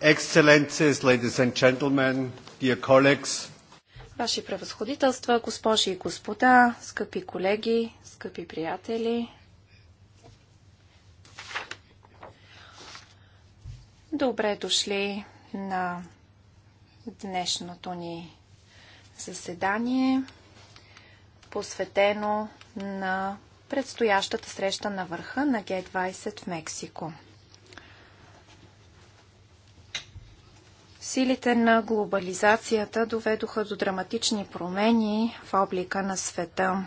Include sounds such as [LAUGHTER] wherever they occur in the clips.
Excellencies, ladies and gentlemen, dear colleagues. Ваши превъзходителства, госпожи и господа, скъпи колеги, скъпи приятели. Добре дошли на днешното ни заседание, посветено на предстоящата среща на върха на Г-20 в Мексико. Силите на глобализацията доведоха до драматични промени в облика на света.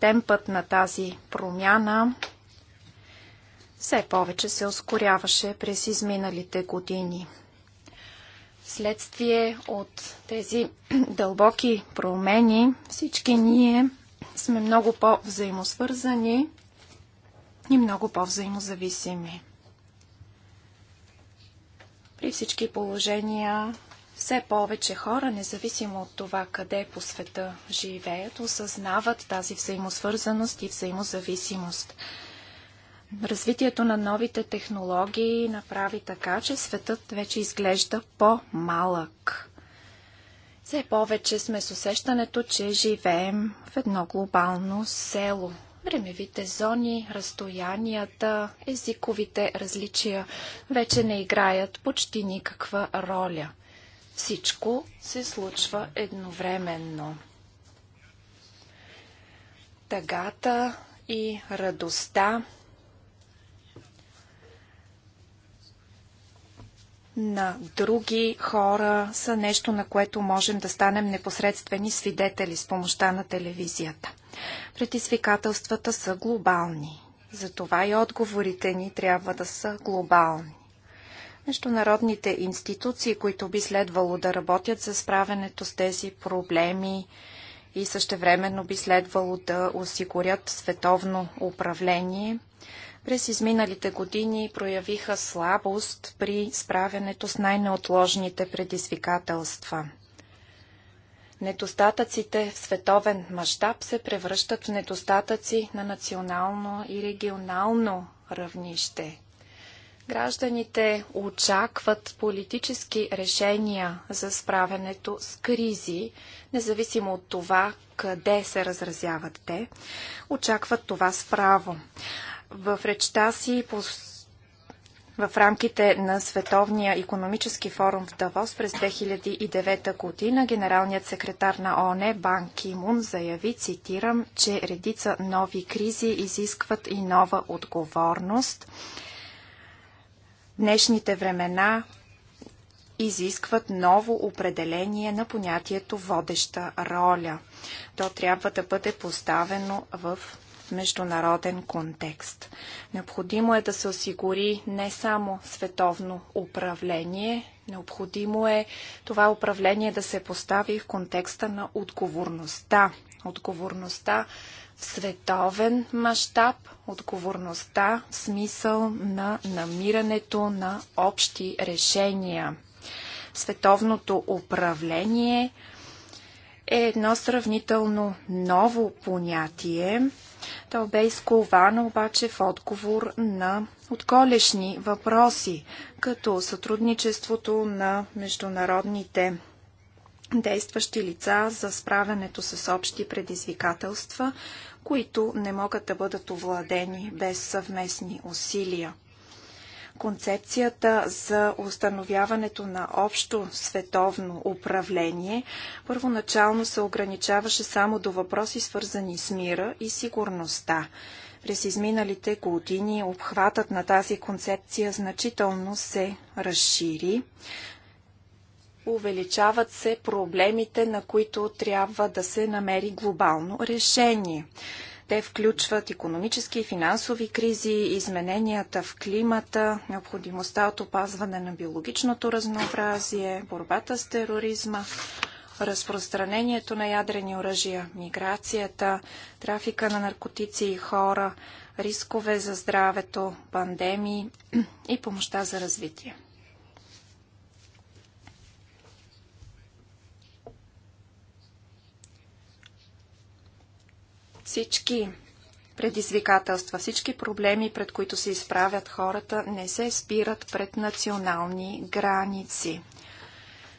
Темпът на тази промяна все повече се ускоряваше през изминалите години. Следствие от тези [CLEARS THROAT] дълбоки промени всички ние сме много по-взаимосвързани и много по-взаимозависими. При всички положения все повече хора, независимо от това къде по света живеят, осъзнават тази взаимосвързаност и взаимозависимост. Развитието на новите технологии направи така, че светът вече изглежда по-малък. Все повече сме с усещането, че живеем в едно глобално село – времевите зони, разстоянията, езиковите различия вече не играят почти никаква роля. Всичко се случва едновременно. Тъгата и радостта на други хора са нещо, на което можем да станем непосредствени свидетели с помощта на телевизията. Предизвикателствата са глобални. Затова и отговорите ни трябва да са глобални. Международните институции, които би следвало да работят за справянето с тези проблеми и същевременно би следвало да осигурят световно управление, през изминалите години проявиха слабост при справянето с най-неотложните предизвикателства – недостатъците в световен мащаб се превръщат в недостатъци на национално и регионално равнище. Гражданите очакват политически решения за справянето с кризи, независимо от това къде се разразяват те. Очакват това справо. В речта си по в рамките на Световния економически форум в Давос през 2009 година генералният секретар на ООН Бан Кимун заяви, цитирам, че редица нови кризи изискват и нова отговорност. Днешните времена изискват ново определение на понятието водеща роля. То трябва да бъде поставено в международен контекст. Необходимо е да се осигури не само световно управление, необходимо е това управление да се постави в контекста на отговорността. Отговорността в световен мащаб, отговорността в смисъл на намирането на общи решения. Световното управление е едно сравнително ново понятие, то бе изковано обаче в отговор на отколешни въпроси, като сътрудничеството на международните действащи лица за справянето с общи предизвикателства, които не могат да бъдат овладени без съвместни усилия концепцията за установяването на общо световно управление първоначално се ограничаваше само до въпроси свързани с мира и сигурността. През изминалите години обхватът на тази концепция значително се разшири. Увеличават се проблемите, на които трябва да се намери глобално решение. Те включват економически и финансови кризи, измененията в климата, необходимостта от опазване на биологичното разнообразие, борбата с тероризма, разпространението на ядрени оръжия, миграцията, трафика на наркотици и хора, рискове за здравето, пандемии и помощта за развитие. Всички предизвикателства, всички проблеми, пред които се изправят хората, не се спират пред национални граници.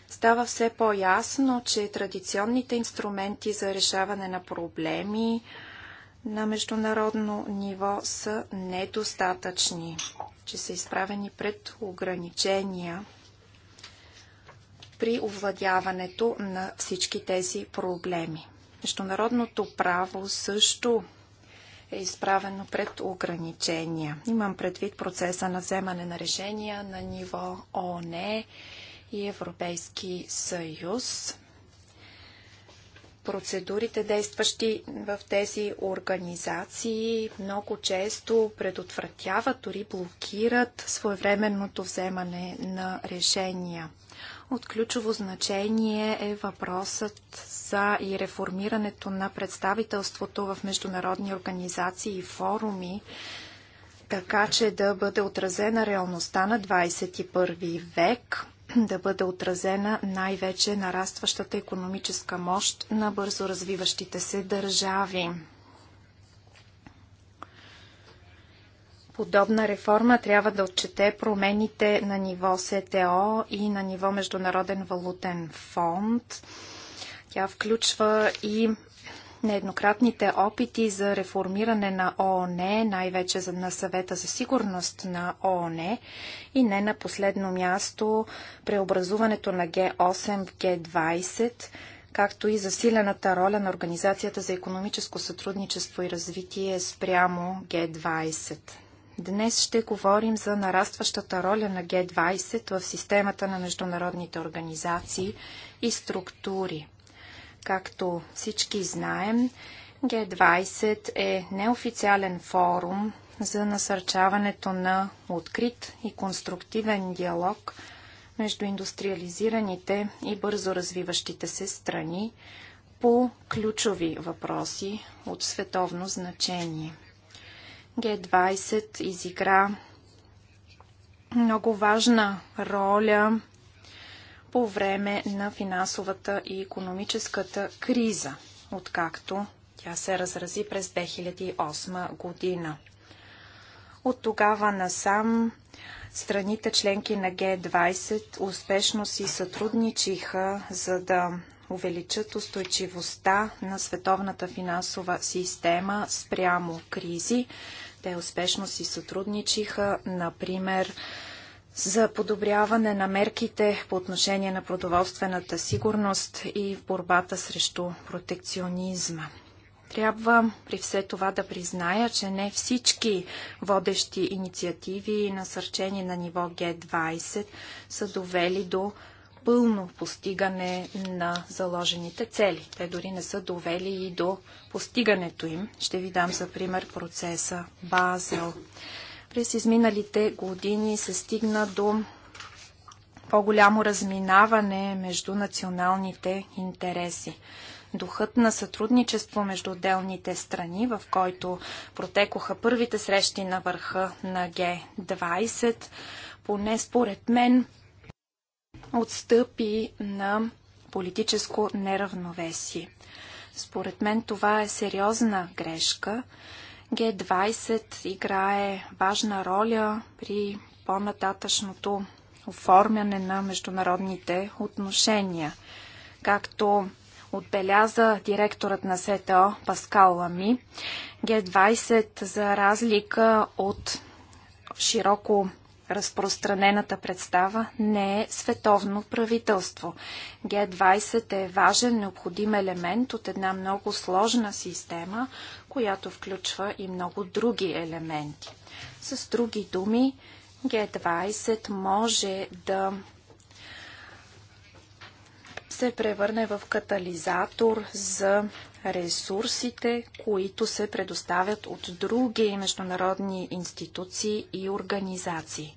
Става все по-ясно, че традиционните инструменти за решаване на проблеми на международно ниво са недостатъчни, че са изправени пред ограничения при овладяването на всички тези проблеми. Международното право също е изправено пред ограничения. Имам предвид процеса на вземане на решения на ниво ООН и Европейски съюз. Процедурите, действащи в тези организации, много често предотвратяват, дори блокират своевременното вземане на решения. От ключово значение е въпросът за и реформирането на представителството в международни организации и форуми, така че да бъде отразена реалността на 21 век, да бъде отразена най-вече нарастващата економическа мощ на бързо развиващите се държави. подобна реформа трябва да отчете промените на ниво СТО и на ниво Международен валутен фонд. Тя включва и нееднократните опити за реформиране на ООН, най-вече на съвета за сигурност на ООН и не на последно място преобразуването на Г8 в Г20, както и засилената роля на Организацията за економическо сътрудничество и развитие спрямо Г20. Днес ще говорим за нарастващата роля на Г-20 в системата на международните организации и структури. Както всички знаем, Г-20 е неофициален форум за насърчаването на открит и конструктивен диалог между индустриализираните и бързо развиващите се страни по ключови въпроси от световно значение – г20 изигра много важна роля по време на финансовата и економическата криза, откакто тя се разрази през 2008 година. От тогава насам страните членки на Г20 успешно си сътрудничиха, за да увеличат устойчивостта на световната финансова система спрямо кризи. Те успешно си сътрудничиха, например, за подобряване на мерките по отношение на продоволствената сигурност и в борбата срещу протекционизма. Трябва при все това да призная, че не всички водещи инициативи и насърчени на ниво Г20 са довели до пълно постигане на заложените цели. Те дори не са довели и до постигането им. Ще ви дам за пример процеса Базел. През изминалите години се стигна до по-голямо разминаване между националните интереси. Духът на сътрудничество между отделните страни, в който протекоха първите срещи на върха на Г-20, поне според мен отстъпи на политическо неравновесие. Според мен това е сериозна грешка. Г20 играе важна роля при по-нататъчното оформяне на международните отношения. Както отбеляза директорът на СТО Паскал Лами, Г20 за разлика от широко разпространената представа не е световно правителство. Г-20 е важен, необходим елемент от една много сложна система, която включва и много други елементи. С други думи, Г-20 може да се превърне в катализатор за ресурсите, които се предоставят от други международни институции и организации.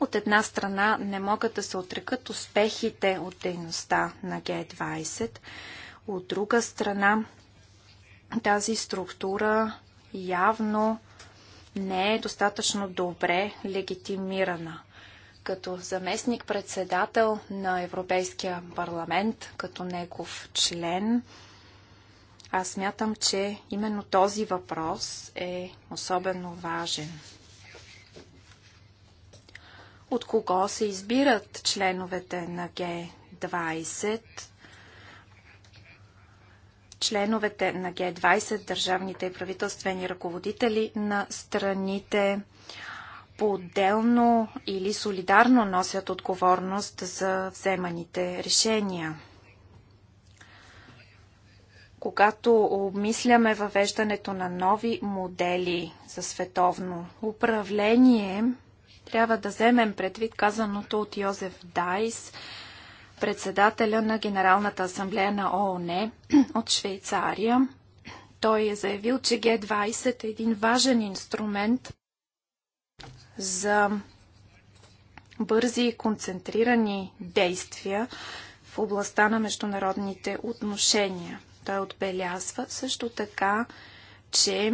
От една страна не могат да се отрекат успехите от дейността на Г20, от друга страна тази структура явно не е достатъчно добре легитимирана – като заместник-председател на Европейския парламент, като негов член, аз смятам, че именно този въпрос е особено важен. От кого се избират членовете на Г20? Членовете на Г20, държавните и правителствени ръководители на страните – по-отделно или солидарно носят отговорност за вземаните решения. Когато обмисляме въвеждането на нови модели за световно управление, трябва да вземем предвид казаното от Йозеф Дайс, председателя на Генералната асамблея на ООН [CLEARS THROAT] от Швейцария. Той е заявил, че Г-20 е един важен инструмент за бързи и концентрирани действия в областта на международните отношения. Той отбелязва също така, че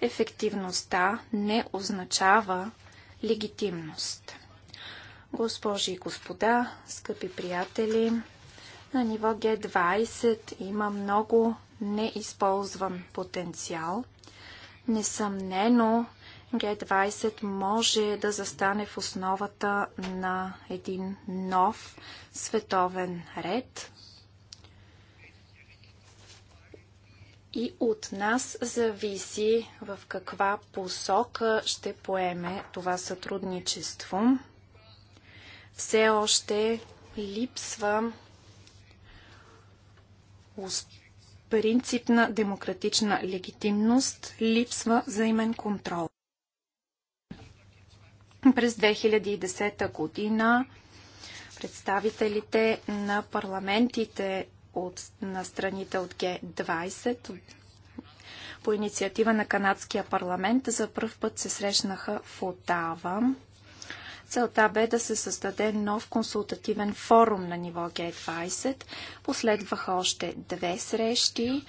ефективността не означава легитимност. Госпожи и господа, скъпи приятели, на ниво Г20 има много неизползван потенциал. Несъмнено г20 може да застане в основата на един нов световен ред. И от нас зависи в каква посока ще поеме това сътрудничество. Все още липсва принципна демократична легитимност, липсва взаимен контрол. През 2010 година представителите на парламентите от, на страните от Г-20 по инициатива на Канадския парламент за първ път се срещнаха в Отава. Целта бе да се създаде нов консултативен форум на ниво Г-20. Последваха още две срещи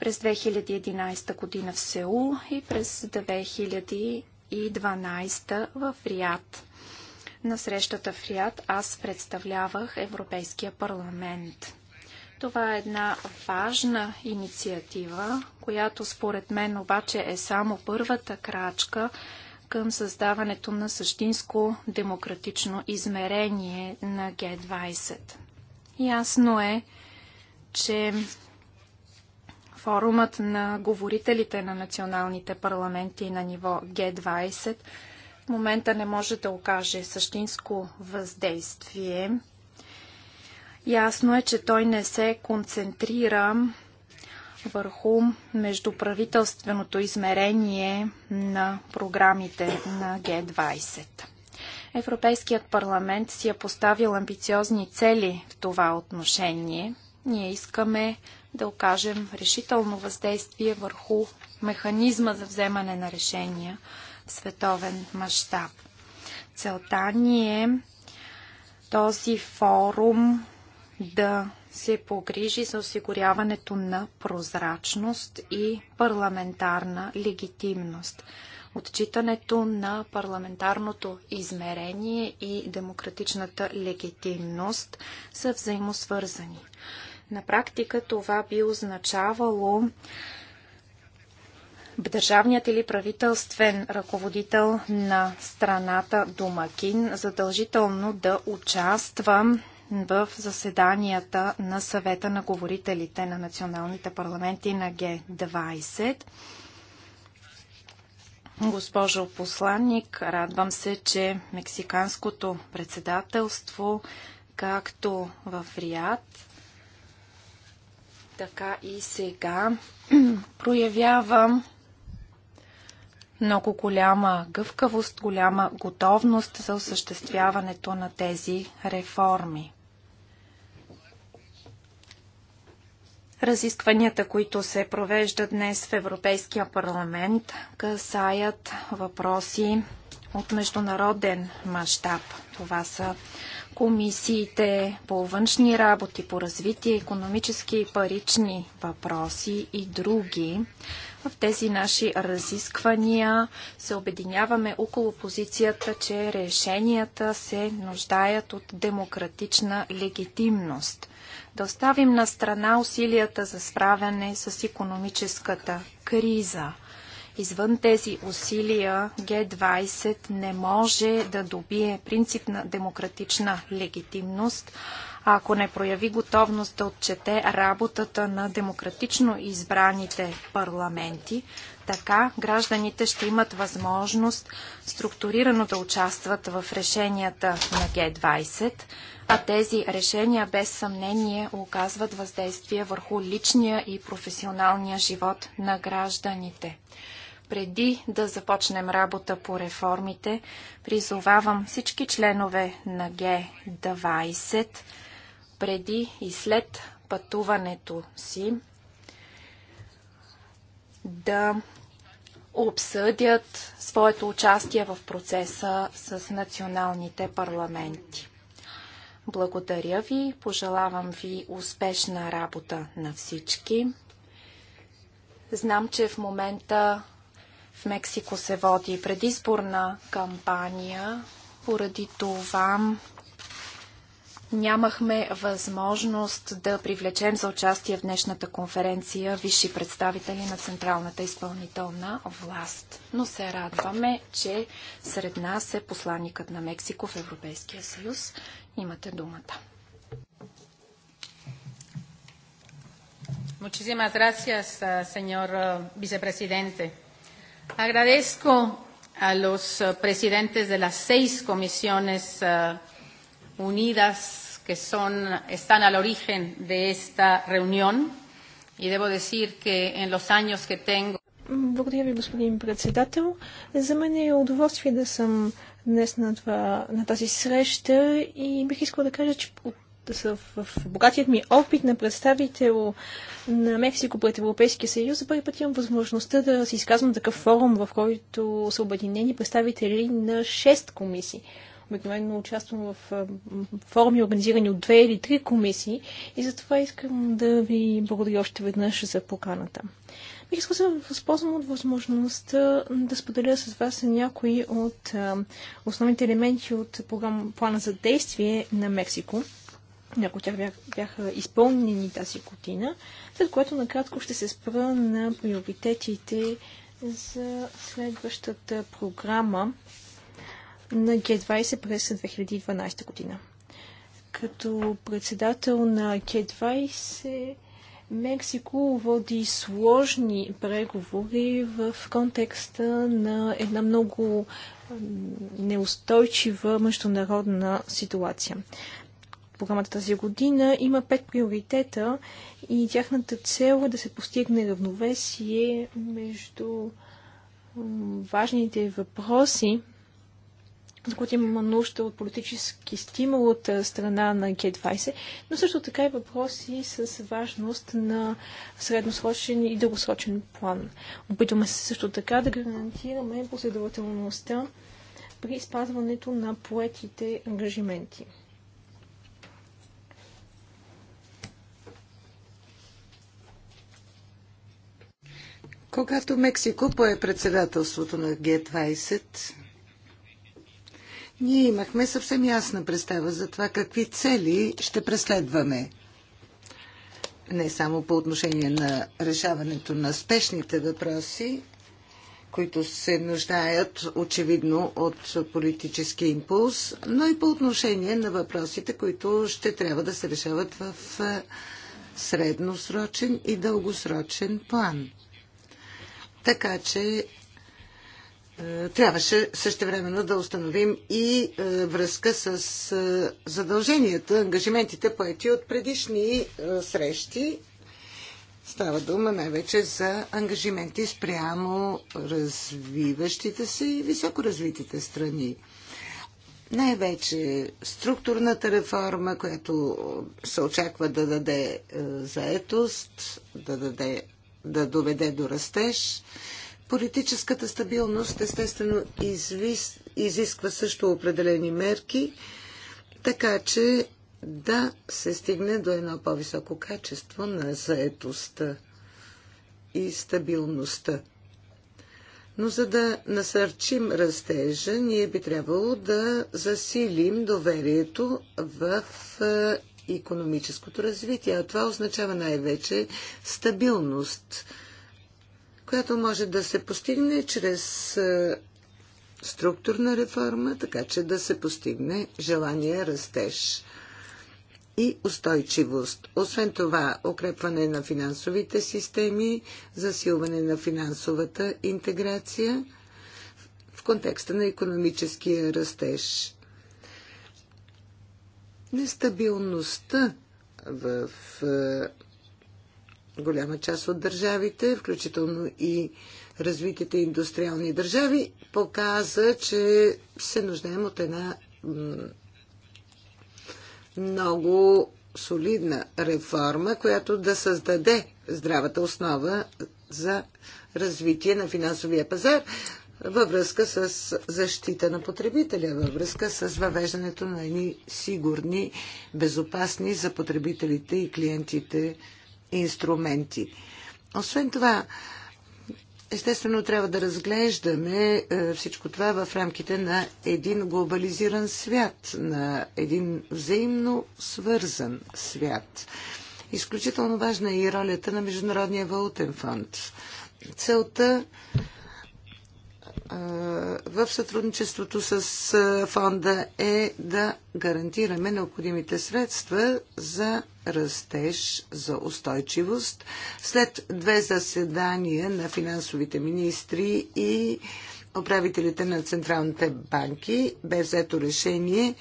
през 2011 година в Сеул и през 2012 в Риад. На срещата в Риад аз представлявах Европейския парламент. Това е една важна инициатива, която според мен обаче е само първата крачка към създаването на същинско демократично измерение на Г-20. Ясно е, че форумът на говорителите на националните парламенти на ниво Г20 в момента не може да окаже същинско въздействие. Ясно е, че той не се концентрира върху междуправителственото измерение на програмите на Г20. Европейският парламент си е поставил амбициозни цели в това отношение. Ние искаме да окажем решително въздействие върху механизма за вземане на решения в световен мащаб. Целта ни е този форум да се погрижи за осигуряването на прозрачност и парламентарна легитимност. Отчитането на парламентарното измерение и демократичната легитимност са взаимосвързани. На практика това би означавало държавният или правителствен ръководител на страната домакин задължително да участва в заседанията на съвета на говорителите на националните парламенти на Г-20. Госпожо посланник, радвам се, че мексиканското председателство, както в Риад, така и сега [CLEARS THROAT] проявява много голяма гъвкавост, голяма готовност за осъществяването на тези реформи. Разискванията, които се провеждат днес в Европейския парламент, касаят въпроси от международен мащаб. Това са комисиите по външни работи, по развитие, економически и парични въпроси и други. В тези наши разисквания се обединяваме около позицията, че решенията се нуждаят от демократична легитимност. Да оставим на страна усилията за справяне с економическата криза – Извън тези усилия Г20 не може да добие принципна демократична легитимност, ако не прояви готовност да отчете работата на демократично избраните парламенти, така гражданите ще имат възможност структурирано да участват в решенията на Г20, а тези решения без съмнение оказват въздействие върху личния и професионалния живот на гражданите преди да започнем работа по реформите, призовавам всички членове на Г20 преди и след пътуването си да обсъдят своето участие в процеса с националните парламенти. Благодаря ви, пожелавам ви успешна работа на всички. Знам, че в момента в Мексико се води предизборна кампания. Поради това нямахме възможност да привлечем за участие в днешната конференция висши представители на Централната изпълнителна власт. Но се радваме, че сред нас е посланникът на Мексико в Европейския съюз. Имате думата. Muchísimas gracias, señor eh, vicepresidente. Agradezco a los presidentes de las seis comisiones unidas que son, están al origen de esta reunión y debo decir que en los años que tengo благодаря ви, господин председател. За мен е удоволствие да съм днес на, това, на тази среща и бих искала да кажа, че от в, в богатият ми опит на представител на Мексико пред Европейския съюз, за първи път имам възможността да се изказвам на такъв форум, в който са обединени представители на 6 комисии. Обикновено участвам в форуми, организирани от две или три комисии и затова искам да ви благодаря още веднъж за поканата. Бих искал да се възползвам от възможността да споделя с вас някои от основните елементи от програм, плана за действие на Мексико. Някои от тях бяха изпълнени тази година, след което накратко ще се спра на приоритетите за следващата програма на Г20 през 2012 година. Като председател на Г20 Мексико води сложни преговори в контекста на една много неустойчива международна ситуация програмата тази година, има пет приоритета и тяхната цел е да се постигне равновесие между важните въпроси, за които има нужда от политически стимул от страна на Г20, но също така и въпроси с важност на средносрочен и дългосрочен план. Опитваме се също така да гарантираме последователността при спазването на поетите ангажименти. Когато Мексико пое председателството на Г-20, ние имахме съвсем ясна представа за това какви цели ще преследваме. Не само по отношение на решаването на спешните въпроси, които се нуждаят очевидно от политически импулс, но и по отношение на въпросите, които ще трябва да се решават в средносрочен и дългосрочен план. Така че е, трябваше също времено да установим и е, връзка с е, задълженията, ангажиментите поети от предишни срещи. Става дума най-вече за ангажименти спрямо развиващите се и високо развитите страни. Най-вече структурната реформа, която се очаква да даде заетост, да даде да доведе до растеж. Политическата стабилност естествено извис, изисква също определени мерки, така че да се стигне до едно по-високо качество на заетостта и стабилността. Но за да насърчим растежа, ние би трябвало да засилим доверието в е, економическото развитие. А това означава най-вече стабилност, която може да се постигне чрез е, структурна реформа, така че да се постигне желания растеж и устойчивост. Освен това, укрепване на финансовите системи, засилване на финансовата интеграция в контекста на економическия растеж. Нестабилността в е, голяма част от държавите, включително и развитите индустриални държави, показа, че се нуждаем от една много солидна реформа, която да създаде здравата основа за развитие на финансовия пазар, във връзка с защита на потребителя, във връзка с въвеждането на едни сигурни, безопасни за потребителите и клиентите инструменти. Освен това, естествено трябва да разглеждаме е, всичко това в рамките на един глобализиран свят, на един взаимно свързан свят. Изключително важна е и ролята на Международния валутен фонд. Целта в сътрудничеството с фонда е да гарантираме необходимите средства за растеж, за устойчивост. След две заседания на финансовите министри и управителите на централните банки бе взето решение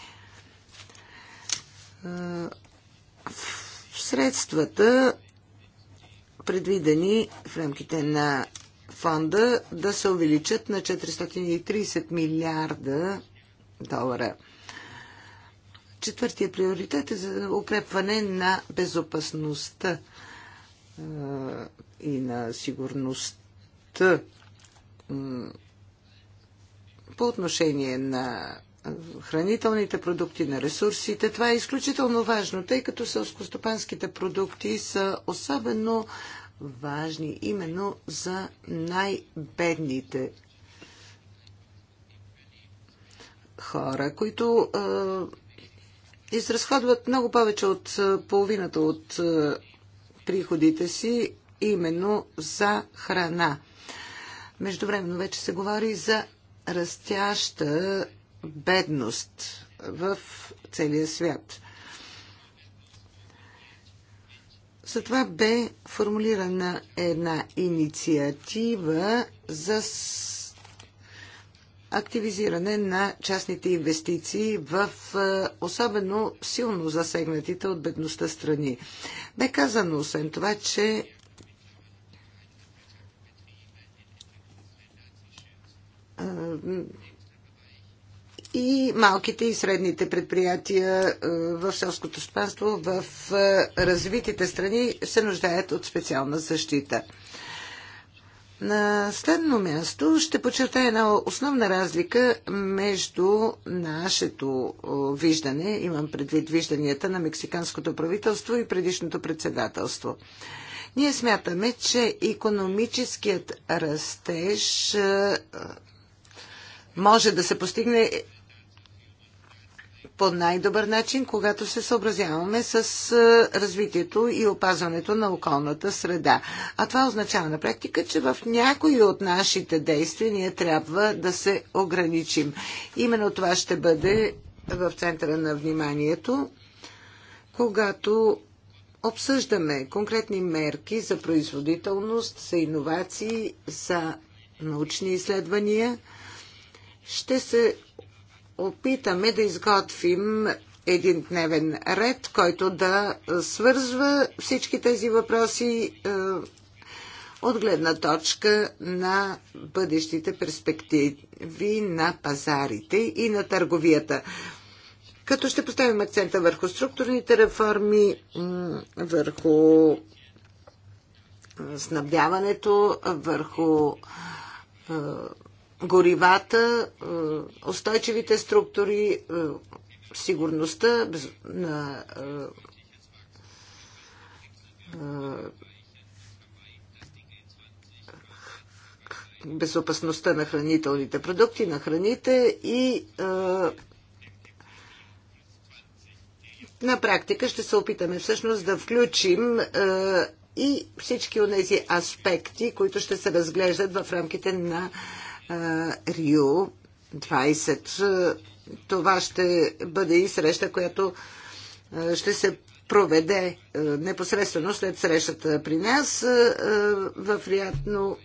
средствата предвидени в рамките на фонда да се увеличат на 430 милиарда долара. Четвъртия приоритет е за укрепване на безопасността и на сигурността по отношение на хранителните продукти, на ресурсите. Това е изключително важно, тъй като селскостопанските продукти са особено важни именно за най-бедните хора, които е, изразходват много повече от половината от е, приходите си именно за храна. Междувременно вече се говори за растяща бедност в целия свят – Затова бе формулирана една инициатива за активизиране на частните инвестиции в е, особено силно засегнатите от бедността страни. Бе казано освен това, че е, и малките и средните предприятия е, в селското стопанство в е, развитите страни се нуждаят от специална защита. На следно място ще подчертая една основна разлика между нашето е, виждане, имам предвид вижданията на мексиканското правителство и предишното председателство. Ние смятаме, че економическият растеж може да се постигне по най-добър начин, когато се съобразяваме с развитието и опазването на околната среда. А това означава на практика, че в някои от нашите действия ние трябва да се ограничим. Именно това ще бъде в центъра на вниманието, когато обсъждаме конкретни мерки за производителност, за иновации, за научни изследвания. Ще се опитаме да изготвим един дневен ред, който да свързва всички тези въпроси е, от гледна точка на бъдещите перспективи на пазарите и на търговията. Като ще поставим акцента върху структурните реформи, върху е, снабдяването, върху е, горивата, е, устойчивите структури, е, сигурността на е, безопасността на хранителните продукти, на храните и на практика ще се опитаме всъщност да включим и всички от тези аспекти, които ще се разглеждат в рамките на Рио 20. Това ще бъде и среща, която ще се проведе непосредствено след срещата при нас в Риатно.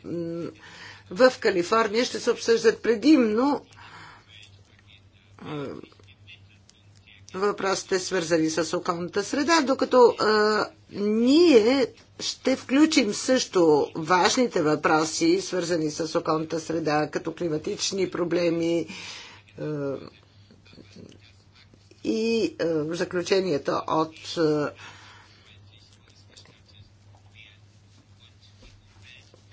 В Калифорния ще се обсъждат предимно въпросите свързани с околната среда, докато а, ние ще включим също важните въпроси, свързани с околната среда, като климатични проблеми а, и а, заключението от а,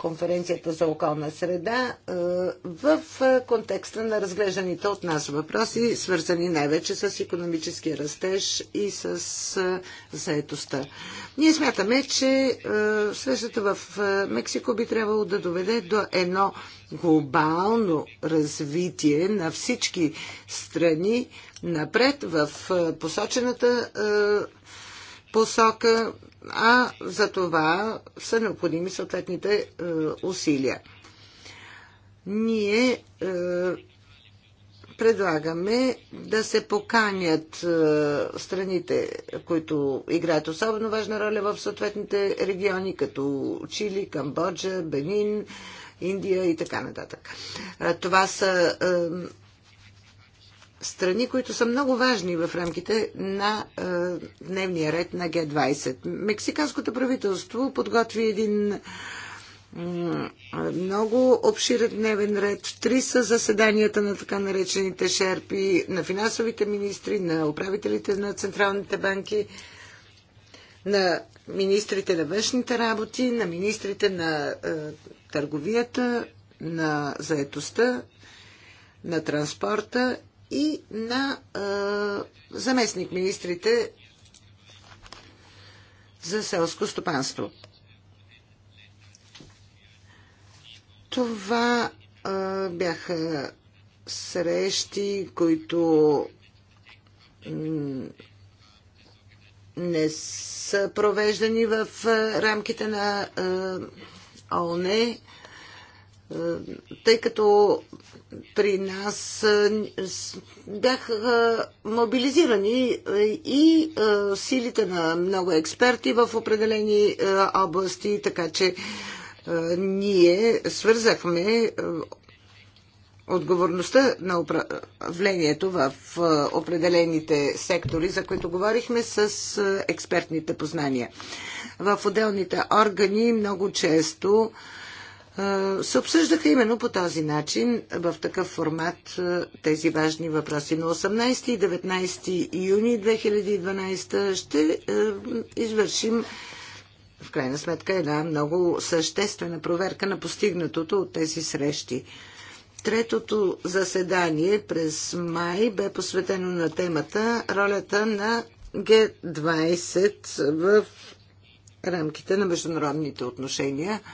конференцията за околна среда е, в е, контекста на разглежданите от нас въпроси, свързани най-вече с економически растеж и с е, заетостта. Ние смятаме, че срещата в Мексико би трябвало да доведе до едно глобално развитие на всички страни напред в посочената посока, а за това са необходими съответните е, усилия. Ние е, предлагаме да се поканят е, страните, които играят особено важна роля в съответните региони, като Чили, Камбоджа, Бенин, Индия и така нататък. Това са страни, които са много важни в рамките на е, дневния ред на Г-20. Мексиканското правителство подготви един е, много обширен дневен ред. Три са заседанията на така наречените шерпи, на финансовите министри, на управителите на централните банки, на министрите на външните работи, на министрите на е, търговията, на заетостта, на транспорта и на заместник-министрите за селско стопанство. Това е, бяха срещи, които не са провеждани в рамките на ОНЕ. Е, тъй като при нас е, бяха е, мобилизирани и силите на много експерти в определени области, така че ние свързахме отговорността на управлението в определените сектори, за които говорихме, с експертните познания. В отделните органи много често се обсъждаха именно по този начин, в такъв формат, тези важни въпроси. На 18 и 19 юни 2012 ще извършим в крайна сметка една много съществена проверка на постигнатото от тези срещи. Третото заседание през май бе посветено на темата ролята на Г20 в рамките на международните отношения –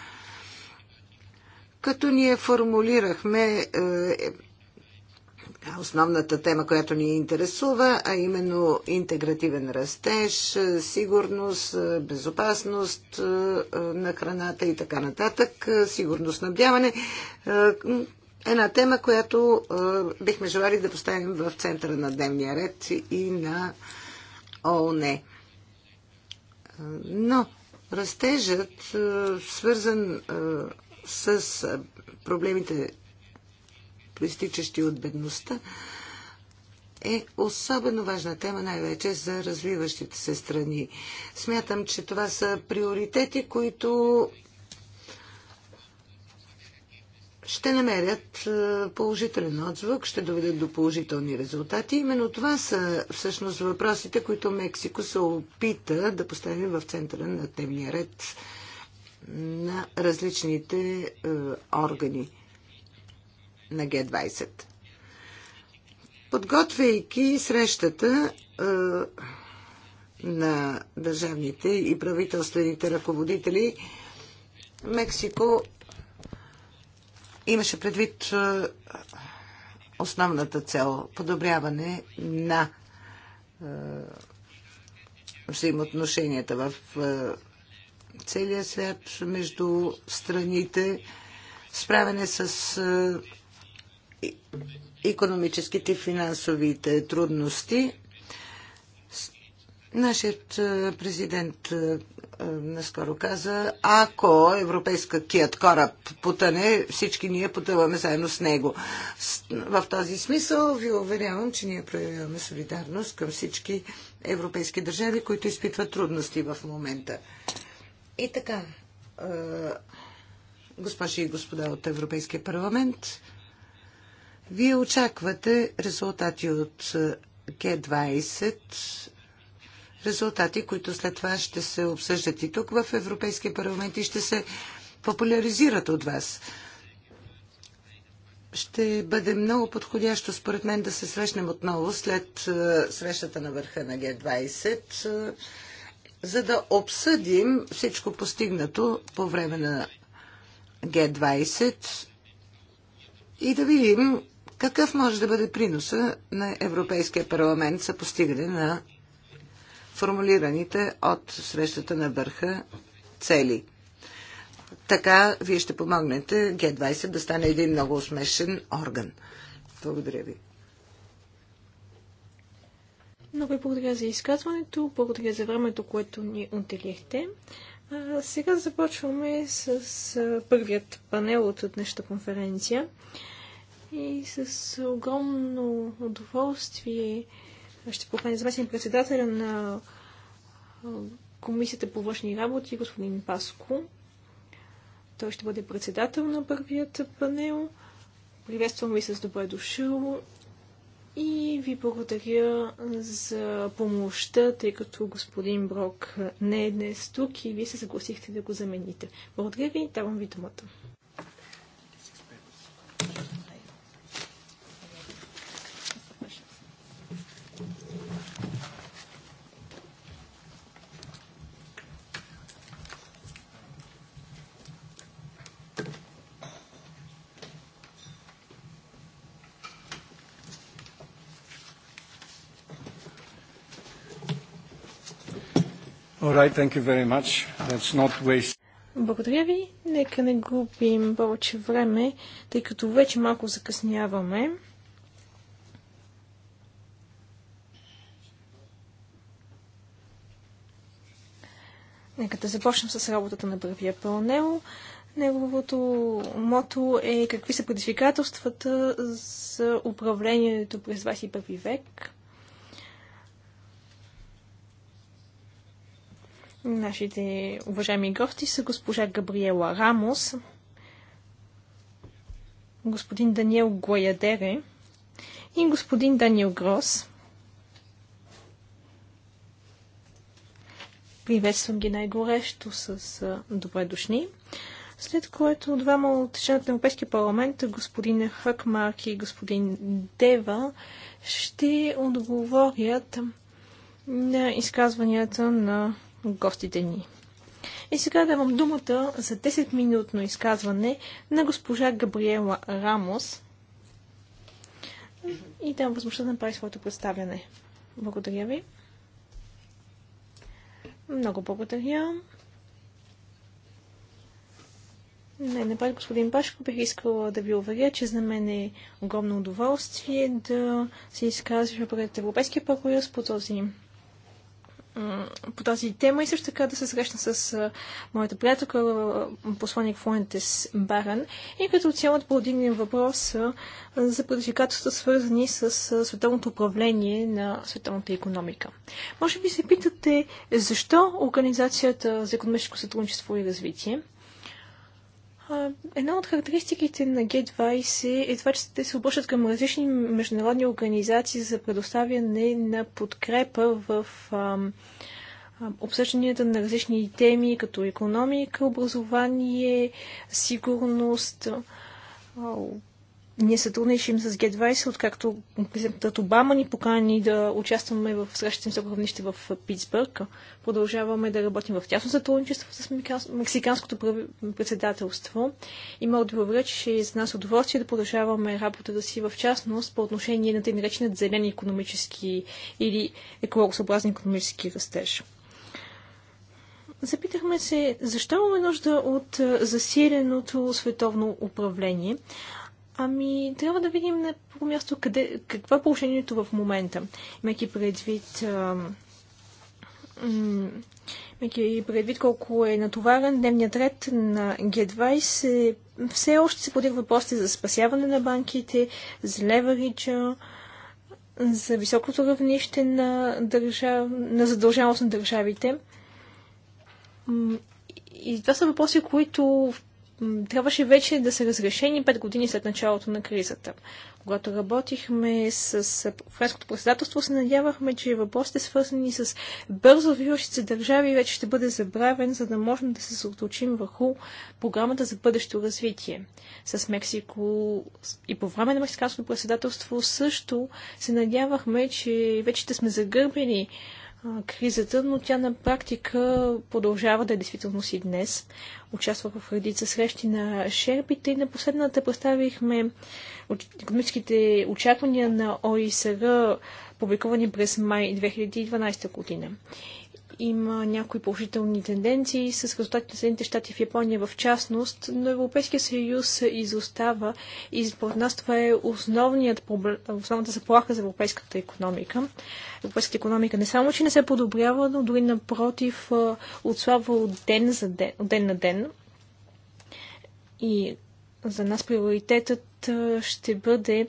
като ние формулирахме е, основната тема, която ни интересува, а именно интегративен растеж, е, сигурност, е, безопасност на храната и така нататък, сигурно Е, Една тема, която бихме желали да поставим в центъра на дневния ред и на ООН. Но растежът, свързан с проблемите, проистичащи от бедността, е особено важна тема, най-вече за развиващите се страни. Смятам, че това са приоритети, които ще намерят положителен отзвук, ще доведат до положителни резултати. Именно това са всъщност въпросите, които Мексико се опита да постави в центъра на дневния ред на различните е, органи на Г-20. Подготвяйки срещата е, на държавните и правителствените ръководители, Мексико имаше предвид е, основната цел подобряване на взаимоотношенията в целия свят, между страните, справяне с економическите и финансовите трудности. Нашият президент наскоро каза, ако европейският кораб потъне, всички ние потъваме заедно с него. В този смисъл ви уверявам, че ние проявяваме солидарност към всички европейски държави, които изпитват трудности в момента. И така, госпожи и господа от Европейския парламент, вие очаквате резултати от Г20, резултати, които след това ще се обсъждат и тук в Европейския парламент и ще се популяризират от вас. Ще бъде много подходящо, според мен, да се срещнем отново след срещата на върха на Г20 за да обсъдим всичко постигнато по време на Г-20 и да видим какъв може да бъде приноса на Европейския парламент за постигане на формулираните от срещата на върха цели. Така вие ще помогнете Г-20 да стане един много успешен орган. Благодаря ви. Много ви благодаря за изказването, благодаря за времето, което ни отделихте. Сега започваме с първият панел от днешната конференция. И с огромно удоволствие ще поканя заместен председателя на Комисията по външни работи, господин Паско. Той ще бъде председател на първият панел. Приветствам ви с добре дошъл и ви благодаря за помощта, тъй като господин Брок не е днес тук и вие се съгласихте да го замените. Благодаря ви и давам ви думата. thank you very much. Let's not waste. Благодаря ви. Нека не губим повече време, тъй като вече малко закъсняваме. Нека да започнем с работата на първия пълнел. Неговото мото е какви са предизвикателствата за управлението през 21 век. Нашите уважаеми гости са госпожа Габриела Рамос, господин Даниел Гоядере и господин Даниел Грос. Приветствам ги най-горещо с добре дошли. След което двама от членовете на Европейския парламент, господин Хъкмарк и господин Дева, ще отговорят на изказванията на гостите ни. И сега давам думата за 10-минутно изказване на госпожа Габриела Рамос и дам възможността да направи своето представяне. Благодаря ви. Много благодаря. Не, напред, господин Башко, бих искала да ви уверя, че за мен е огромно удоволствие да се изказвам пред Европейския парламент по този по тази тема и също така да се срещна с моята приятелка, посланник Фуентес Баран и като цяло да въпрос въпроса за предизвикателствата, свързани с световното управление на световната економика. Може би се питате защо Организацията за економическо сътрудничество и развитие Една от характеристиките на G20 е това, че те се обръщат към различни международни организации за предоставяне на подкрепа в обсъжданията на различни теми, като економика, образование, сигурност, ние сътрудничим с g 20 откакто президентът Обама ни покани да участваме в срещите на равнище в Питсбърг. Продължаваме да работим в тясно сътрудничество с мексиканското председателство. И мога да уверя, че е за нас удоволствие да продължаваме работата си в частност по отношение на тъй нареченият зелен економически или екологосъобразен економически растеж. Запитахме се, защо имаме нужда от засиленото световно управление? Ами, трябва да видим на първо място къде, какво е положението в момента. Имайки предвид а, имайки предвид колко е натоварен дневният ред на G20, е, все още се подигат въпроси за спасяване на банките, за левериджа, за високото равнище на, държав... на задължаност на държавите. И това са въпроси, които в трябваше вече да са разрешени 5 години след началото на кризата. Когато работихме с френското председателство, се надявахме, че въпросите свързани с бързо вирусите държави вече ще бъде забравен, за да можем да се съсредоточим върху програмата за бъдещо развитие. С Мексико и по време на мексиканското председателство също се надявахме, че вече ще сме загърбени кризата, но тя на практика продължава да е действително си днес. Участва в редица срещи на шерпите и на последната представихме економическите очаквания на ОИСР, публикувани през май 2012 година има някои положителни тенденции с резултатите на Съединените щати в Япония в частност, но Европейския съюз изостава и според нас това е основният проблем, основната заплаха за европейската економика. Европейската економика не само, че не се подобрява, но дори напротив отслабва от ден, за ден, от ден на ден. И за нас приоритетът ще бъде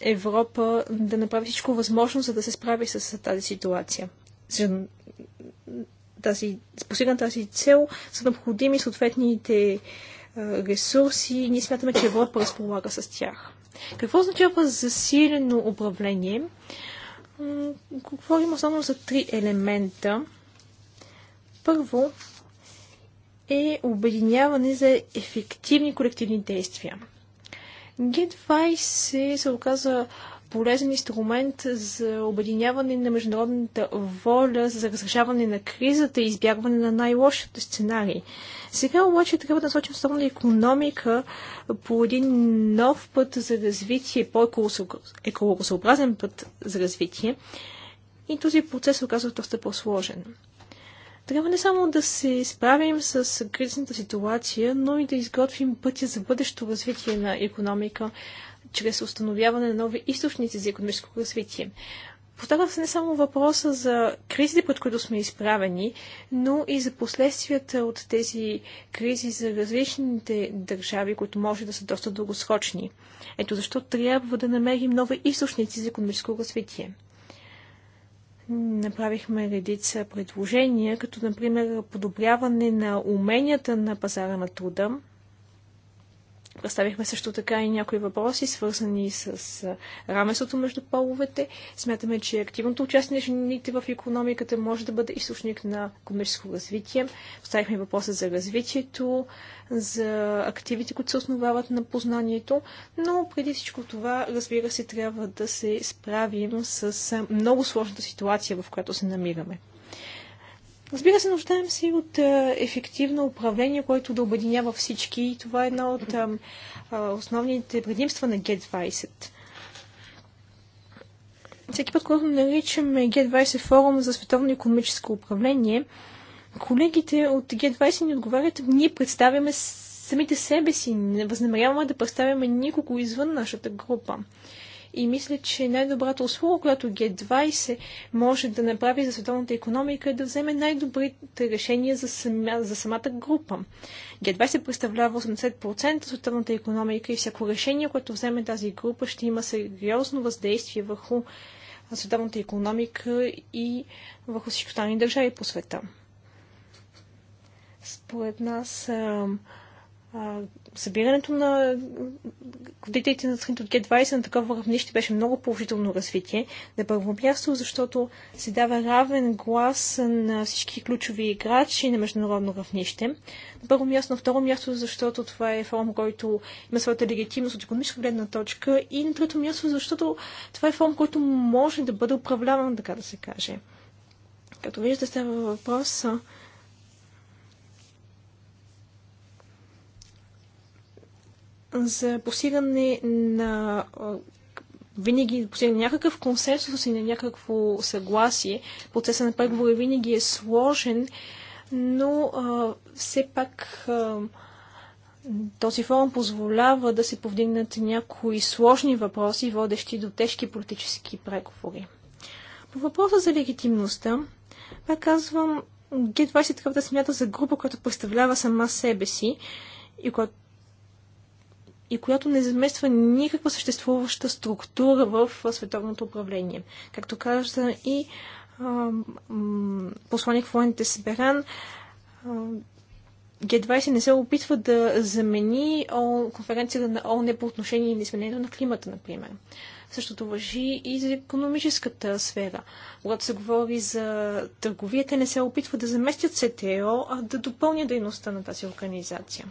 Европа да направи всичко възможно, за да се справи с тази ситуация тази, постигна тази цел, са необходими съответните е, ресурси и ние смятаме, че Европа разполага с тях. Какво означава засилено управление? Говорим основно за три елемента. Първо е обединяване за ефективни колективни действия. G20 се оказа полезен инструмент за обединяване на международната воля за разрешаване на кризата и избягване на най-лошите сценарии. Сега обаче трябва да насочим на економика по един нов път за развитие, по-екологосъобразен път за развитие. И този процес се оказва доста по-сложен. Трябва не само да се справим с кризисната ситуация, но и да изготвим пътя за бъдещо развитие на економика, чрез установяване на нови източници за економическо развитие. Поставя се не само въпроса за кризите, пред които сме изправени, но и за последствията от тези кризи за различните държави, които може да са доста дългосрочни. Ето защо трябва да намерим нови източници за економическо развитие. Направихме редица предложения, като например подобряване на уменията на пазара на труда, Представихме също така и някои въпроси, свързани с равенството между половете. Смятаме, че активното участие на жените в економиката може да бъде източник на економическо развитие. Поставихме въпроса за развитието, за активите, които се основават на познанието, но преди всичко това, разбира се, трябва да се справим с много сложната ситуация, в която се намираме. Разбира се, нуждаем се и от е, ефективно управление, което да обединява всички и това е една от е, е, основните предимства на G20. Всеки път, когато наричаме G20 форум за световно економическо управление, колегите от G20 ни отговарят, ние представяме самите себе си, не възнамеряваме да представяме никого извън нашата група и мисля, че най-добрата услуга, която Г20 може да направи за световната економика е да вземе най-добрите решения за, сама, за самата група. Г20 представлява 80% от световната економика и всяко решение, което вземе тази група, ще има сериозно въздействие върху световната економика и върху всички останали държави по света. Според нас събирането на родителите на страните от Г20 на такова равнище беше много положително развитие. На първо място, защото се дава равен глас на всички ключови играчи на международно равнище. На първо място, на второ място, защото това е форум, който има своята легитимност от економическа гледна точка. И на трето място, защото това е форум, който може да бъде управляван, така да се каже. Като виждате, става въпрос за постигане на винаги на някакъв консенсус и на някакво съгласие. Процесът на преговори винаги е сложен, но а, все пак а, този форум позволява да се повдигнат някои сложни въпроси, водещи до тежки политически преговори. По въпроса за легитимността, пак казвам, г 20 трябва да смята за група, която представлява сама себе си и която и която не замества никаква съществуваща структура в световното управление. Както каза и а, посланник Флорентес Беран, Г20 не се опитва да замени конференцията на ООН по отношение на изменението на климата, например. Същото въжи и за економическата сфера. Когато се говори за търговията, не се опитва да заместят СТО, а да допълня дейността на тази организация.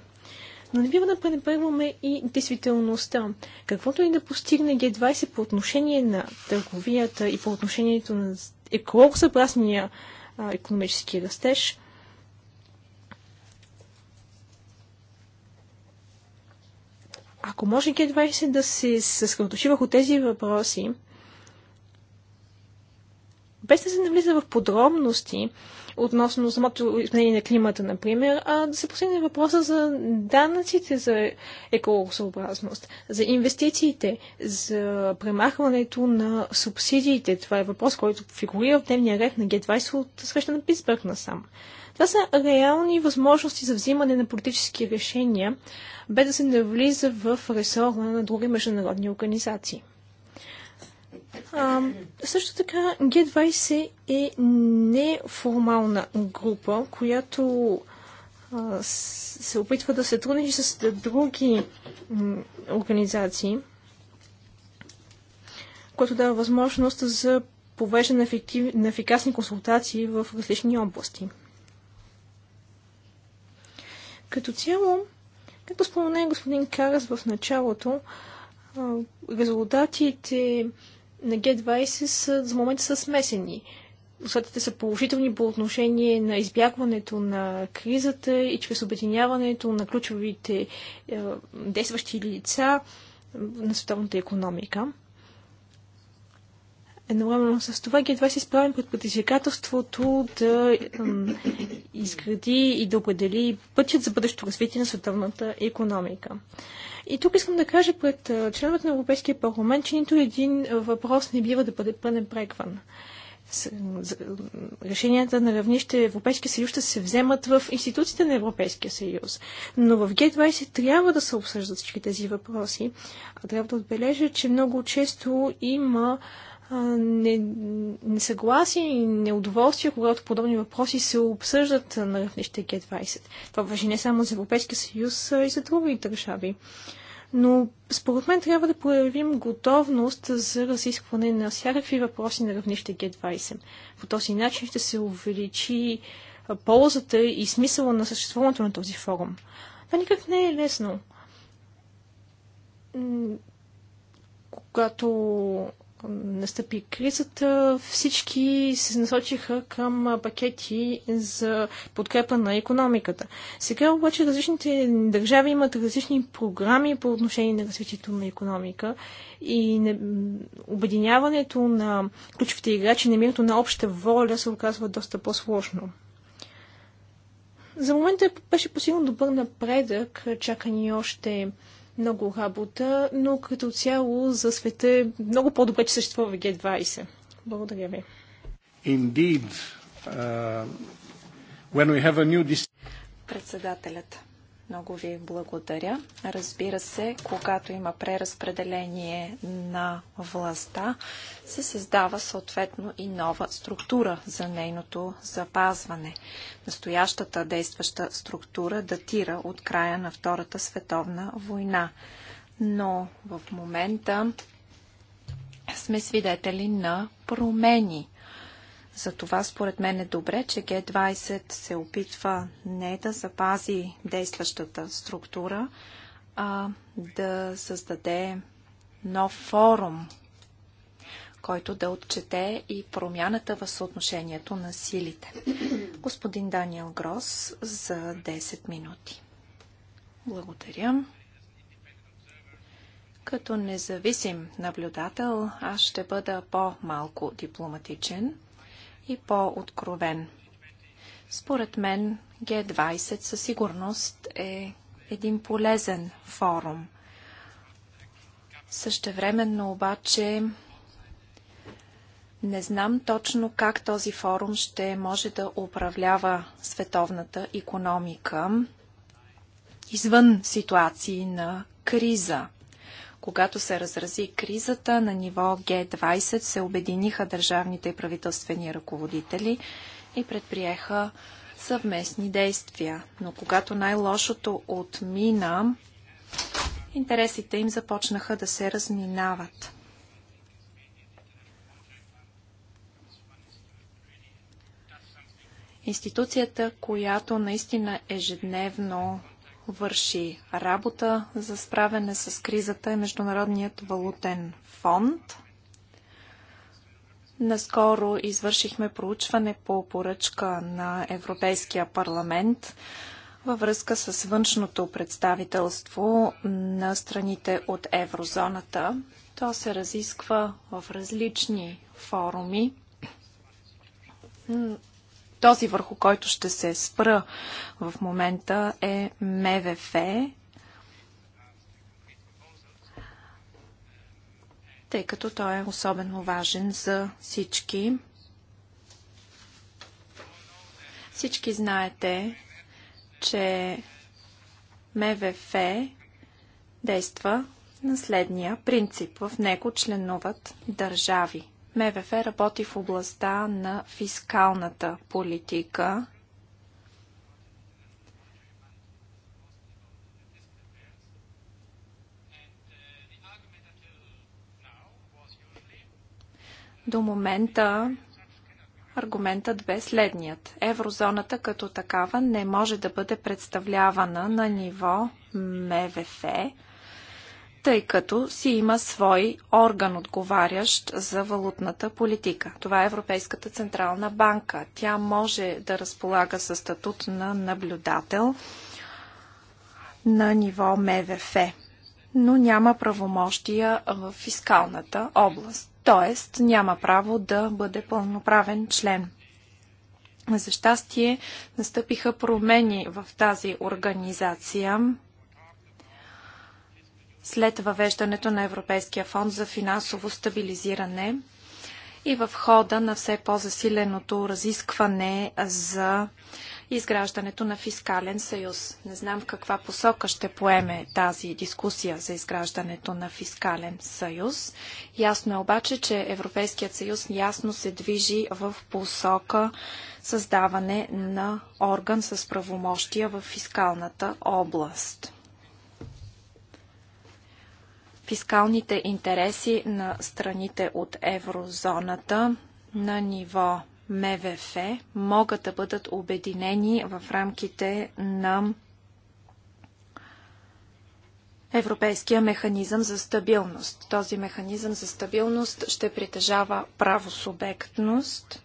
Но не бива да пренебрегваме и действителността. Каквото и да постигне Г20 по отношение на търговията и по отношението на екологосъобразния економически растеж, ако може Г20 да се съсредоточи върху тези въпроси, без да се навлиза в подробности относно самото изменение на климата, например, а да се постигне въпроса за данъците за екологосъобразност, за инвестициите, за премахването на субсидиите. Това е въпрос, който фигурира в дневния ред на Г20 от среща на Питсбърг насам. Това са реални възможности за взимане на политически решения, без да се навлиза в ресора на други международни организации. А, също така G20 е неформална група, която а, се опитва да се трудничи с други организации, което дава възможност за повеждане на, ефектив... на ефикасни консултации в различни области. Като цяло, както спомена господин Карас в началото, резултатите на g 20 са, за момента са смесени. Усетите са положителни по отношение на избягването на кризата и чрез обединяването на ключовите е, действащи лица на световната економика. Едновременно с това Г20 е изправим пред предизвикателството да изгради и да определи пътят за бъдещо развитие на световната економика. И тук искам да кажа пред членовете на Европейския парламент, че нито един въпрос не бива да бъде пренебрегван. Решенията на равнище Европейския съюз ще се вземат в институциите на Европейския съюз. Но в Г20 трябва да се обсъждат всички тези въпроси. А трябва да отбележа, че много често има не, несъгласие и неудоволствие, когато подобни въпроси се обсъждат на равнище Г20. Това въжи не само за Европейския съюз, а и за други държави но според мен трябва да проявим готовност за разискване на всякакви въпроси на равнище Г20. По този начин ще се увеличи ползата и смисъла на съществуването на този форум. Това никак не е лесно. Когато настъпи кризата, всички се насочиха към пакети за подкрепа на економиката. Сега обаче различните държави имат различни програми по отношение на развитието на економика и не, обединяването на ключовите играчи, намирането на обща воля се оказва доста по-сложно. За момента беше постигнат добър напредък, чака ни още много работа, но като цяло за света е много по-добре, че съществува G20. Благодаря ви. Indeed, uh, when we have a new... Председателят. Много ви благодаря. Разбира се, когато има преразпределение на властта, се създава съответно и нова структура за нейното запазване. Настоящата действаща структура датира от края на Втората световна война. Но в момента сме свидетели на промени – затова според мен е добре, че Г20 се опитва не да запази действащата структура, а да създаде нов форум, който да отчете и промяната в съотношението на силите. Господин Даниел Грос за 10 минути. Благодаря. Като независим наблюдател, аз ще бъда по-малко дипломатичен и по-откровен. Според мен G20 със сигурност е един полезен форум. Същевременно обаче не знам точно как този форум ще може да управлява световната економика извън ситуации на криза. Когато се разрази кризата на ниво Г20, се обединиха държавните и правителствени ръководители и предприеха съвместни действия. Но когато най-лошото отмина, интересите им започнаха да се разминават. Институцията, която наистина ежедневно върши работа за справяне с кризата е Международният валутен фонд. Наскоро извършихме проучване по поръчка на Европейския парламент във връзка с външното представителство на страните от еврозоната. То се разисква в различни форуми този, върху който ще се спра в момента, е МВФ, тъй като той е особено важен за всички. Всички знаете, че МВФ действа на следния принцип. В него членуват държави МВФ работи в областта на фискалната политика. До момента аргументът бе следният. Еврозоната като такава не може да бъде представлявана на ниво МВФ, тъй като си има свой орган, отговарящ за валутната политика. Това е Европейската централна банка. Тя може да разполага със статут на наблюдател на ниво МВФ, но няма правомощия в фискалната област, т.е. няма право да бъде пълноправен член. За щастие настъпиха промени в тази организация след въвеждането на Европейския фонд за финансово стабилизиране и в хода на все по-засиленото разискване за изграждането на фискален съюз. Не знам в каква посока ще поеме тази дискусия за изграждането на фискален съюз. Ясно е обаче, че Европейският съюз ясно се движи в посока създаване на орган с правомощия в фискалната област фискалните интереси на страните от еврозоната на ниво МВФ могат да бъдат обединени в рамките на Европейския механизъм за стабилност. Този механизъм за стабилност ще притежава правосубектност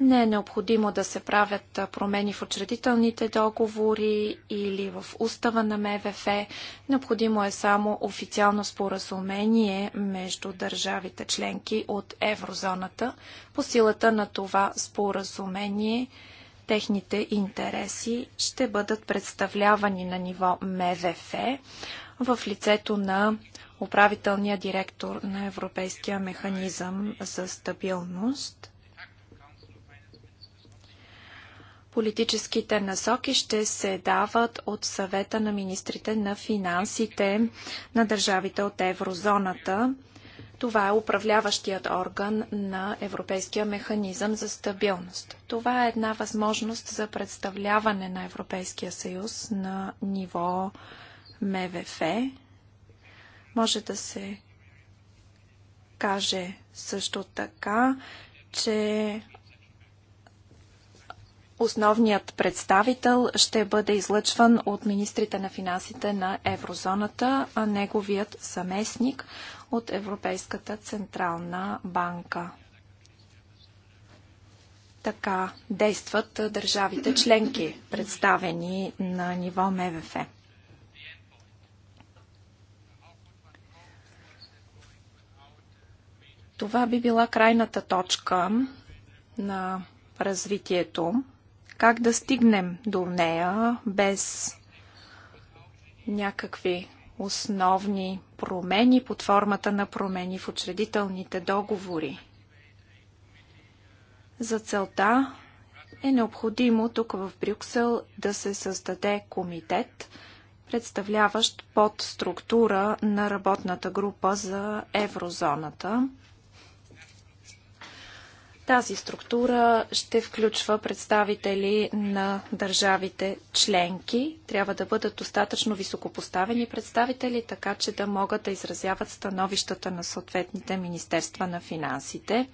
не е необходимо да се правят промени в учредителните договори или в устава на МВФ. Необходимо е само официално споразумение между държавите членки от еврозоната. По силата на това споразумение техните интереси ще бъдат представлявани на ниво МВФ в лицето на управителния директор на Европейския механизъм за стабилност. Политическите насоки ще се дават от съвета на министрите на финансите на държавите от еврозоната. Това е управляващият орган на Европейския механизъм за стабилност. Това е една възможност за представляване на Европейския съюз на ниво МВФ. Може да се каже също така, че Основният представител ще бъде излъчван от министрите на финансите на еврозоната, а неговият съместник от Европейската централна банка. Така действат държавите членки, представени на ниво МВФ. Това би била крайната точка на развитието как да стигнем до нея без някакви основни промени под формата на промени в учредителните договори. За целта е необходимо тук в Брюксел да се създаде комитет, представляващ подструктура на работната група за еврозоната. Тази структура ще включва представители на държавите членки. Трябва да бъдат достатъчно високопоставени представители, така че да могат да изразяват становищата на съответните Министерства на финансите.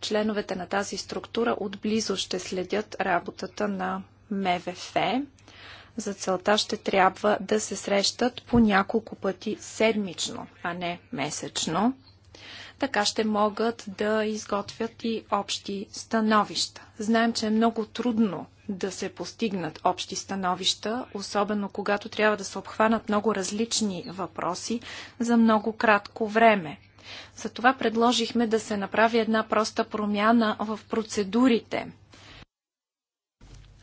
Членовете на тази структура отблизо ще следят работата на МВФ. За целта ще трябва да се срещат по няколко пъти седмично, а не месечно така ще могат да изготвят и общи становища. Знаем, че е много трудно да се постигнат общи становища, особено когато трябва да се обхванат много различни въпроси за много кратко време. Затова предложихме да се направи една проста промяна в процедурите –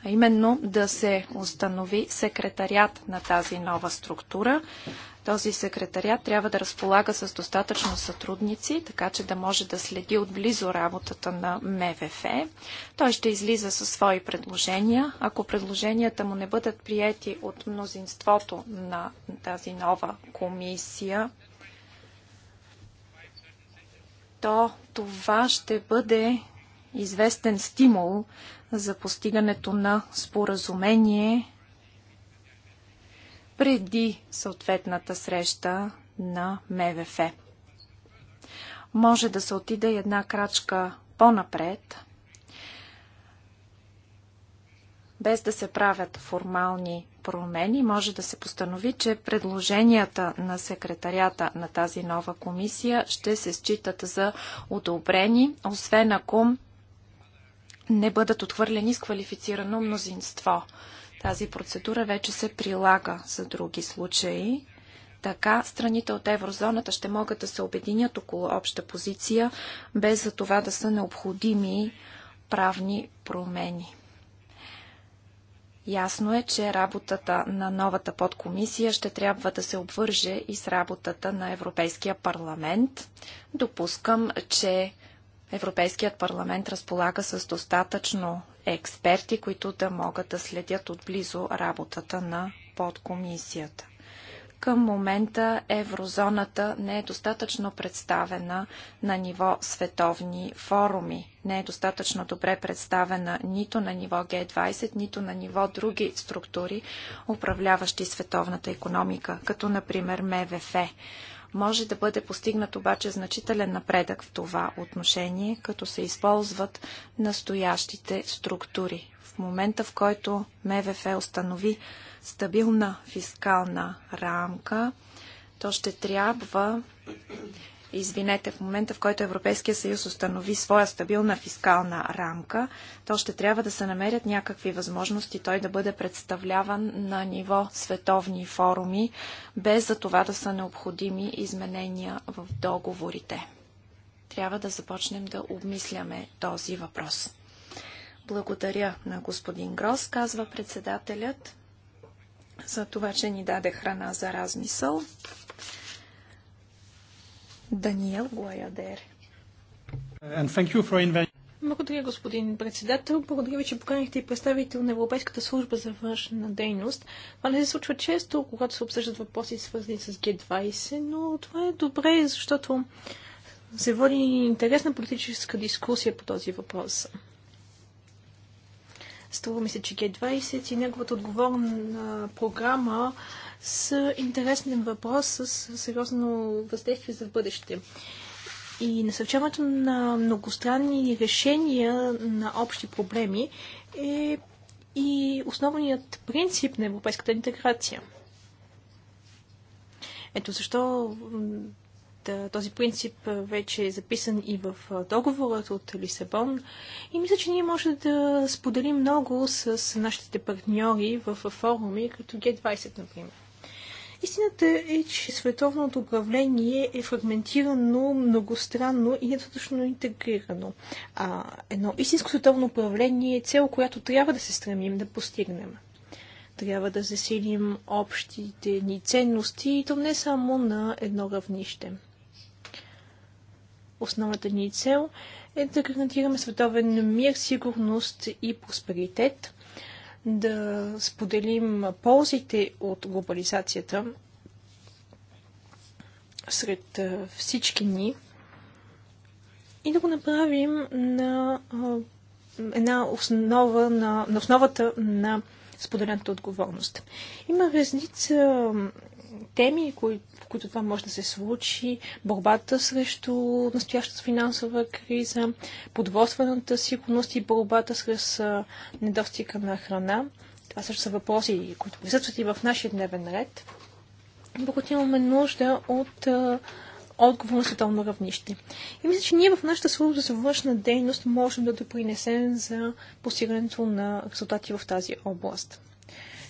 а именно да се установи секретарят на тази нова структура. Този секретарят трябва да разполага с достатъчно сътрудници, така че да може да следи отблизо работата на МВФ. Той ще излиза със свои предложения. Ако предложенията му не бъдат приети от мнозинството на тази нова комисия, то това ще бъде известен стимул за постигането на споразумение преди съответната среща на МВФ. Може да се отиде една крачка по-напред, без да се правят формални промени, може да се постанови, че предложенията на секретарята на тази нова комисия ще се считат за одобрени, освен ако не бъдат отхвърлени с квалифицирано мнозинство. Тази процедура вече се прилага за други случаи. Така страните от еврозоната ще могат да се обединят около обща позиция, без за това да са необходими правни промени. Ясно е, че работата на новата подкомисия ще трябва да се обвърже и с работата на Европейския парламент. Допускам, че Европейският парламент разполага с достатъчно експерти, които да могат да следят отблизо работата на подкомисията. Към момента еврозоната не е достатъчно представена на ниво световни форуми. Не е достатъчно добре представена нито на ниво Г20, нито на ниво други структури, управляващи световната економика, като например МВФ. Може да бъде постигнат обаче значителен напредък в това отношение, като се използват настоящите структури. В момента, в който МВФ установи стабилна фискална рамка, то ще трябва Извинете, в момента в който Европейския съюз установи своя стабилна фискална рамка, то ще трябва да се намерят някакви възможности той да бъде представляван на ниво световни форуми, без за това да са необходими изменения в договорите. Трябва да започнем да обмисляме този въпрос. Благодаря на господин Грос, казва председателят, за това, че ни даде храна за размисъл. Даниел Гуайадер. Благодаря, господин председател. Благодаря ви, че поканихте и представител на Европейската служба за външна дейност. Това не се случва често, когато се обсъждат въпроси, свързани с Г20, но това е добре, защото се води интересна политическа дискусия по този въпрос. Струва ми се, че Г20 и неговата отговорна програма с интересен въпрос с сериозно въздействие за бъдеще. И насърчаването на многостранни решения на общи проблеми е и основният принцип на европейската интеграция. Ето защо този принцип вече е записан и в договорът от Лисабон. И мисля, че ние може да споделим много с нашите партньори в форуми, като G20, например. Истината е, че световното управление е фрагментирано, многостранно и недостатъчно интегрирано. А едно истинско световно управление е цел, която трябва да се стремим да постигнем. Трябва да засилим общите ни ценности и то не само на едно равнище. Основната ни цел е да гарантираме световен мир, сигурност и просперитет – да споделим ползите от глобализацията сред всички ни и да го направим на една основа на, на основата на споделената отговорност. Има разница теми, в които това може да се случи, борбата срещу настоящата финансова криза, подводствената сигурност и борбата с недостига на храна. Това също са въпроси, които присъстват и в нашия дневен ред. Докато имаме нужда от отговор на световно равнище. И мисля, че ние в нашата служба за външна дейност можем да допринесем за постигането на резултати в тази област.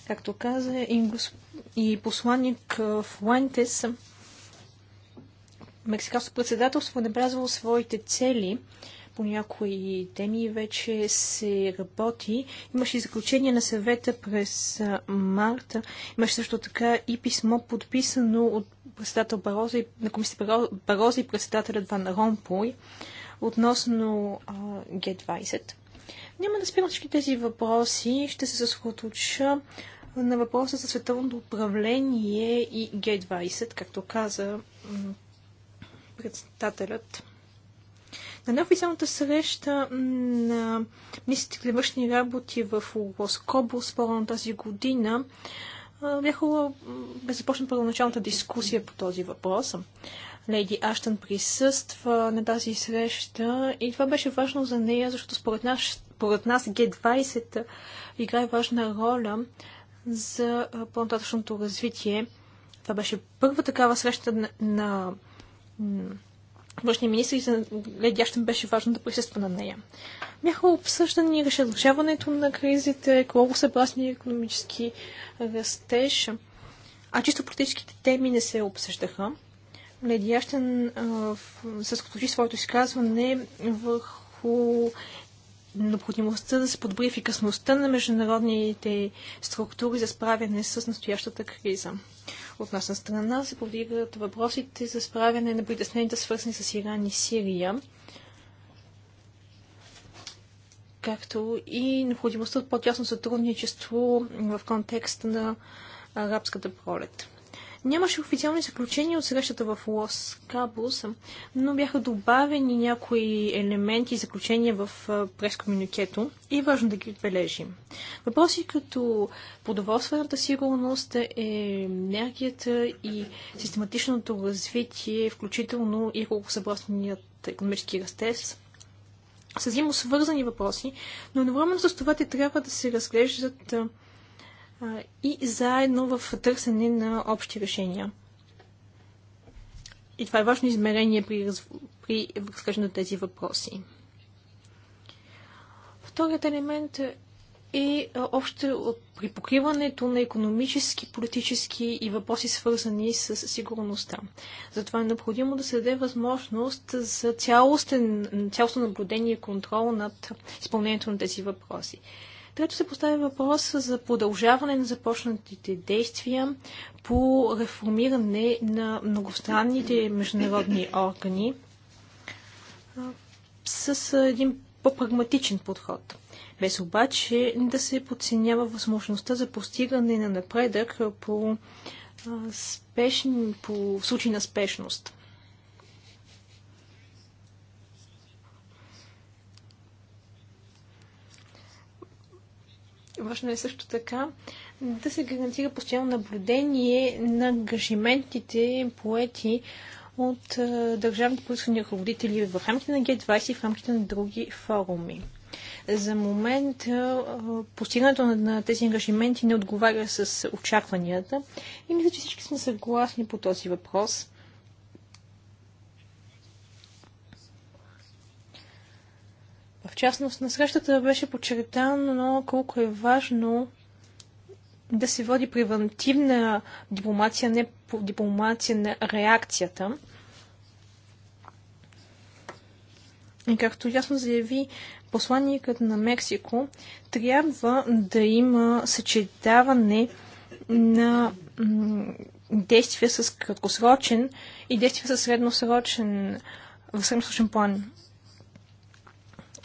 Както каза и, госп... и посланник Фуентес, Мексиканското председателство не празвало своите цели по някои теми вече се работи. Имаше и заключение на съвета през марта. Имаше също така и писмо, подписано от председател Бароза и, на комисията Бароза и председателят Ван Ромпой относно а, G20. Няма да спирам всички тези въпроси. Ще се съсредоточа на въпроса за световното управление и Г-20, както каза председателят. На неофициалната среща на министрите ли външни работи в Лоскобо с на тази година бяха бе започна първоначалната дискусия по този въпрос. Леди Аштън присъства на тази среща и това беше важно за нея, защото според нас, според нас G20 играе важна роля за по-нататъчното развитие. Това беше първа такава среща на, на външния министр и за Ледящен беше важно да присъства на нея. Бяха обсъждани разрешаването на кризите, колко екологосъобразния економически растеж, а чисто политическите теми не се обсъждаха. Ледящен съсредоточи своето изказване върху необходимостта да се подобри ефикасността на международните структури за справяне с настоящата криза. От наша страна се повдигат въпросите за справяне на притесненията, свързани с Иран и Сирия, както и необходимостта от по-тясно сътрудничество в контекста на арабската пролет. Нямаше официални заключения от срещата в Лос Кабус, но бяха добавени някои елементи и заключения в прескомюникето и е важно да ги отбележим. Въпроси като продоволствената сигурност, е енергията и систематичното развитие, включително и колко събросният економически растеж, са взаимосвързани въпроси, но едновременно с това те трябва да се разглеждат и заедно в търсене на общи решения. И това е важно измерение при, при разглеждане на тези въпроси. Вторият елемент е, е общо от при покриването на економически, политически и въпроси свързани с сигурността. Затова е необходимо да се даде възможност за цялостен, цялостно наблюдение и контрол над изпълнението на тези въпроси. Трето се поставя въпрос за продължаване на започнатите действия по реформиране на многостранните международни органи с един по-прагматичен подход. Без обаче да се подценява възможността за постигане на напредък по, спешни, по случаи на спешност. Важно е също така да се гарантира постоянно наблюдение на ангажиментите поети от е, държавните полицейски ръководители в рамките на Г20 и в рамките на други форуми. За момент постигането на тези ангажименти не отговаря с очакванията и мисля, че всички сме съгласни по този въпрос. В частност, на срещата беше подчертано колко е важно да се води превентивна дипломация, не дипломация на реакцията. И както ясно заяви посланникът на Мексико, трябва да има съчетаване на действия с краткосрочен и действия с средносрочен, в средносрочен план.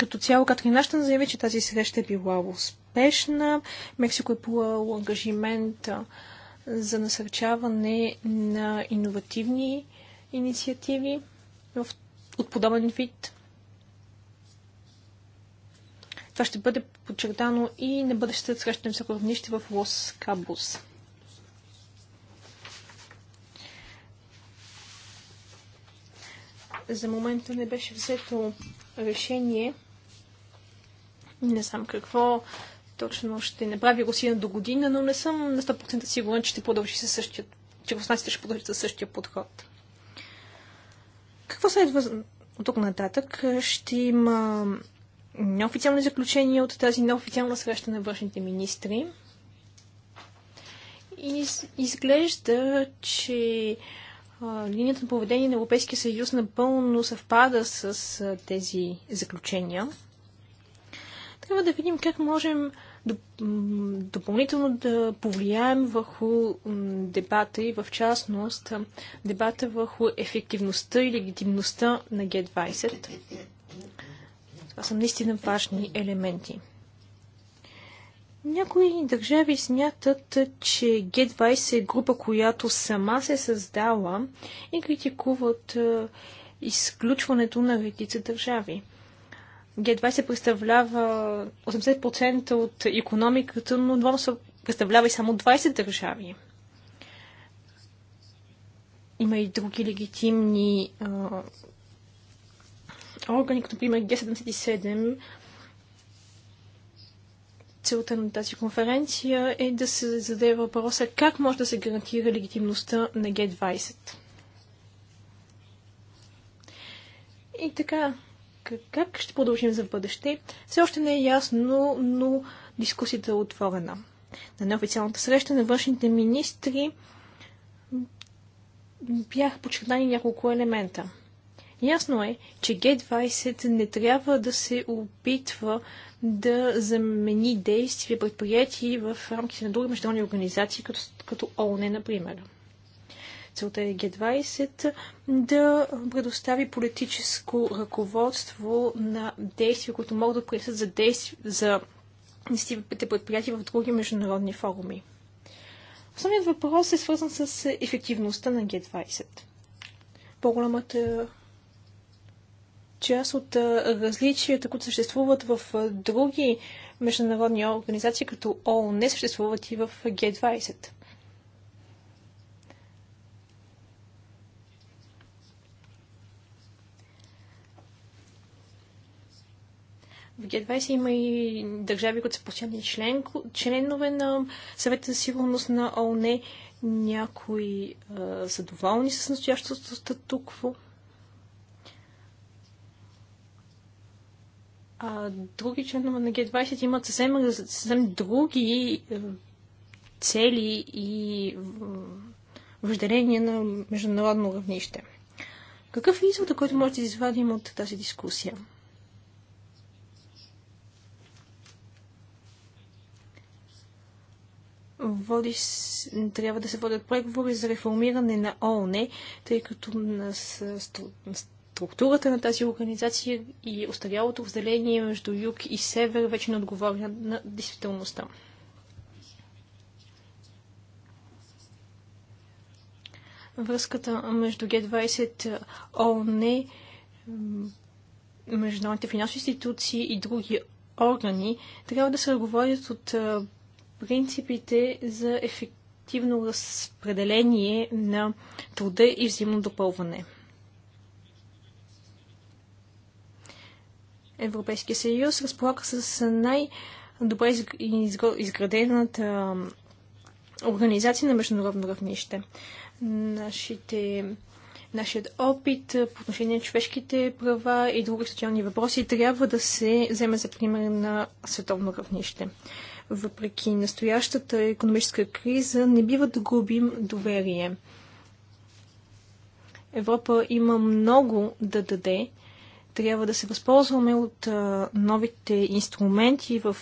Като цяло Катрин Аштън заяви, че тази среща е била успешна. Мексико е поел ангажимент за насърчаване на иновативни инициативи от подобен вид. Това ще бъде подчертано и на бъдещата среща на всяко равнище в Лос Кабус. За момента не беше взето решение не знам какво точно ще направи Русия до година, но не съм на 100% сигурен, че ще продължи със същия, че руснаците ще продължат със същия подход. Какво следва от тук нататък? Ще има неофициални заключения от тази неофициална среща на външните министри. Из, изглежда, че а, линията на поведение на Европейския съюз напълно съвпада с а, тези заключения трябва да видим как можем допълнително да повлияем върху дебата и в частност дебата върху ефективността и легитимността на Г20. Това са наистина важни елементи. Някои държави смятат, че Г20 е група, която сама се създала и критикуват изключването на редица държави g 20 представлява 80% от економиката, но двама се представлява и само 20 държави. Има и други легитимни а, органи, като например Г77. Целта на тази конференция е да се зададе въпроса как може да се гарантира легитимността на Г20. И така, как ще продължим за бъдеще, все още не е ясно, но дискусията е отворена. На неофициалната среща на външните министри бяха подчертани няколко елемента. Ясно е, че Г-20 не трябва да се опитва да замени действия предприятия в рамките на други международни организации, като, като ООН, е, например. Целта е Г20 да предостави политическо ръководство на действия, които могат да принесат за, действи, за предприятия в други международни форуми. Основният въпрос е свързан с ефективността на Г20. По-голямата част от различията, които съществуват в други международни организации, като ООН, не съществуват и в Г20. В Г20 има и държави, които са постоянни член, членове на съвета за сигурност на ООН. Някои а, са доволни с настоящото статукво. А други членове на Г20 имат съвсем, съвсем други цели и въжделения на международно равнище. Какъв е изводът, който може да извадим от тази дискусия? води, трябва да се водят преговори за реформиране на ООН, тъй като на структурата на тази организация и остарялото разделение между юг и север вече не отговоря на действителността. Връзката между Г20, ООН, международните финансови институции и други органи трябва да се ръководят от принципите за ефективно разпределение на труда и взаимно допълване. Европейския съюз разполага с най-добре изградената организация на международно равнище. Нашите, нашият опит по отношение на човешките права и други социални въпроси трябва да се вземе за пример на световно равнище. Въпреки настоящата економическа криза, не бива да губим доверие. Европа има много да даде. Трябва да се възползваме от новите инструменти в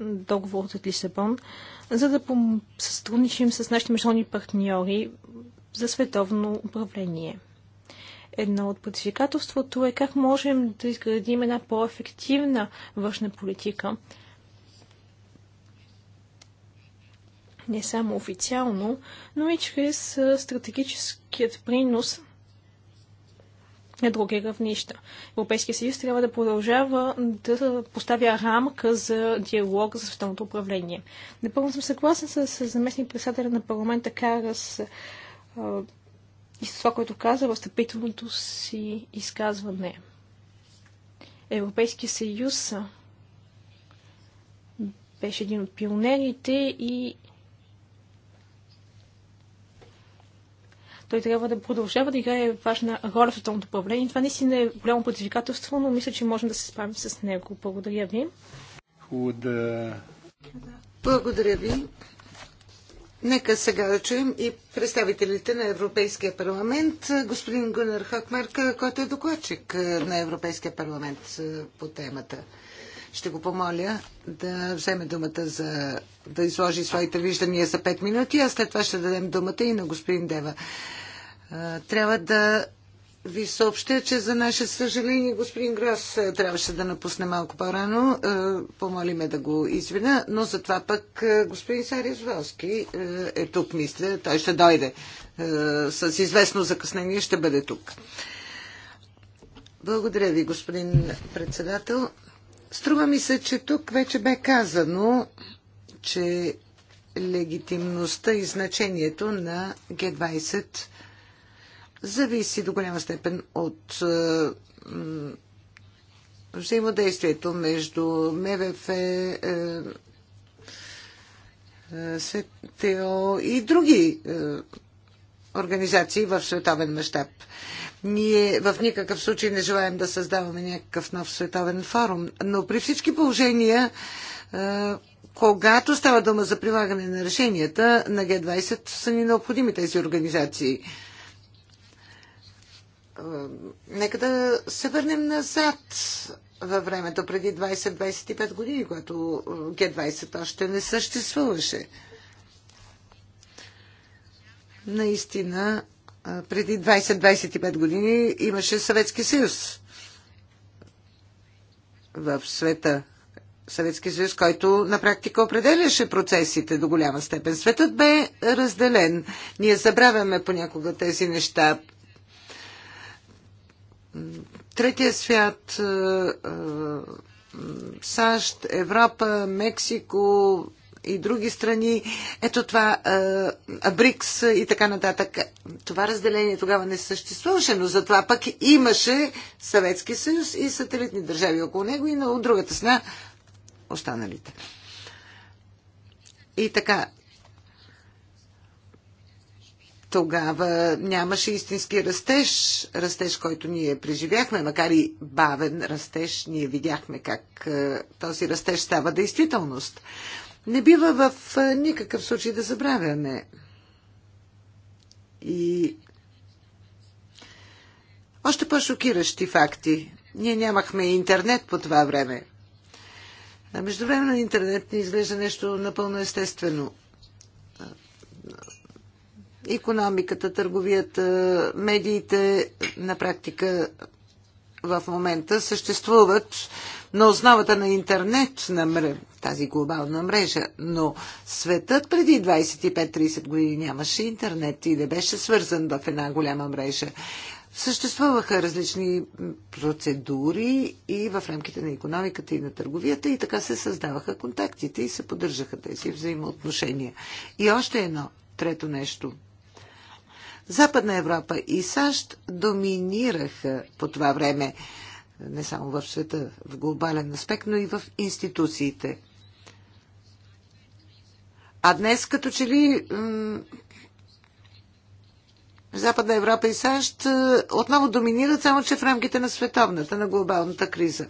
договорът от Лисабон, за да сътрудничим с нашите международни партньори за световно управление. Едно от предизвикателството е как можем да изградим една по-ефективна външна политика, не само официално, но и чрез стратегическият принос на други равнища. Европейския съюз трябва да продължава да поставя рамка за диалог за световното управление. Напълно съм съгласен с заместник председателя на парламента Карас и с това, което каза в стъпителното си изказване. Европейския съюз беше един от пионерите и Той трябва да продължава да играе важна роля в световното управление. Това наистина е голямо предизвикателство, но мисля, че можем да се справим с него. Благодаря ви. Худа. Е, Благодаря ви. Нека сега да чуем и представителите на Европейския парламент. Господин Гунар Хакмарк, който е докладчик е, на Европейския парламент е, по темата. Ще го помоля да вземе думата за да изложи своите виждания за 5 минути, а след това ще дадем думата и на господин Дева. Трябва да ви съобщя, че за наше съжаление господин Грос трябваше да напусне малко по-рано. Помолиме да го извина, но за това пък господин Сарис Валски е тук, мисля. Той ще дойде. С известно закъснение ще бъде тук. Благодаря ви, господин председател. Струва ми се, че тук вече бе казано, че легитимността и значението на Г-20 зависи до голяма степен от е, взаимодействието между МВФ, е, е, СТО и други организации в световен мащаб. Ние в никакъв случай не желаем да създаваме някакъв нов световен форум, но при всички положения, е, когато става дума за прилагане на решенията на Г20, са ни необходими тези организации. Е, нека да се върнем назад във времето, преди 20-25 години, когато Г20 още не съществуваше. Наистина, преди 20-25 години имаше Съветски съюз в света. Съветски съюз, който на практика определяше процесите до голяма степен. Светът бе разделен. Ние забравяме понякога тези неща. Третия свят, САЩ, Европа, Мексико, и други страни. Ето това, БРИКС и така нататък. Това разделение тогава не съществуваше, но затова пък имаше Съветски съюз и сателитни държави около него и на другата сна останалите. И така, тогава нямаше истински растеж, растеж, който ние преживяхме, макар и бавен растеж, ние видяхме как този растеж става действителност. Не бива в никакъв случай да забравяме. И още по-шокиращи факти. Ние нямахме интернет по това време. А междувременно интернет не изглежда нещо напълно естествено. Економиката, търговията, медиите на практика в момента съществуват на основата на интернет, на тази глобална мрежа. Но светът преди 25-30 години нямаше интернет и не беше свързан в една голяма мрежа. Съществуваха различни процедури и в рамките на економиката и на търговията и така се създаваха контактите и се поддържаха тези взаимоотношения. И още едно, трето нещо. Западна Европа и САЩ доминираха по това време не само в света, в глобален аспект, но и в институциите. А днес като че ли Западна Европа и САЩ е, отново доминират, само че в рамките на световната, на глобалната криза.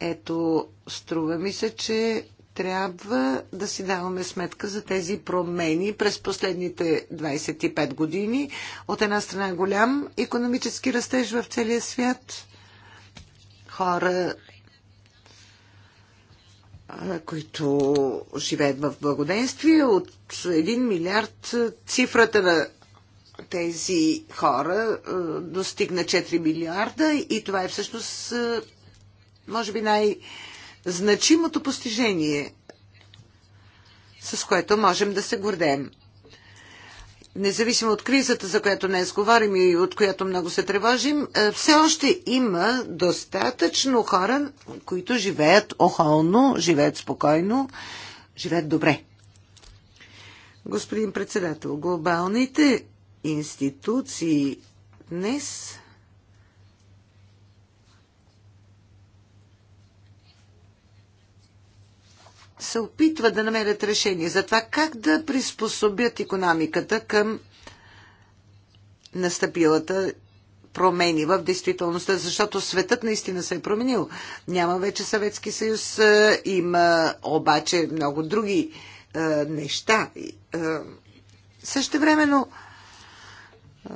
Ето, струва ми се, че трябва да си даваме сметка за тези промени през последните 25 години. От една страна голям економически растеж в целия свят. Хора които живеят в благоденствие. От 1 милиард цифрата на тези хора достигна 4 милиарда и това е всъщност, може би, най-значимото постижение, с което можем да се гордеем независимо от кризата, за която днес говорим и от която много се тревожим, е, все още има достатъчно хора, които живеят охолно, живеят спокойно, живеят добре. Господин председател, глобалните институции днес се опитват да намерят решение за това как да приспособят економиката към настъпилата промени в действителността, защото светът наистина се е променил. Няма вече Съветски съюз, е, има обаче много други е, неща. Е, времено е,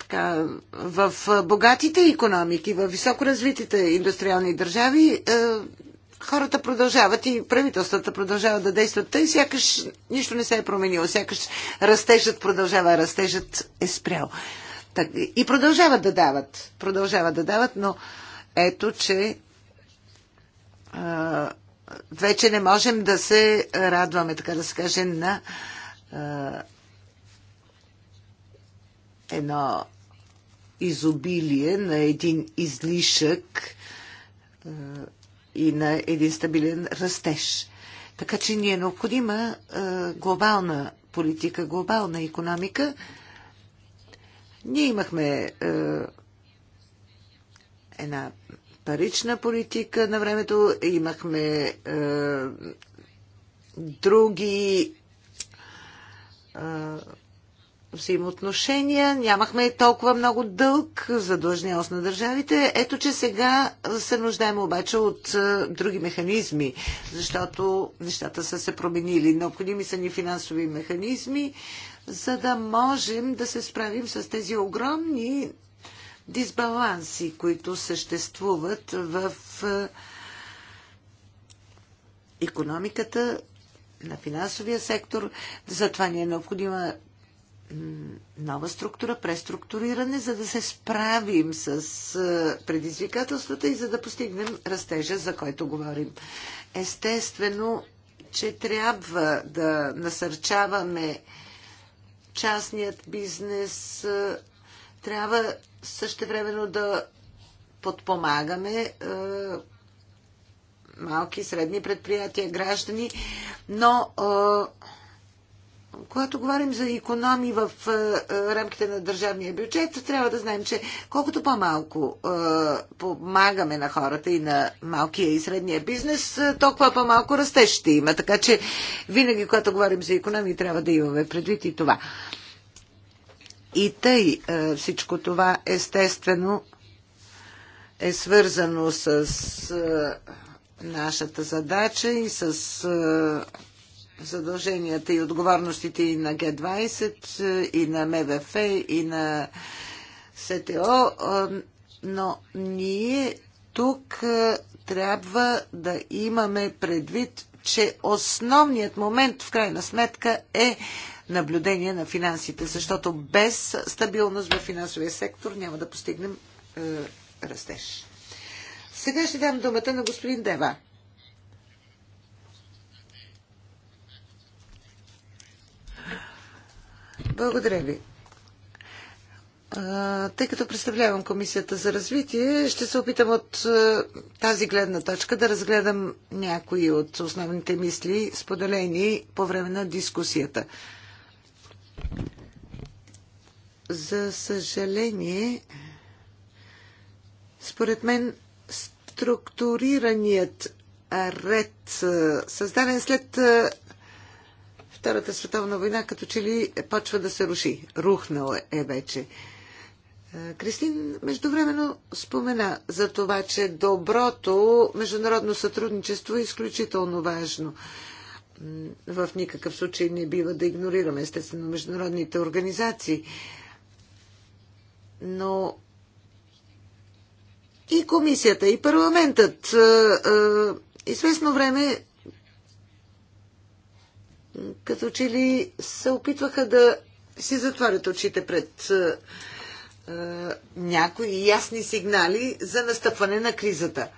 така, в богатите економики, в високоразвитите индустриални държави, е, хората продължават и правителствата продължават да действат тъй, сякаш нищо не се е променило, сякаш растежът продължава, растежът е спрял. Так, и продължават да дават, продължават да дават, но ето, че а, е, вече не можем да се радваме, така да се каже, на а, е, едно изобилие, на един излишък е, и на един стабилен растеж. Така че ни е необходима е, глобална политика, глобална економика. Ние имахме е, една парична политика на времето, имахме е, други взаимоотношения, нямахме толкова много дълг, за задлъжнялост на държавите. Ето, че сега се нуждаем обаче от е, други механизми, защото нещата са се променили. Необходими са ни финансови механизми, за да можем да се справим с тези огромни дисбаланси, които съществуват в економиката, на финансовия сектор. Затова ни е необходима нова структура, преструктуриране, за да се справим с предизвикателствата и за да постигнем растежа, за който говорим. Естествено, че трябва да насърчаваме частният бизнес, трябва също времено да подпомагаме малки и средни предприятия, граждани, но когато говорим за економи в е, е, рамките на държавния бюджет, трябва да знаем, че колкото по-малко е, помагаме на хората и на малкия и средния бизнес, толкова по-малко расте ще има. Така че винаги, когато говорим за економи, трябва да имаме предвид и това. И тъй всичко това естествено е свързано с нашата задача и с задълженията и отговорностите и на Г-20, и на МВФ, и на СТО, но ние тук е, трябва да имаме предвид, че основният момент в крайна сметка е наблюдение на финансите, защото без стабилност в финансовия сектор няма да постигнем е, растеж. Сега ще дам думата на господин Дева. Благодаря ви. Тъй като представлявам Комисията за развитие, ще се опитам от тази гледна точка да разгледам някои от основните мисли, споделени по време на дискусията. За съжаление, според мен, структурираният ред, създаден след Втората световна война като че ли почва да се руши. Рухнала е вече. Е, Кристин междувременно спомена за това, че доброто международно сътрудничество е изключително важно. В никакъв случай не бива да игнорираме, естествено, международните организации. Но и комисията, и парламентът е, е, известно време като че ли се опитваха да си затварят очите пред е, е, някои ясни сигнали за настъпване на кризата.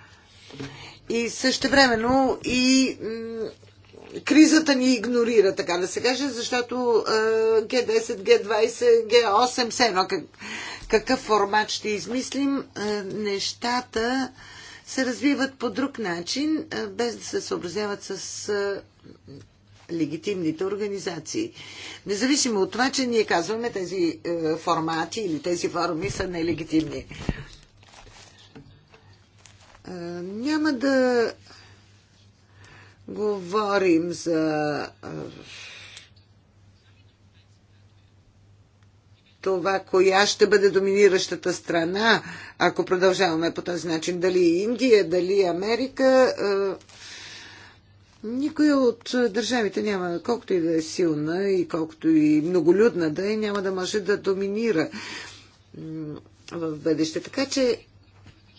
И същевременно и кризата ни игнорира, така да се каже, защото е, G10, G20, G8, все едно как, какъв формат ще измислим, е, нещата се развиват по друг начин, е, без да се съобразяват с е, легитимните организации. Независимо от това, че ние казваме тези е, формати или тези форуми са нелегитимни. Е, няма да говорим за е, това, коя ще бъде доминиращата страна, ако продължаваме по този начин. Дали Индия, дали Америка никой от държавите няма, колкото и да е силна и колкото и многолюдна да е, няма да може да доминира в бъдеще. Така че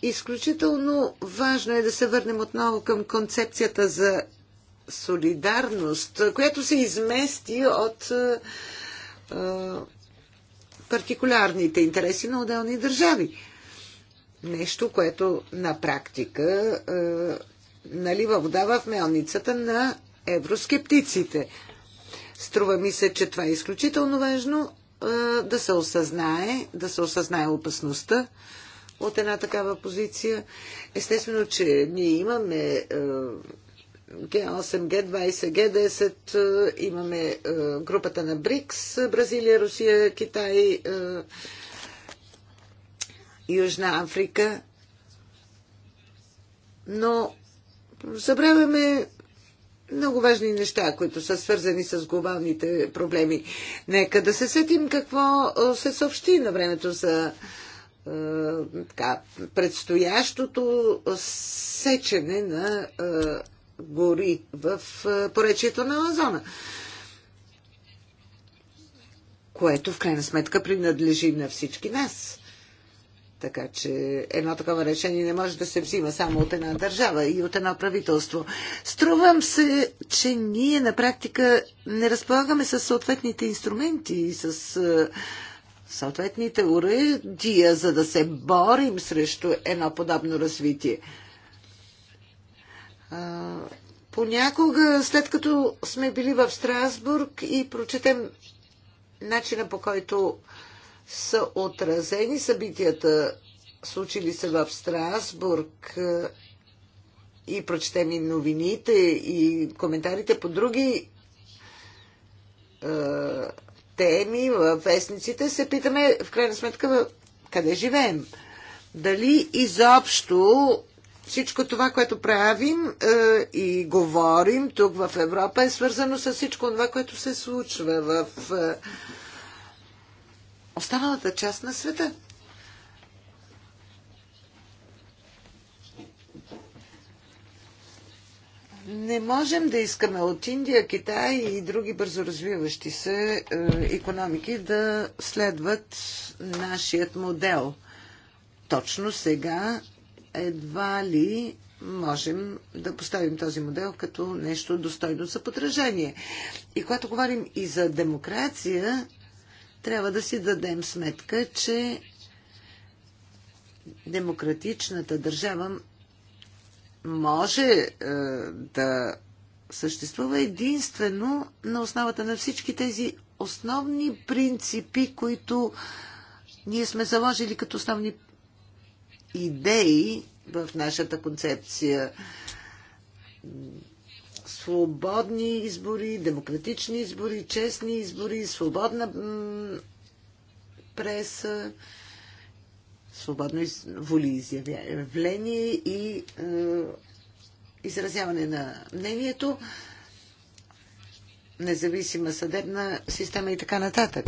изключително важно е да се върнем отново към концепцията за солидарност, която се измести от е, е партикулярните интереси на отделни държави. Нещо, което на практика е, налива вода в мелницата на евроскептиците. Струва ми се, че това е изключително важно да се осъзнае, да се осъзнае опасността от една такава позиция. Естествено, че ние имаме Г8, Г20, Г10, имаме групата на БРИКС, Бразилия, Русия, Китай, Южна Африка. Но забравяме много важни неща, които са свързани с глобалните проблеми. Нека да се сетим какво се съобщи на времето за е, така, предстоящото сечене на е, гори в е, поречието на Лазона, което в крайна сметка принадлежи на всички нас. Така че едно такова решение не може да се взима само от една държава и от едно правителство. Струвам се, че ние на практика не разполагаме с съответните инструменти и с е, съответните уредия, за да се борим срещу едно подобно развитие. Понякога, след като сме били в Страсбург и прочетем начина по който са отразени събитията, случили се в Страсбург е, и прочетем и новините и коментарите по други е, теми в вестниците, се питаме в крайна сметка къде живеем. Дали изобщо всичко това, което правим е, и говорим тук в Европа е свързано с всичко това, което се случва в е, останалата част на света. Не можем да искаме от Индия, Китай и други бързо развиващи се економики да следват нашият модел. Точно сега едва ли можем да поставим този модел като нещо достойно за подражение. И когато говорим и за демокрация, трябва да си дадем сметка, че демократичната държава може е, да съществува единствено на основата на всички тези основни принципи, които ние сме заложили като основни идеи в нашата концепция свободни избори, демократични избори, честни избори, свободна преса, свободно волеизявление и е, изразяване на мнението, независима съдебна система и така нататък.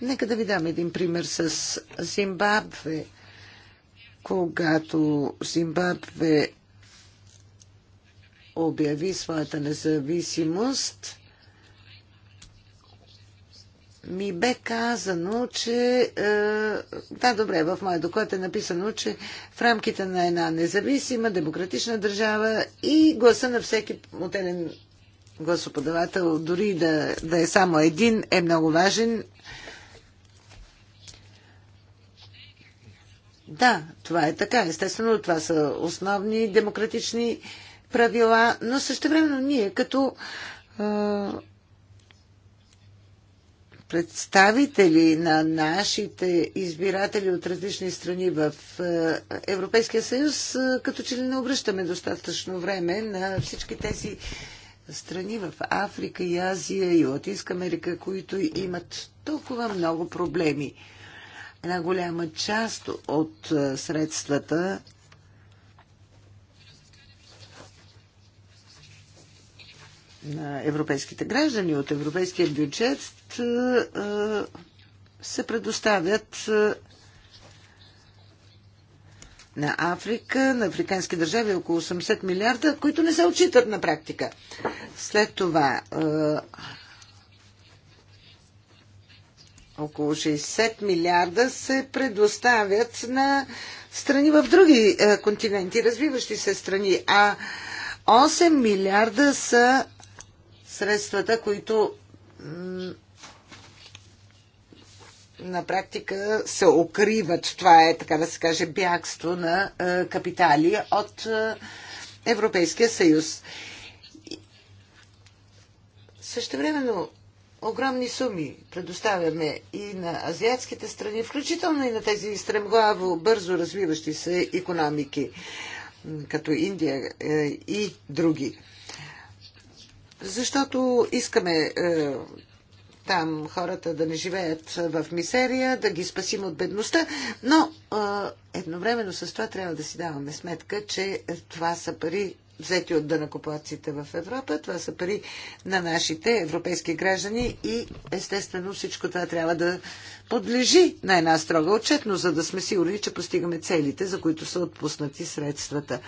Нека да ви дам един пример с Зимбабве. Когато Зимбабве обяви своята независимост, ми бе казано, че. Е, да, добре, в моя доклад е написано, че в рамките на една независима, демократична държава и гласа на всеки отелен гласоподавател, дори да, да е само един, е много важен. Да, това е така. Естествено, това са основни демократични правила, но същевременно ние като представители на нашите избиратели от различни страни в Европейския съюз, като че ли не обръщаме достатъчно време на всички тези страни в Африка и Азия и Латинска Америка, които имат толкова много проблеми. Една голяма част от средствата на европейските граждани от европейския бюджет е, се предоставят е, на Африка, на африкански държави около 80 милиарда, които не се отчитат на практика. След това е, около 60 милиарда се предоставят на страни в други континенти, развиващи се страни, а 8 милиарда са средствата, които на практика се укриват. Това е, така да се каже, бягство на е, капитали от е, Европейския съюз. Също времено огромни суми предоставяме и на азиатските страни, включително и на тези стремглаво бързо развиващи се економики, като Индия е, и други. Защото искаме е, там хората да не живеят в мисерия, да ги спасим от бедността, но е, едновременно с това трябва да си даваме сметка, че това са пари взети от дънакоплаците в Европа. Това са пари на нашите европейски граждани и естествено всичко това трябва да подлежи на една строга отчетност, за да сме сигурни, че постигаме целите, за които са отпуснати средствата.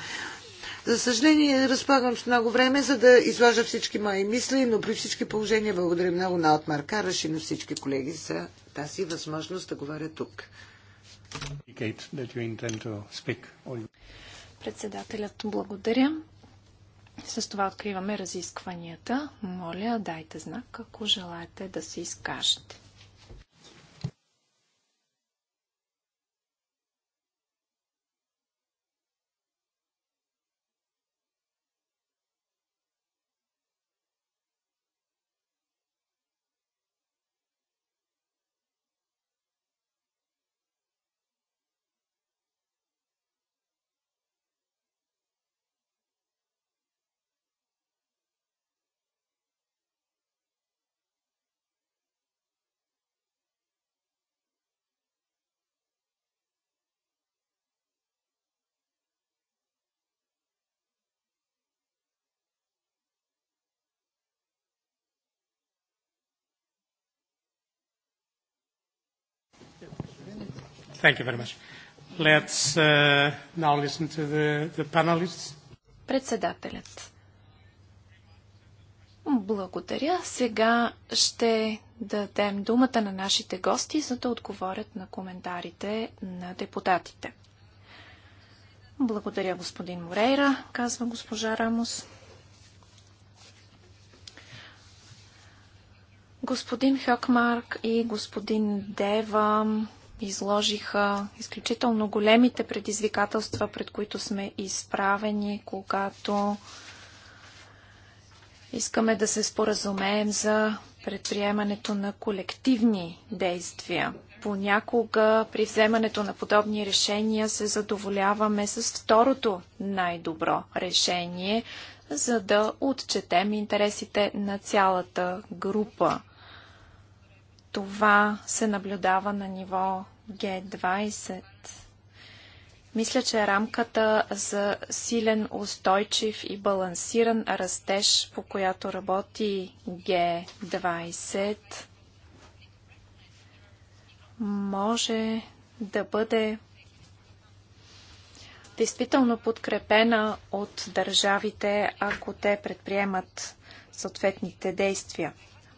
За съжаление, разполагам с много време, за да изложа всички мои мисли, но при всички положения благодаря много на Отмар Караш и на всички колеги за тази възможност да говоря тук. Председателят благодаря. С това откриваме разискванията. Моля, дайте знак, ако желаете да се изкажете. Thank you very much. Let's uh, now listen to the, the panelists. Председателят. Благодаря. Сега ще дадем думата на нашите гости, за да отговорят на коментарите на депутатите. Благодаря, господин Морейра, казва госпожа Рамос. Господин Хокмарк и господин Дева изложиха изключително големите предизвикателства, пред които сме изправени, когато искаме да се споразумеем за предприемането на колективни действия. Понякога при вземането на подобни решения се задоволяваме с второто най-добро решение, за да отчетем интересите на цялата група. Това се наблюдава на ниво г20. Мисля, че рамката за силен, устойчив и балансиран растеж, по която работи Г20, може да бъде действително подкрепена от държавите, ако те предприемат съответните действия.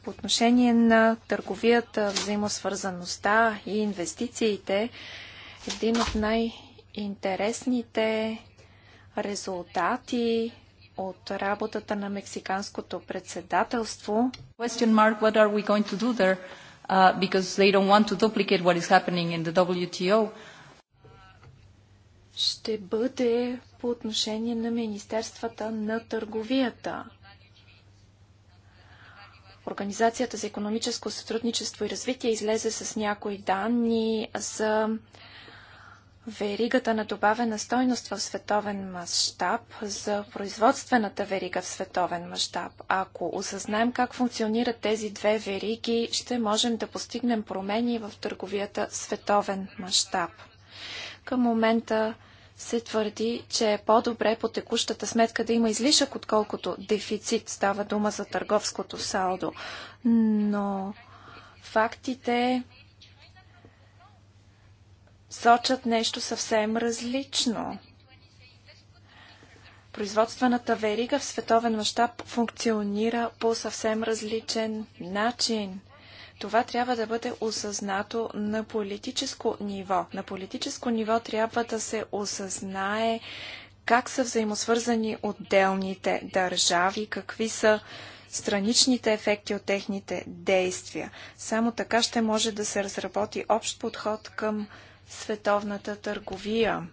По отношение на търговията, взаимосвързаността и инвестициите, един от най-интересните резултати от работата на мексиканското председателство. Question mark, what are we going to do there? Uh, because they don't want to duplicate what is happening in the WTO. Ще бъде по отношение на Министерствата на търговията. Организацията за економическо сътрудничество и развитие излезе с някои данни за веригата на добавена стойност в световен мащаб, за производствената верига в световен мащаб. Ако осъзнаем как функционират тези две вериги, ще можем да постигнем промени в търговията в световен мащаб. Към момента се твърди, че е по-добре по текущата сметка да има излишък, отколкото дефицит. Става дума за търговското салдо. Но фактите сочат нещо съвсем различно. Производствената верига в световен мащаб функционира по съвсем различен начин – това трябва да бъде осъзнато на политическо ниво. На политическо ниво трябва да се осъзнае как са взаимосвързани отделните държави, какви са страничните ефекти от техните действия. Само така ще може да се разработи общ подход към световната търговия.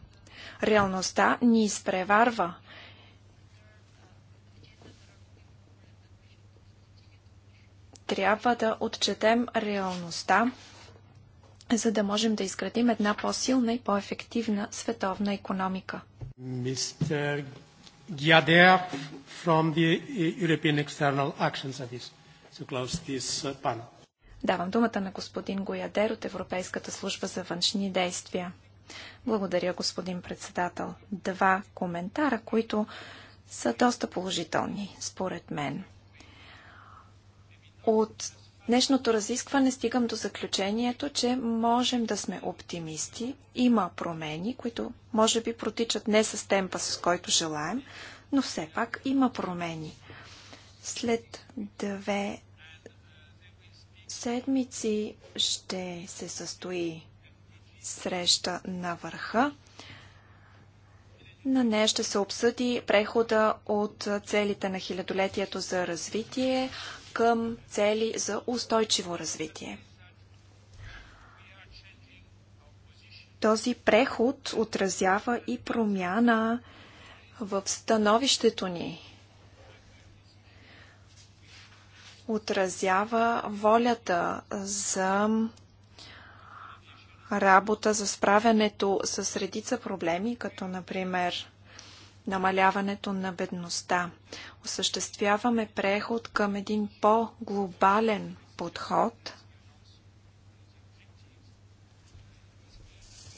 Реалността ни изпреварва – трябва да отчетем реалността, за да можем да изградим една по-силна и по-ефективна световна економика. Мистер Giader from the European External Action Service to close this uh, panel. Давам думата на господин Гоядер от Европейската служба за външни действия. Благодаря, господин председател. Два коментара, които са доста положителни, според мен. От днешното разискване стигам до заключението, че можем да сме оптимисти. Има промени, които може би протичат не с темпа, с който желаем, но все пак има промени. След две седмици ще се състои среща на върха. На нея ще се обсъди прехода от целите на хилядолетието за развитие към цели за устойчиво развитие. Този преход отразява и промяна в становището ни. Отразява волята за работа за справянето с редица проблеми, като например намаляването на бедността. Осъществяваме преход към един по-глобален подход.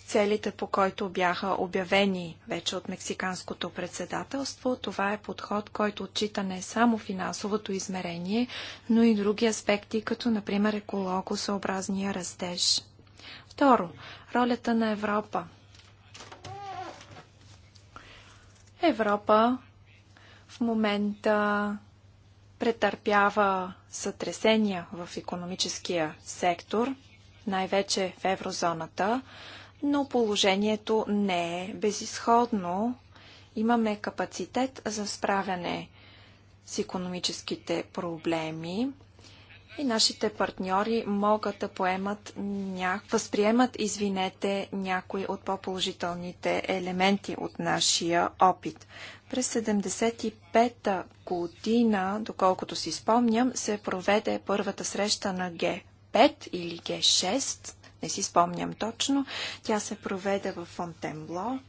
Целите, по който бяха обявени вече от Мексиканското председателство, това е подход, който отчита не само финансовото измерение, но и други аспекти, като например екологосъобразния растеж. Второ, ролята на Европа. Европа в момента претърпява сътресения в економическия сектор, най-вече в еврозоната, но положението не е безисходно. Имаме капацитет за справяне с економическите проблеми и нашите партньори могат да поемат няк... възприемат, извинете, някои от по-положителните елементи от нашия опит. През 75-та година, доколкото си спомням, се проведе първата среща на Г5 или Г6, не си спомням точно. Тя се проведе в Фонтенбло.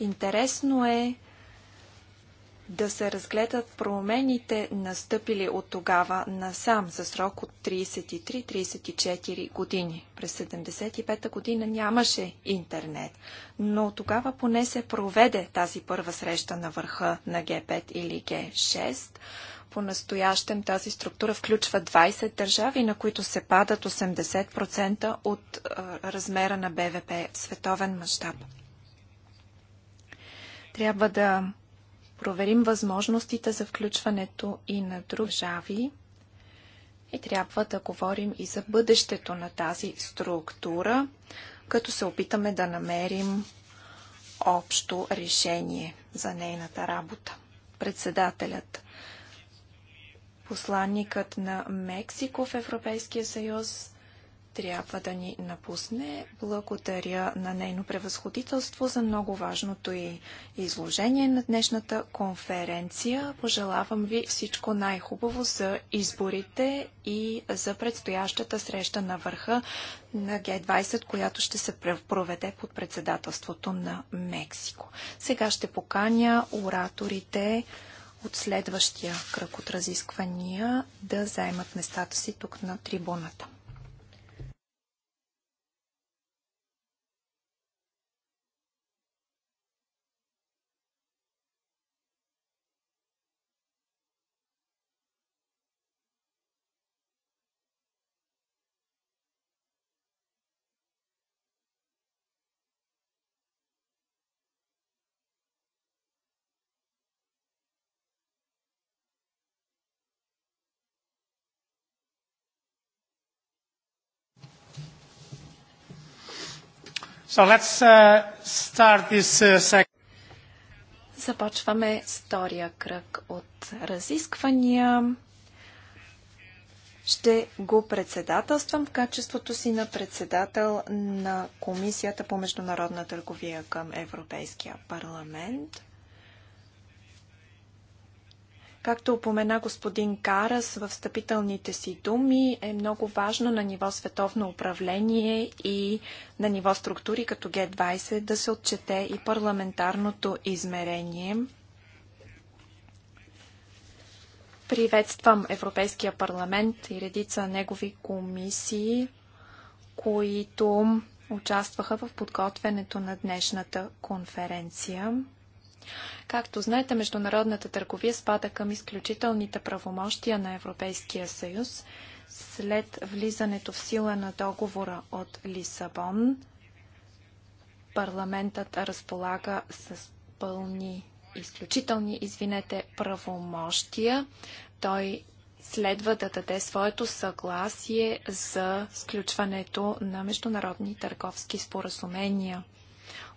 Интересно е да се разгледат промените настъпили от тогава насам за срок от 33-34 години. През 75-та година нямаше интернет, но тогава поне се проведе тази първа среща на върха на Г5 или Г6. По-настоящем тази структура включва 20 държави, на които се падат 80% от размера на БВП в световен мащаб. Трябва да проверим възможностите за включването и на други държави и трябва да говорим и за бъдещето на тази структура, като се опитаме да намерим общо решение за нейната работа. Председателят посланникът на Мексико в Европейския съюз трябва да ни напусне. Благодаря на нейно превъзходителство за много важното и изложение на днешната конференция. Пожелавам ви всичко най-хубаво за изборите и за предстоящата среща на върха на Г-20, която ще се проведе под председателството на Мексико. Сега ще поканя ораторите от следващия кръг от разисквания да заемат местата си тук на трибуната. So let's uh, start this uh, Започваме втория кръг от разисквания. Ще го председателствам в качеството си на председател на Комисията по международна търговия към Европейския парламент. Както упомена господин Карас в встъпителните си думи, е много важно на ниво световно управление и на ниво структури като Г20 да се отчете и парламентарното измерение. Приветствам Европейския парламент и редица негови комисии, които участваха в подготвянето на днешната конференция. Както знаете, международната търговия спада към изключителните правомощия на Европейския съюз. След влизането в сила на договора от Лисабон, парламентът разполага с пълни, изключителни, извинете, правомощия. Той следва да даде своето съгласие за сключването на международни търговски споразумения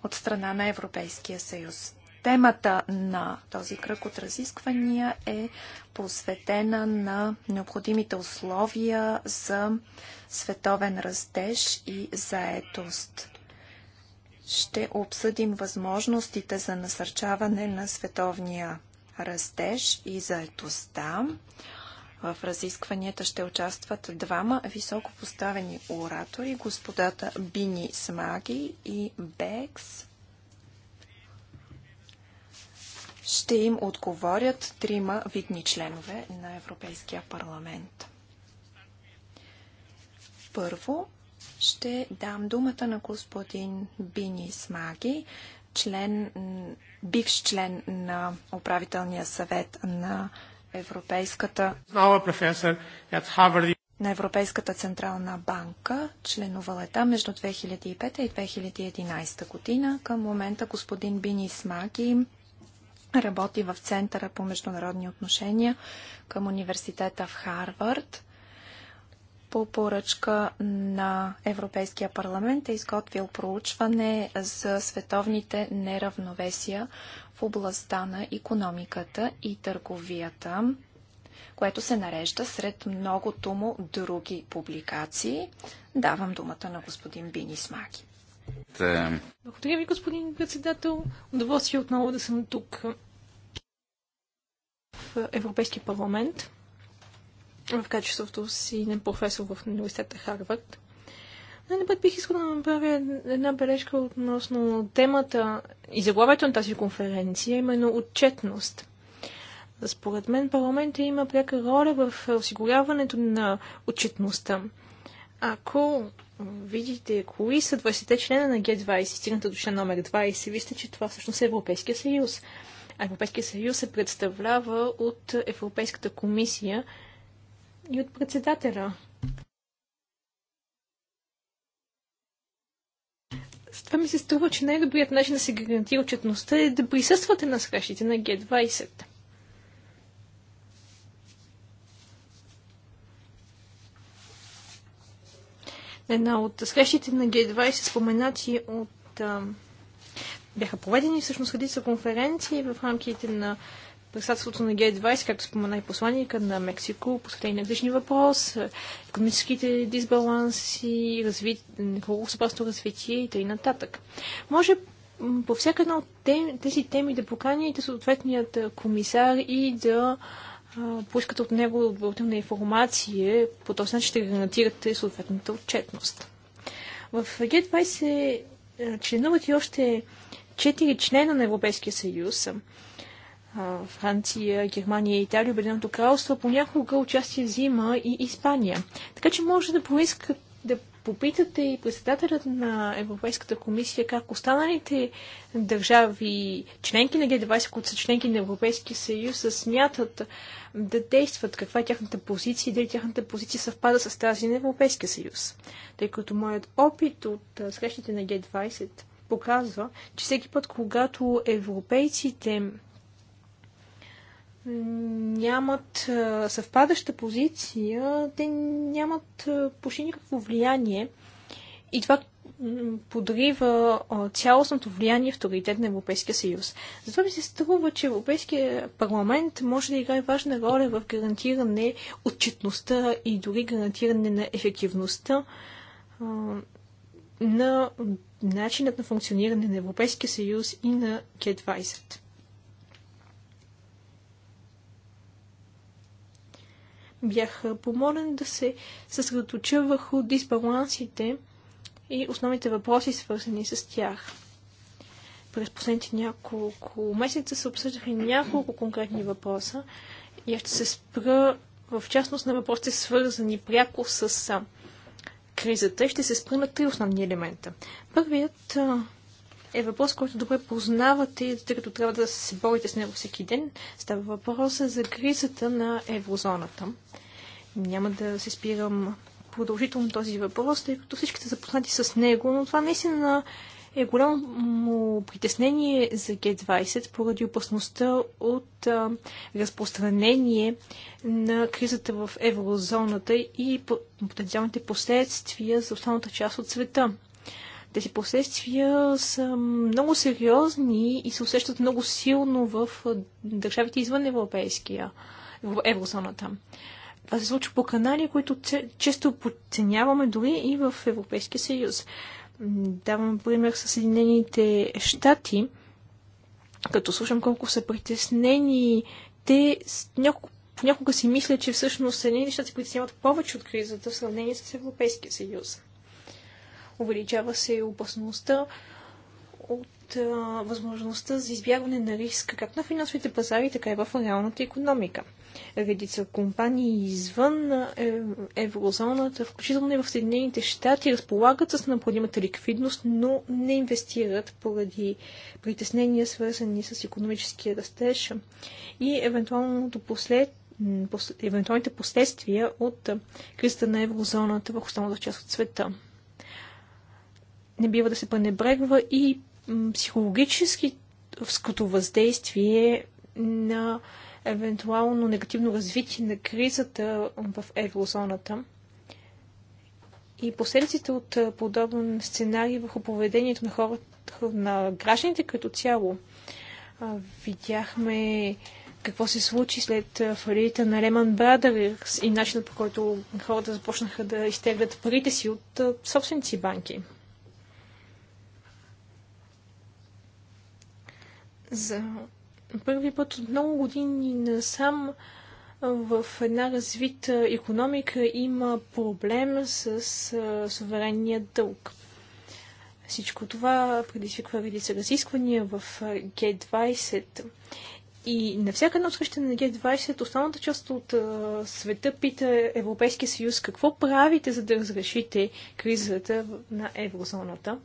от страна на Европейския съюз. Темата на този кръг от разисквания е посветена на необходимите условия за световен растеж и заетост. Ще обсъдим възможностите за насърчаване на световния растеж и заетостта. В разискванията ще участват двама високо поставени оратори, господата Бини Смаги и Бекс. ще им отговорят трима видни членове на Европейския парламент. Първо ще дам думата на господин Бини Смаги, член, бивш член на управителния съвет на Европейската, на Европейската централна банка, членувал е там между 2005 и 2011 година. Към момента господин Бини Смаги Работи в Центъра по международни отношения към университета в Харвард. По поръчка на Европейския парламент е изготвил проучване за световните неравновесия в областта на економиката и търговията което се нарежда сред многото му други публикации. Давам думата на господин Бини Смаки. Те... Благодаря ви, господин председател. Удоволствие отново да съм тук в Европейския парламент в качеството си на професор в университета Харвард. Най-напред бих искала да направя една бележка относно темата и заглавието на тази конференция, именно отчетност. Според мен парламентът има пряка роля в осигуряването на отчетността. Ако видите кои са 20-те члена на Г20, стигната до номер 20, вижте, че това всъщност е Европейския съюз. А Европейския съюз се представлява от Европейската комисия и от председателя. С това ми се струва, че най-добрият начин да се гарантира отчетността е да присъствате на срещите на Г20. една от срещите на g 20 споменати от... А, бяха проведени всъщност редица конференции в рамките на председателството на Г20, както спомена и посланника на Мексико, посветени на различни въпрос, економическите дисбаланси, разви... развитие и т.н. Може по всяка една от тези теми да поканите съответният комисар и да поискате от него допълнителна информация, по този начин ще гарантирате съответната отчетност. В G20 е, членуват и още четири члена на Европейския съюз. Франция, Германия, Италия, Обединеното кралство, понякога участие взима и Испания. Така че може да поискат да попитате и председателят на Европейската комисия как останалите държави, членки на Г20, които са членки на Европейския съюз, смятат да действат, каква е тяхната позиция и дали тяхната позиция съвпада с тази на Европейския съюз. Тъй като моят опит от срещите на Г20 показва, че всеки път, когато европейците нямат съвпадаща позиция, те нямат почти никакво влияние. И това подрива цялостното влияние и авторитет на Европейския съюз. Затова ми се струва, че Европейския парламент може да играе важна роля в гарантиране отчетността и дори гарантиране на ефективността на начинът на функциониране на Европейския съюз и на к 20 бях помолен да се съсредоточа върху дисбалансите и основните въпроси, свързани с тях. През последните няколко месеца се обсъждаха няколко конкретни въпроса и аз ще се спра в частност на въпросите, свързани пряко с кризата и ще се спра на три основни елемента. Първият е въпрос, който добре познавате, тъй като трябва да се борите с него всеки ден. Става въпроса за кризата на еврозоната. Няма да се спирам продължително този въпрос, тъй като всички са запознати с него, но това наистина е голямо притеснение за Г-20 поради опасността от а, разпространение на кризата в еврозоната и потенциалните последствия за останалата част от света. Тези последствия са много сериозни и се усещат много силно в държавите извън Европейския, в еврозоната. Това се случва по канали, които често подценяваме дори и в Европейския съюз. Давам пример с Съединените щати. Като слушам колко са притеснени, те няколко понякога си мисля, че всъщност Съединените щати притесняват повече от кризата в сравнение с Европейския съюз увеличава се и опасността от а, възможността за избягване на риска както на финансовите пазари, така и в реалната економика. Редица компании извън е, еврозоната, включително и в Съединените щати, разполагат с необходимата ликвидност, но не инвестират поради притеснения, свързани с економическия растеж и евентуалното послед евентуалните последствия от кризата на еврозоната в останалата част от света не бива да се пренебрегва и психологическото въздействие на евентуално негативно развитие на кризата в еврозоната и последиците от подобен сценарий върху поведението на хората, на гражданите като цяло. Видяхме какво се случи след фалита на Lehman Brothers и начинът по който хората започнаха да изтеглят парите си от собственици банки. За първи път от много години насам в една развита економика има проблем с суверенния дълг. Всичко това предизвиква редица разисквания в Г20. И на всяка една срещане на Г20, основната част от а, света пита Европейския съюз какво правите, за да разрешите кризата на еврозоната.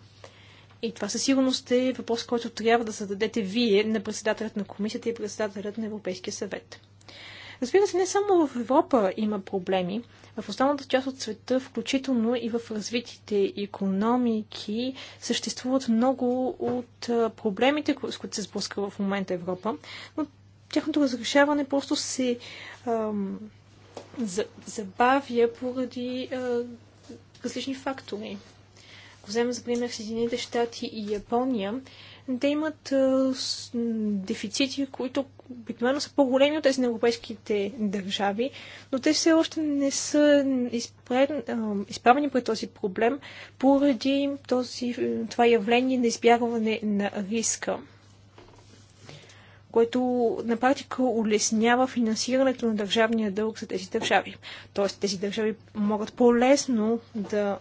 И това със сигурност е въпрос, който трябва да зададете вие на председателят на комисията и председателят на Европейския съвет. Разбира се, не само в Европа има проблеми. В останалата част от света, включително и в развитите економики, съществуват много от проблемите, с които се сблъска в момента Европа. Но тяхното разрешаване просто се ам, забавя поради а, различни фактори. Ако вземем за пример Съединените щати и Япония, те имат а, с, дефицити, които обикновено са по-големи от тези на европейските държави, но те все още не са изправени пред този проблем поради този, това явление на избягване на риска което на практика улеснява финансирането на държавния дълг за тези държави. Тоест тези държави могат по-лесно да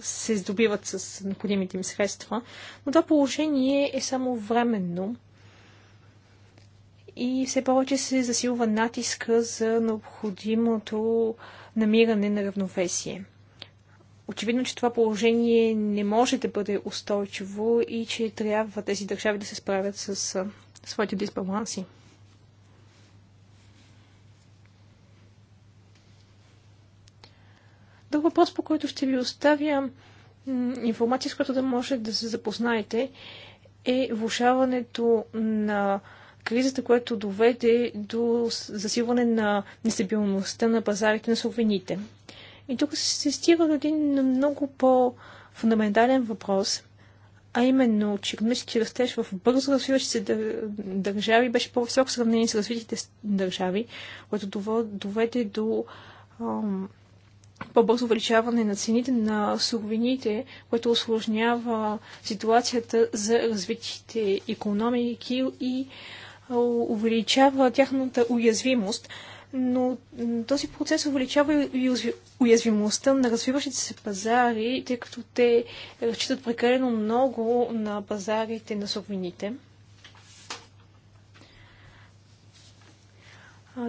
се здобиват с необходимите им средства. Но това положение е само временно и все повече се засилва натиска за необходимото намиране на равновесие. Очевидно, че това положение не може да бъде устойчиво и че трябва тези държави да се справят с своите дисбаланси. Друг въпрос, по който ще ви оставя информация, с която да може да се запознаете, е влушаването на кризата, което доведе до засилване на нестабилността на пазарите на сувените. И тук се стига до един много по-фундаментален въпрос, а именно, че економически растеж в бързо развиващи се държави беше по-висок в сравнение с развитите държави, което доведе до ам, по-бързо увеличаване на цените на суровините, което осложнява ситуацията за развитите економики и увеличава тяхната уязвимост. Но този процес увеличава и уязвимостта на развиващите се пазари, тъй като те разчитат прекалено много на пазарите на суровините.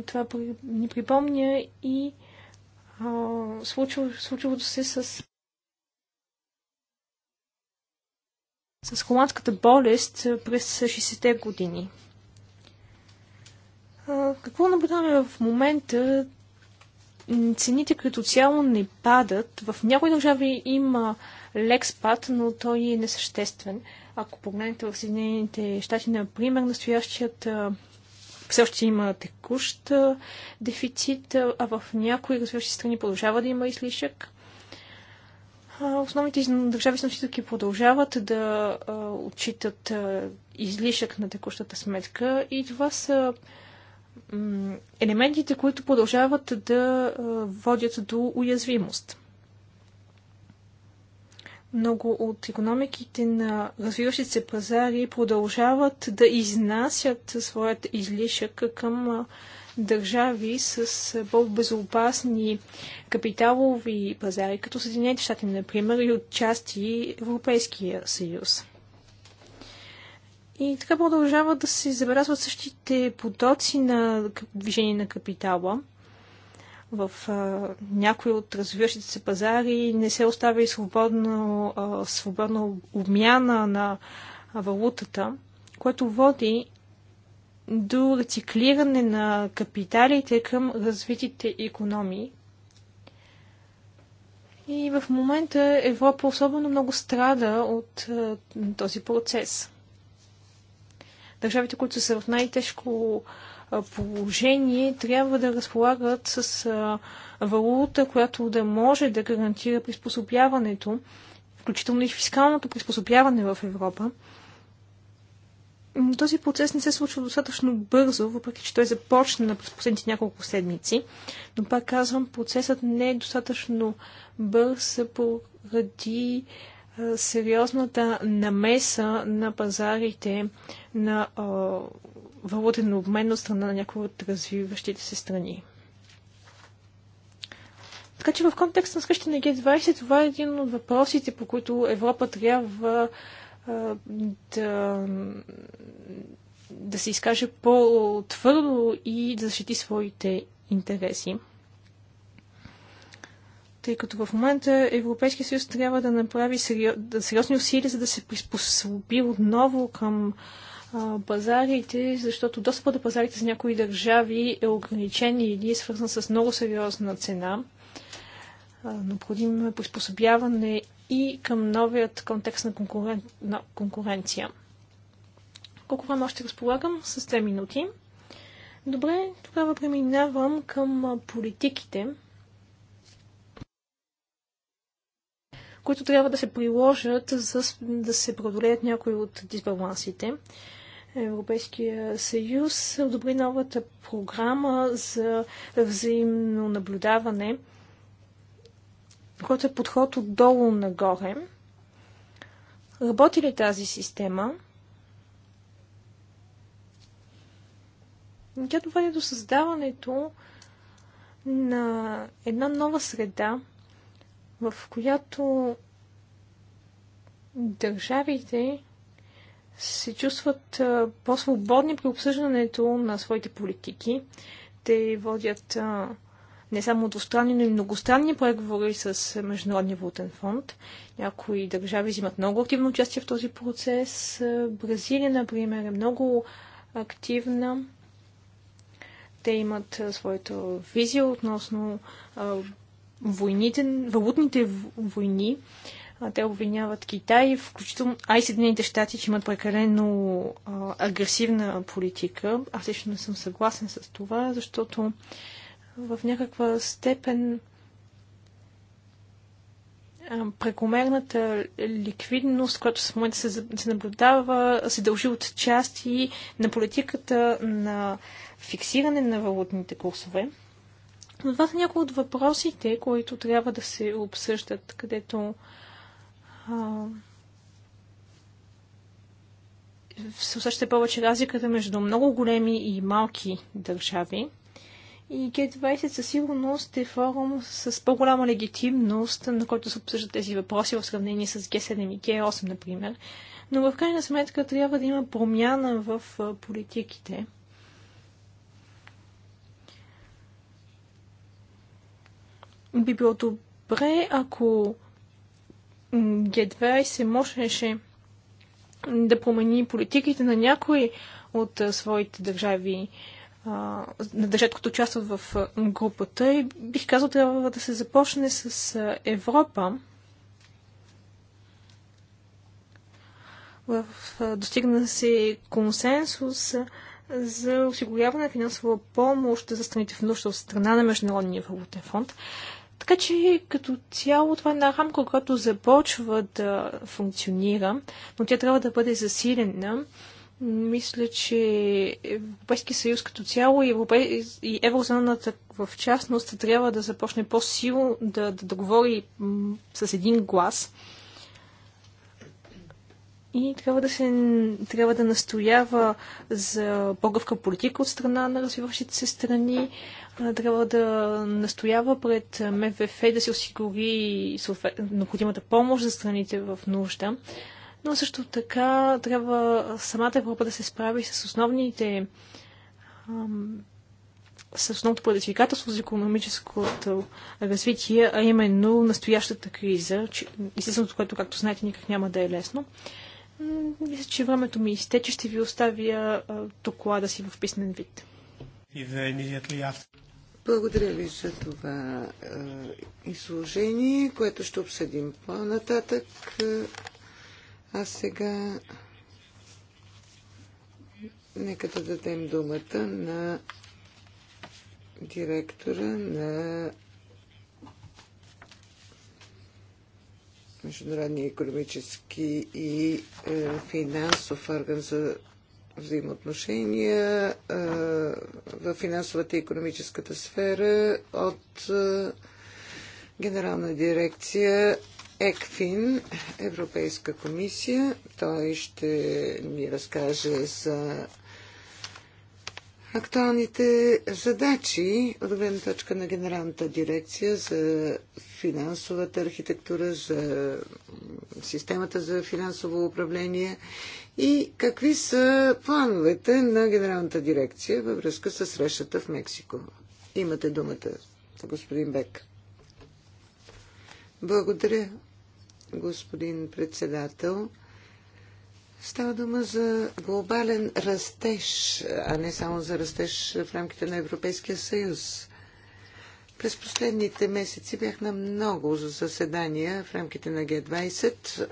Това ни припомня и случило, случилото се с с холандската болест през 60-те години. Какво наблюдаваме в момента? Цените като цяло не падат. В някои държави има лек спад, но той е несъществен. Ако погледнете в Съединените щати, например, настоящият все още има текущ дефицит, а в някои развиващи страни продължава да има излишък. Основните държави сносителки продължават да отчитат излишък на текущата сметка и това са елементите, които продължават да водят до уязвимост. Много от економиките на развиващите се пазари продължават да изнасят своят излишък към държави с по-безопасни капиталови пазари, като Съединените щати, например, и от части Европейския съюз. И така продължават да се забелязват същите потоци на движение на капитала в а, някои от развиващите се пазари не се оставя и свободно, а, свободна обмяна на валутата, което води до рециклиране на капиталите към развитите економии. И в момента Европа особено много страда от а, този процес. Държавите, които са в най-тежко а, положение, трябва да разполагат с валута, която да може да гарантира приспособяването, включително и фискалното приспособяване в Европа. Но този процес не се случва достатъчно бързо, въпреки че той започна на последните няколко седмици. Но пак казвам, процесът не е достатъчно бърз поради сериозната намеса на пазарите на валутен обмен от страна на някои от развиващите се страни. Така че в контекста на среща на Г20 това е един от въпросите, по които Европа трябва а, да, да се изкаже по-твърдо и да защити своите интереси. Тъй като в момента Европейския съюз трябва да направи сериозни усилия, за да се приспособи отново към а, пазарите, защото достъпът до пазарите за някои държави е ограничен или е свързан с много сериозна цена. Необходимо е приспособяване и към новият контекст на, конкурен... на конкуренция. Колко време още разполагам? С две минути. Добре, тогава преминавам към политиките, които трябва да се приложат, за да се преодолеят някои от дисбалансите. Европейския съюз одобри новата програма за взаимно наблюдаване, който е подход отдолу нагоре. Работи ли тази система? Тя доведе до създаването на една нова среда, в която държавите се чувстват по-свободни при обсъждането на своите политики. Те водят не само двустранни, но и многостранни преговори с Международния валутен фонд. Някои държави взимат много активно участие в този процес. Бразилия, например, е много активна. Те имат своята визия относно войните, валутните войни. Те обвиняват Китай, включително Ай Съединените щати, че имат прекалено а, агресивна политика. Аз лично не съм съгласен с това, защото в някаква степен прекомерната ликвидност, която в момента се, се наблюдава, се дължи от части на политиката на фиксиране на валутните курсове. Но Това са някои от въпросите, които трябва да се обсъждат, където се усеща повече разликата между много големи и малки държави. И Г20 със сигурност е форум с по-голяма легитимност, на който се обсъждат тези въпроси в сравнение с g 7 и g 8 например. Но в крайна сметка трябва да има промяна в политиките. Би било добре, ако g 20 можеше да промени политиките на някои от своите държави, на държавите, които участват в групата. И бих казал, трябва да се започне с Европа. В, достигна се консенсус за осигуряване на финансова помощ за страните в нужда от страна на Международния валутен фонд. Така че като цяло това е една рамка, която започва да функционира, но тя трябва да бъде засилена. Мисля, че Европейски съюз като цяло и, и еврозоната в частност трябва да започне по-силно да, да, да говори с един глас и трябва да, се, трябва да настоява за по-гъвка политика от страна на развиващите се страни, трябва да настоява пред МВФ да се осигури необходимата помощ за страните в нужда, но също така трябва самата Европа да се справи с основните с основното предизвикателство за економическото развитие, а именно настоящата криза, естественото, което, както знаете, никак няма да е лесно. Мисля, че времето ми изтече. Ще ви оставя доклада си в писмен вид. Благодаря ви за това изложение, което ще обсъдим по-нататък. А сега нека да дадем думата на директора на Международния економически и е, финансов орган за взаимоотношения е, в финансовата и економическата сфера от е, Генерална дирекция ЕКФИН, Европейска комисия. Той ще ни разкаже за актуалните задачи от гледна точка на Генералната дирекция за финансовата архитектура, за системата за финансово управление и какви са плановете на Генералната дирекция във връзка с срещата в Мексико. Имате думата, господин Бек. Благодаря, господин председател. Става дума за глобален растеж, а не само за растеж в рамките на Европейския съюз. През последните месеци бях на много заседания в рамките на Г-20.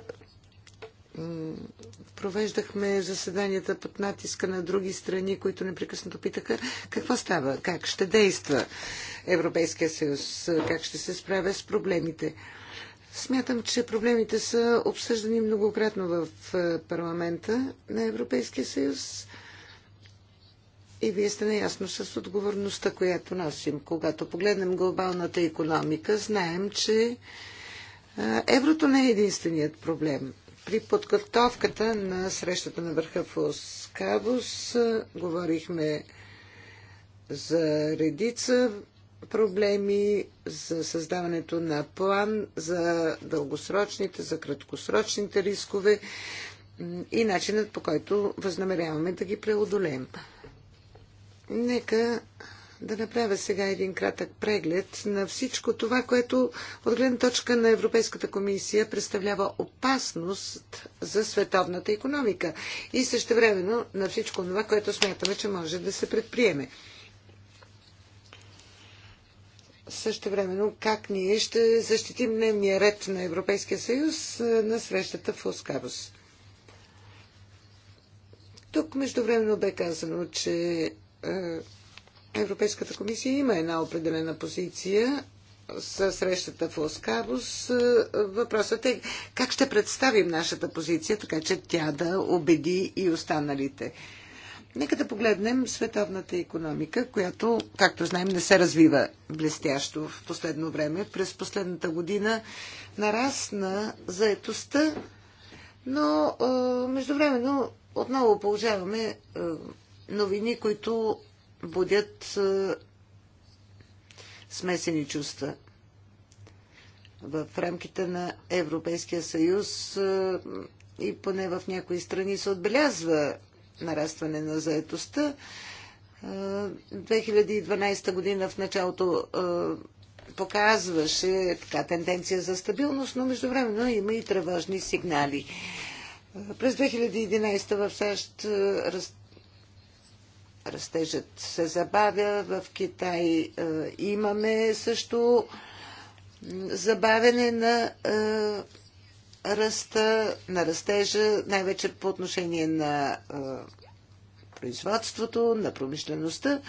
Провеждахме заседанията под натиска на други страни, които непрекъснато питаха какво става, как ще действа Европейския съюз, как ще се справя с проблемите. Смятам, че проблемите са обсъждани многократно в е, парламента на Европейския съюз и вие сте наясно с отговорността, която носим. Когато погледнем глобалната економика, знаем, че е, еврото не е единственият проблем. При подготовката на срещата на върха в Оскабус е, говорихме за редица проблеми, за създаването на план за дългосрочните, за краткосрочните рискове и начинът по който възнамеряваме да ги преодолеем. Нека да направя сега един кратък преглед на всичко това, което от гледна точка на Европейската комисия представлява опасност за световната економика и същевременно на всичко това, което смятаме, че може да се предприеме също времено как ние ще защитим дневния ред на Европейския съюз на срещата в Оскарус. Тук междувременно бе казано, че Европейската комисия има една определена позиция с срещата в Оскарус. Въпросът е как ще представим нашата позиция, така че тя да убеди и останалите. Нека да погледнем световната економика, която, както знаем, не се развива блестящо в последно време. През последната година нарасна заетостта, но междувременно отново получаваме новини, които будят смесени чувства. В рамките на Европейския съюз и поне в някои страни се отбелязва нарастване на заетостта. 2012 година в началото показваше така тенденция за стабилност, но междувременно има и тревожни сигнали. През 2011 в САЩ растежът се забавя, в Китай имаме също забавяне на ръста, на растежа, най-вече по отношение на производството, на промишлеността.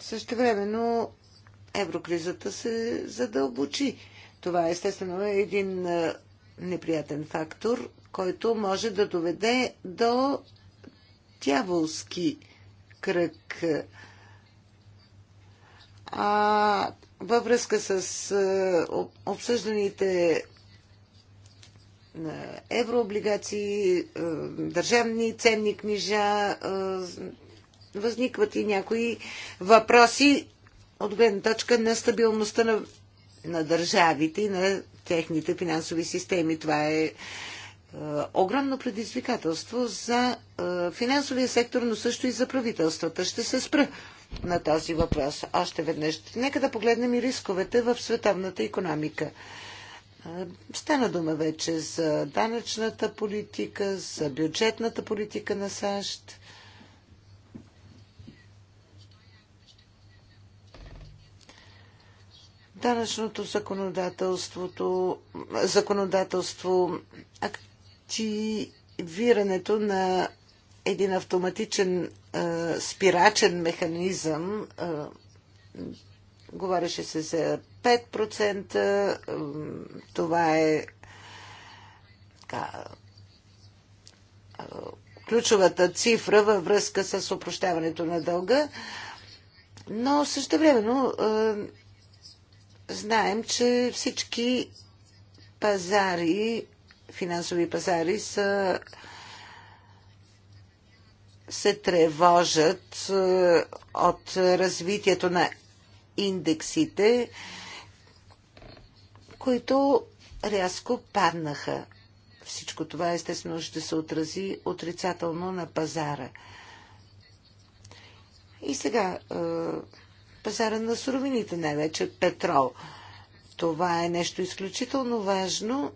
Същевременно еврокризата се задълбочи. Това естествено е един неприятен фактор, който може да доведе до дяволски кръг. А във връзка с обсъжданите еврооблигации, държавни ценни книжа, възникват и някои въпроси от гледна точка на стабилността на, на държавите и на техните финансови системи. Това е огромно предизвикателство за финансовия сектор, но също и за правителствата. Ще се спра на този въпрос. Още веднъж, нека да погледнем и рисковете в световната економика. Стана дума вече за данъчната политика, за бюджетната политика на САЩ. данъчното законодателството, законодателство, активирането на един автоматичен спирачен механизъм. Говореше се за 5%. Това е така, ключовата цифра във връзка с опрощаването на дълга. Но също времено знаем, че всички пазари, финансови пазари са се тревожат е, от развитието на индексите, които рязко паднаха. Всичко това естествено ще се отрази отрицателно на пазара. И сега е, пазара на суровините, най-вече петрол. Това е нещо изключително важно,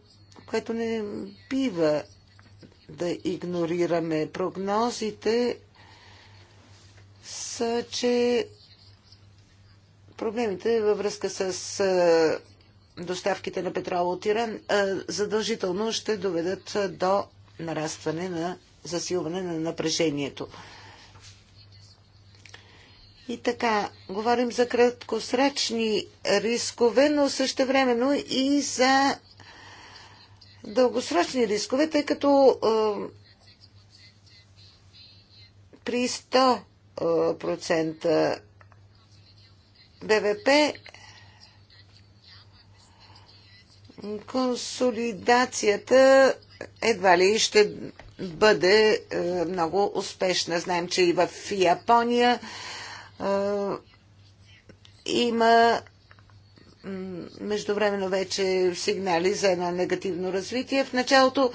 което не бива да игнорираме. Прогнозите са, че проблемите във връзка с доставките на петрол от Иран задължително ще доведат до нарастване на засилване на напрежението. И така, говорим за краткосрачни рискове, но също времено и за дългосрочни рискове, тъй като при 100% БВП консолидацията едва ли ще бъде е, много успешна. Знаем, че и в Япония е, има междувременно вече сигнали за едно негативно развитие. В началото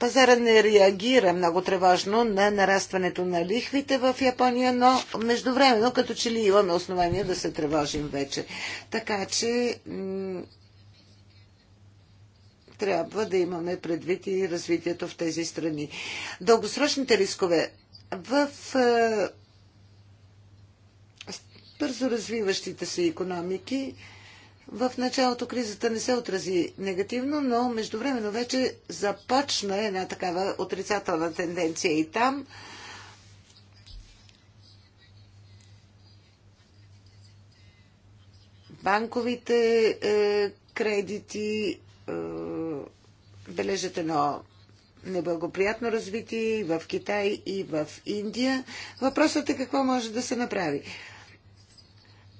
пазара не реагира много тревожно на нарастването на лихвите в Япония, но междувременно като че ли имаме основания да се тревожим вече. Така че трябва да имаме предвид и развитието в тези страни. Дългосрочните рискове в е, бързо развиващите се економики. В началото кризата не се отрази негативно, но междувременно вече започна една такава отрицателна тенденция и там. Банковите е, кредити е, бележат едно неблагоприятно развитие и в Китай, и в Индия. Въпросът е какво може да се направи.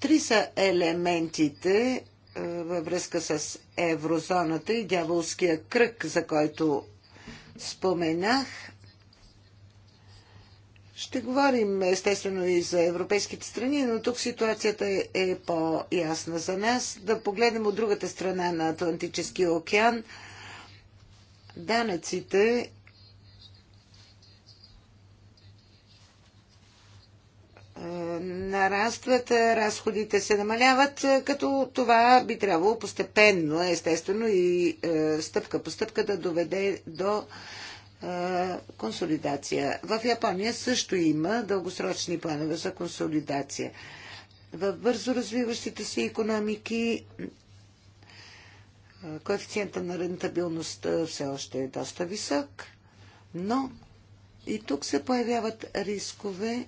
Три са елементите е, във връзка с еврозоната и дяволския кръг, за който споменах. Ще говорим естествено и за европейските страни, но тук ситуацията е, е по-ясна за нас. Да погледнем от другата страна на Атлантическия океан. Данъците Е, нарастват, е, разходите се намаляват, е, като това би трябвало постепенно, естествено и стъпка по стъпка да доведе до консолидация. В Япония също има дългосрочни планове за консолидация. В бързо развиващите се економики коефициента на рентабилност все още е доста висок, но и тук се появяват рискове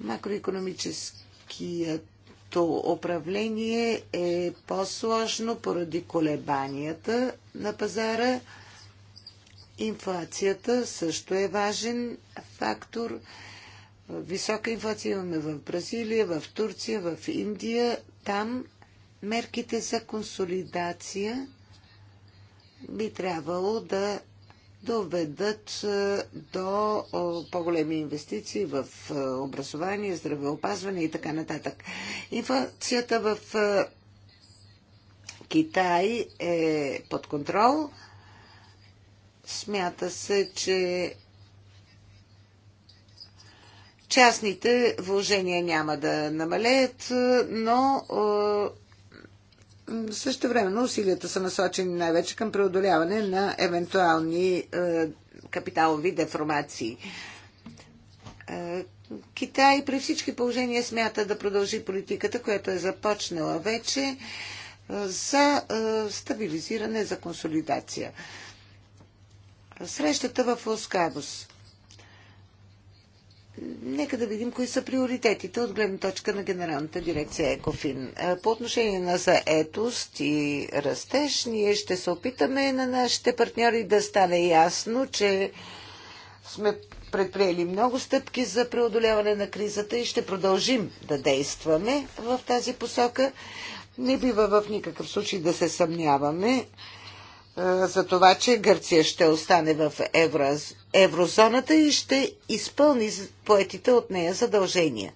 Макроекономическото управление е по-сложно поради колебанията на пазара. Инфлацията също е важен фактор. Висока инфлация имаме в Бразилия, в Турция, в Индия. Там мерките за консолидация би трябвало да доведат е, до по-големи инвестиции в е, образование, здравеопазване и така нататък. Инфлацията в е, Китай е под контрол. Смята се, че частните вложения няма да намалеят, но също време усилията са насочени най-вече към преодоляване на евентуални е, капиталови деформации. Е, Китай при всички положения смята да продължи политиката, която е започнала вече е, за стабилизиране, за консолидация. Срещата в Лоскабос Нека да видим кои са приоритетите от гледна точка на Генералната дирекция Екофин. По отношение на заетост и растеж, ние ще се опитаме на нашите партньори да стане ясно, че сме предприели много стъпки за преодоляване на кризата и ще продължим да действаме в тази посока. Не бива в никакъв случай да се съмняваме за това, че Гърция ще остане в евроз еврозоната и ще изпълни поетите от нея задължения.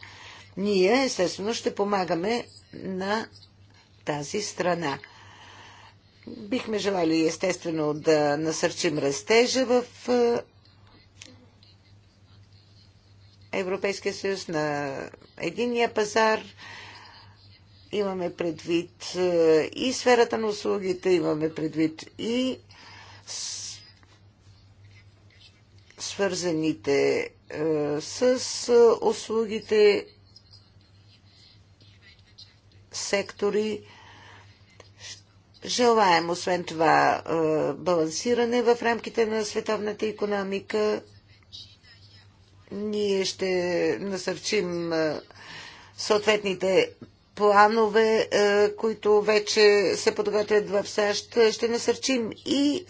Ние, естествено, ще помагаме на тази страна. Бихме желали, естествено, да насърчим растежа в е, Европейския съюз на единния пазар. Имаме предвид е, и сферата на услугите, имаме предвид и свързаните е, с е, услугите сектори. Желаем, освен това, е, балансиране в рамките на световната економика. Ние ще насърчим съответните планове, които вече се подготвят в САЩ. Ще насърчим и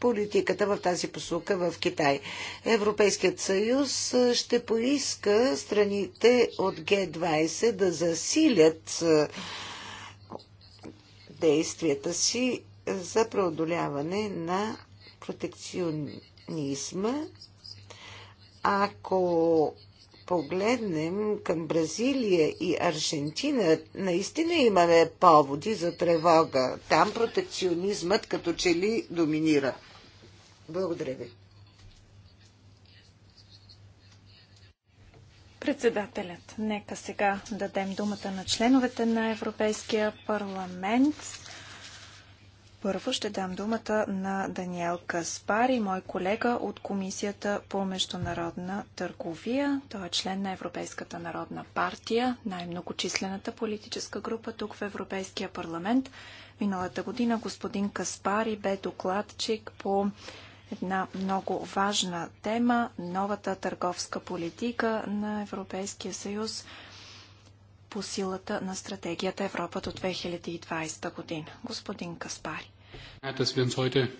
политиката в тази посока в Китай. Европейският съюз ще поиска страните от Г-20 да засилят действията си за преодоляване на протекционизма. Ако погледнем към Бразилия и Аржентина, наистина имаме поводи за тревога. Там протекционизмът като че ли доминира. Благодаря ви. Председателят, нека сега дадем думата на членовете на Европейския парламент. Първо ще дам думата на Даниел Каспари, мой колега от Комисията по международна търговия. Той е член на Европейската народна партия, най-многочислената политическа група тук в Европейския парламент. Миналата година господин Каспари бе докладчик по една много важна тема новата търговска политика на Европейския съюз по силата на стратегията Европа до 2020 година. Господин Каспари. Е,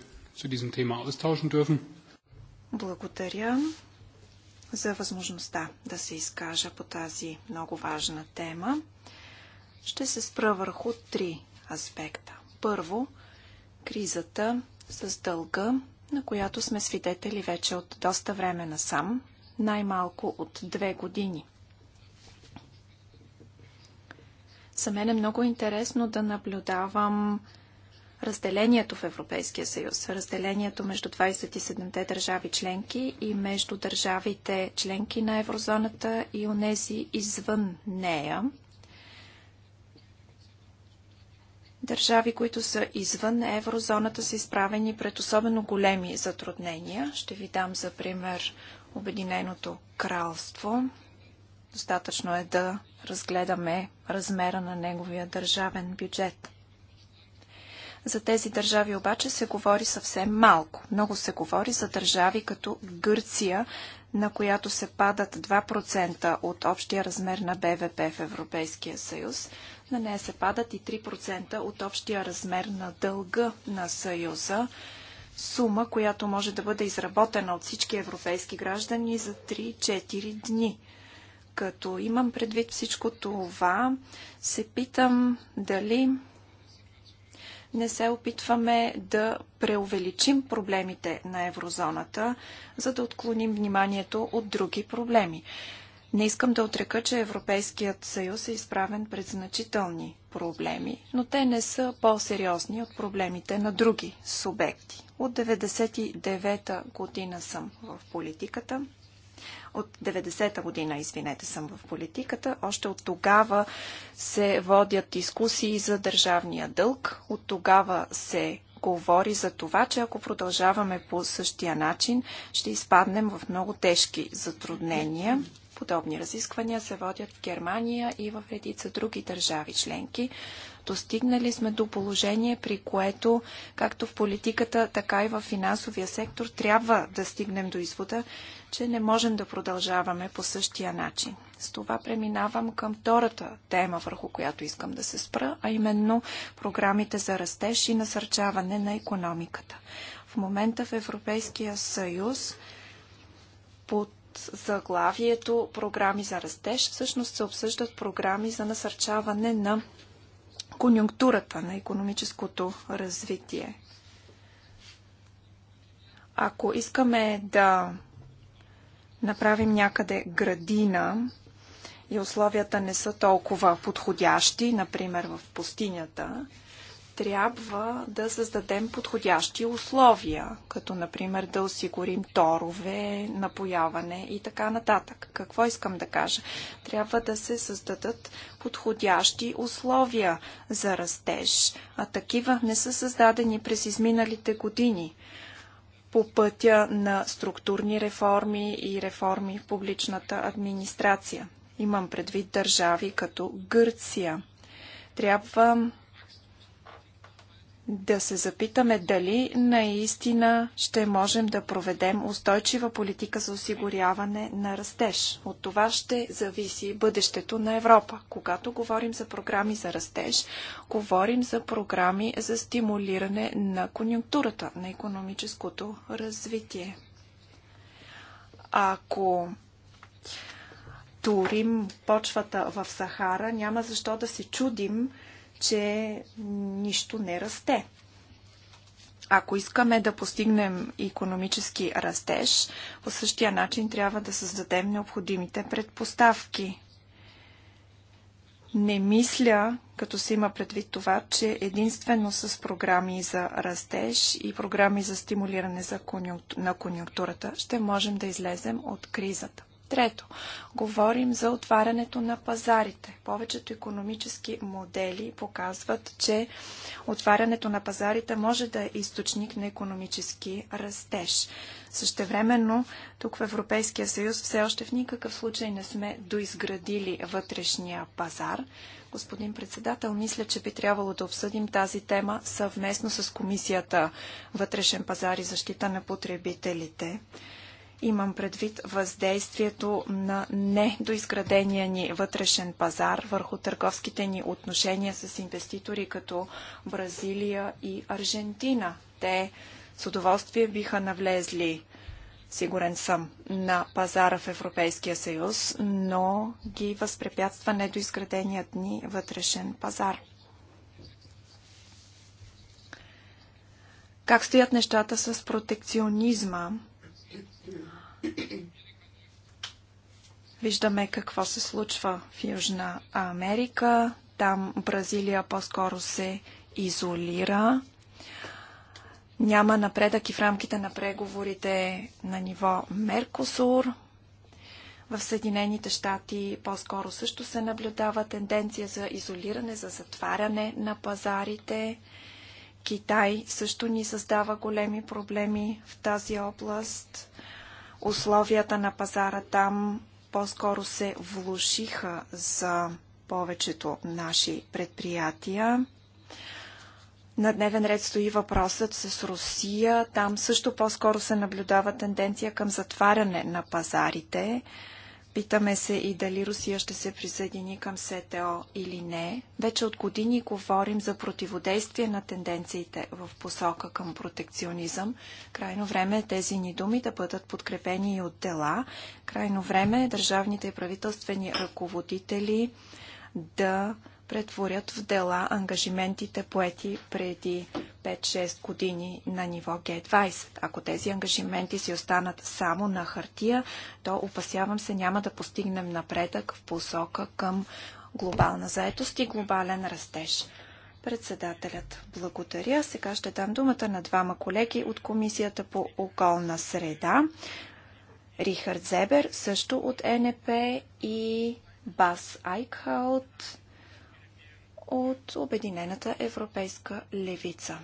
Благодаря за възможността да се изкажа по тази много важна тема. Ще се спра върху три аспекта. Първо, кризата с дълга на която сме свидетели вече от доста време насам, най-малко от две години. За мен е много интересно да наблюдавам разделението в Европейския съюз, разделението между 27-те държави членки и между държавите членки на еврозоната и онези извън нея. Държави, които са извън еврозоната, са изправени пред особено големи затруднения. Ще ви дам за пример Обединеното кралство. Достатъчно е да разгледаме размера на неговия държавен бюджет. За тези държави обаче се говори съвсем малко. Много се говори за държави като Гърция, на която се падат 2% от общия размер на БВП в Европейския съюз. На нея се падат и 3% от общия размер на дълга на Съюза. Сума, която може да бъде изработена от всички европейски граждани за 3-4 дни. Като имам предвид всичко това, се питам дали не се опитваме да преувеличим проблемите на еврозоната, за да отклоним вниманието от други проблеми. Не искам да отрека, че Европейският съюз е изправен пред значителни проблеми, но те не са по-сериозни от проблемите на други субекти. От 99-та година съм в политиката. От 90-та година, извинете, съм в политиката. Още от тогава се водят дискусии за държавния дълг. От тогава се говори за това, че ако продължаваме по същия начин, ще изпаднем в много тежки затруднения. Подобни разисквания се водят в Германия и в редица други държави членки. Достигнали сме до положение, при което както в политиката, така и в финансовия сектор трябва да стигнем до извода, че не можем да продължаваме по същия начин. С това преминавам към втората тема, върху която искам да се спра, а именно програмите за растеж и насърчаване на економиката. В момента в Европейския съюз под заглавието програми за растеж всъщност се обсъждат програми за насърчаване на конюнктурата на економическото развитие. Ако искаме да направим някъде градина и условията не са толкова подходящи, например в пустинята, трябва да създадем подходящи условия, като например да осигурим торове, напояване и така нататък. Какво искам да кажа? Трябва да се създадат подходящи условия за растеж, а такива не са създадени през изминалите години по пътя на структурни реформи и реформи в публичната администрация. Имам предвид държави като Гърция. Трябва да се запитаме дали наистина ще можем да проведем устойчива политика за осигуряване на растеж. От това ще зависи бъдещето на Европа. Когато говорим за програми за растеж, говорим за програми за стимулиране на конюнктурата, на економическото развитие. Ако турим почвата в Сахара, няма защо да се чудим, че нищо не расте. Ако искаме да постигнем економически растеж, по същия начин трябва да създадем необходимите предпоставки. Не мисля, като се има предвид това, че единствено с програми за растеж и програми за стимулиране за на конюнктурата ще можем да излезем от кризата. Трето, говорим за отварянето на пазарите. Повечето економически модели показват, че отварянето на пазарите може да е източник на економически растеж. Същевременно, тук в Европейския съюз все още в никакъв случай не сме доизградили вътрешния пазар. Господин председател, мисля, че би трябвало да обсъдим тази тема съвместно с Комисията Вътрешен пазар и защита на потребителите. Имам предвид въздействието на недоизградения ни вътрешен пазар върху търговските ни отношения с инвеститори като Бразилия и Аржентина. Те с удоволствие биха навлезли, сигурен съм, на пазара в Европейския съюз, но ги възпрепятства недоизграденият ни вътрешен пазар. Как стоят нещата с протекционизма? Виждаме какво се случва в Южна Америка. Там Бразилия по-скоро се изолира. Няма напредък и в рамките на преговорите на ниво Меркосур. В Съединените щати по-скоро също се наблюдава тенденция за изолиране, за затваряне на пазарите. Китай също ни създава големи проблеми в тази област. Условията на пазара там по-скоро се влушиха за повечето наши предприятия. На дневен ред стои въпросът с Русия. Там също по-скоро се наблюдава тенденция към затваряне на пазарите. Питаме се и дали Русия ще се присъедини към СТО или не. Вече от години говорим за противодействие на тенденциите в посока към протекционизъм. Крайно време е тези ни думи да бъдат подкрепени и от дела. Крайно време е държавните и правителствени ръководители да претворят в дела ангажиментите поети преди 5-6 години на ниво Г20. Ако тези ангажименти си останат само на хартия, то опасявам се няма да постигнем напредък в посока към глобална заетост и глобален растеж. Председателят благодаря. Сега ще дам думата на двама колеги от Комисията по околна среда. Рихард Зебер, също от НП и Бас Айкхаут от Обединената европейска левица.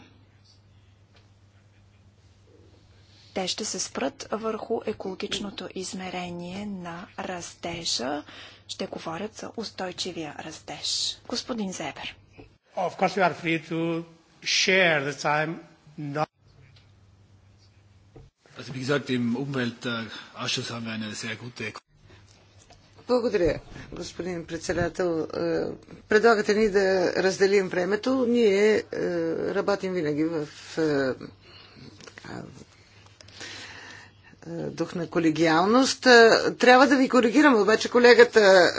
Те ще се спрат върху екологичното измерение на растежа. Ще говорят за устойчивия растеж. Господин Зебер. Also wie gesagt, im Umweltausschuss haben wir eine sehr gute благодаря, господин председател. Е, предлагате ни да разделим времето. Ние е, работим винаги в е, дух на колегиалност. Трябва да ви коригирам, обаче колегата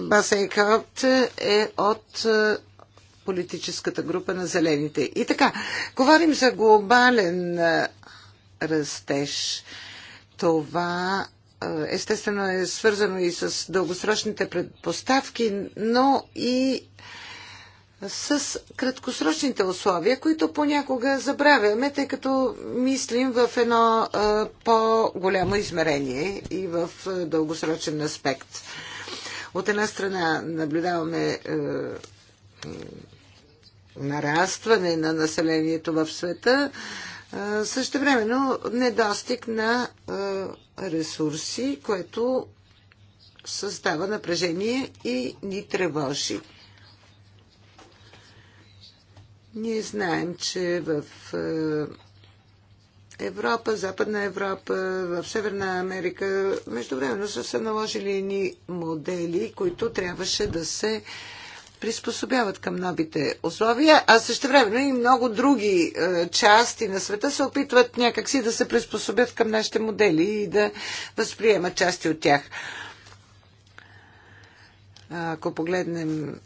Басейкарт е от политическата група на зелените. И така, говорим за глобален растеж. Това естествено е свързано и с дългосрочните предпоставки, но и с краткосрочните условия, които понякога забравяме, тъй като мислим в едно по-голямо измерение и в дългосрочен аспект. От една страна наблюдаваме нарастване на населението в света, времено недостиг на ресурси, което създава напрежение и ни тревожи. Ние знаем, че в Европа, Западна Европа, в Северна Америка, междувременно са се наложили ни модели, които трябваше да се приспособяват към новите условия, а времено и много други е, части на света се опитват някакси да се приспособят към нашите модели и да възприемат части от тях. Ако погледнем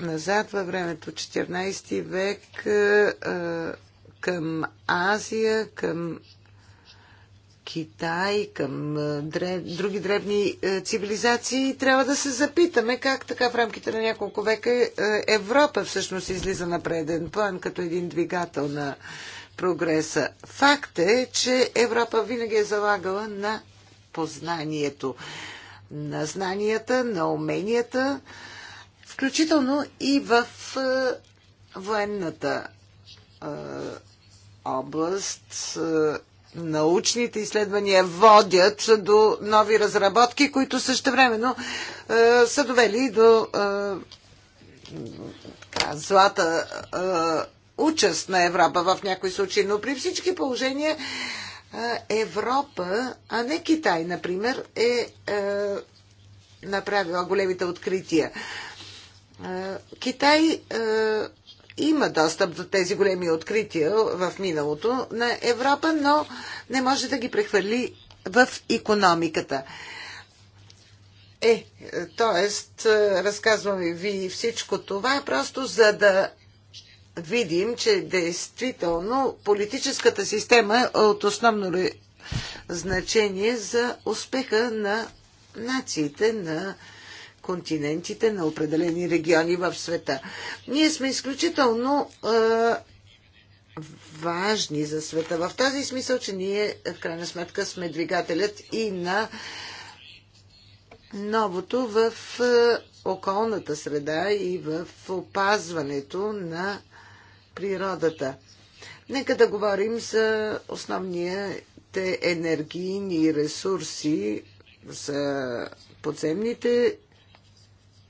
назад във времето 14 век е, е, към Азия, към Китай, към древ... други древни цивилизации, трябва да се запитаме как така в рамките на няколко века Европа всъщност излиза на преден план като един двигател на прогреса. Факт е, че Европа винаги е залагала на познанието, на знанията, на уменията, включително и в военната област научните изследвания водят до нови разработки, които същевременно е, са довели до е, злата е, участ на Европа в някои случаи. Но при всички положения е, Европа, а не Китай, например, е, е направила големите открития. Е, Китай е, има достъп до тези големи открития в миналото на Европа, но не може да ги прехвърли в економиката. Е, т.е. разказвам ви всичко това, просто за да видим, че действително политическата система е от основно значение за успеха на нациите, на континентите, на определени региони в света. Ние сме изключително е, важни за света. В този смисъл, че ние в крайна сметка сме двигателят и на новото в околната среда и в опазването на природата. Нека да говорим за основните енергийни ресурси, за подземните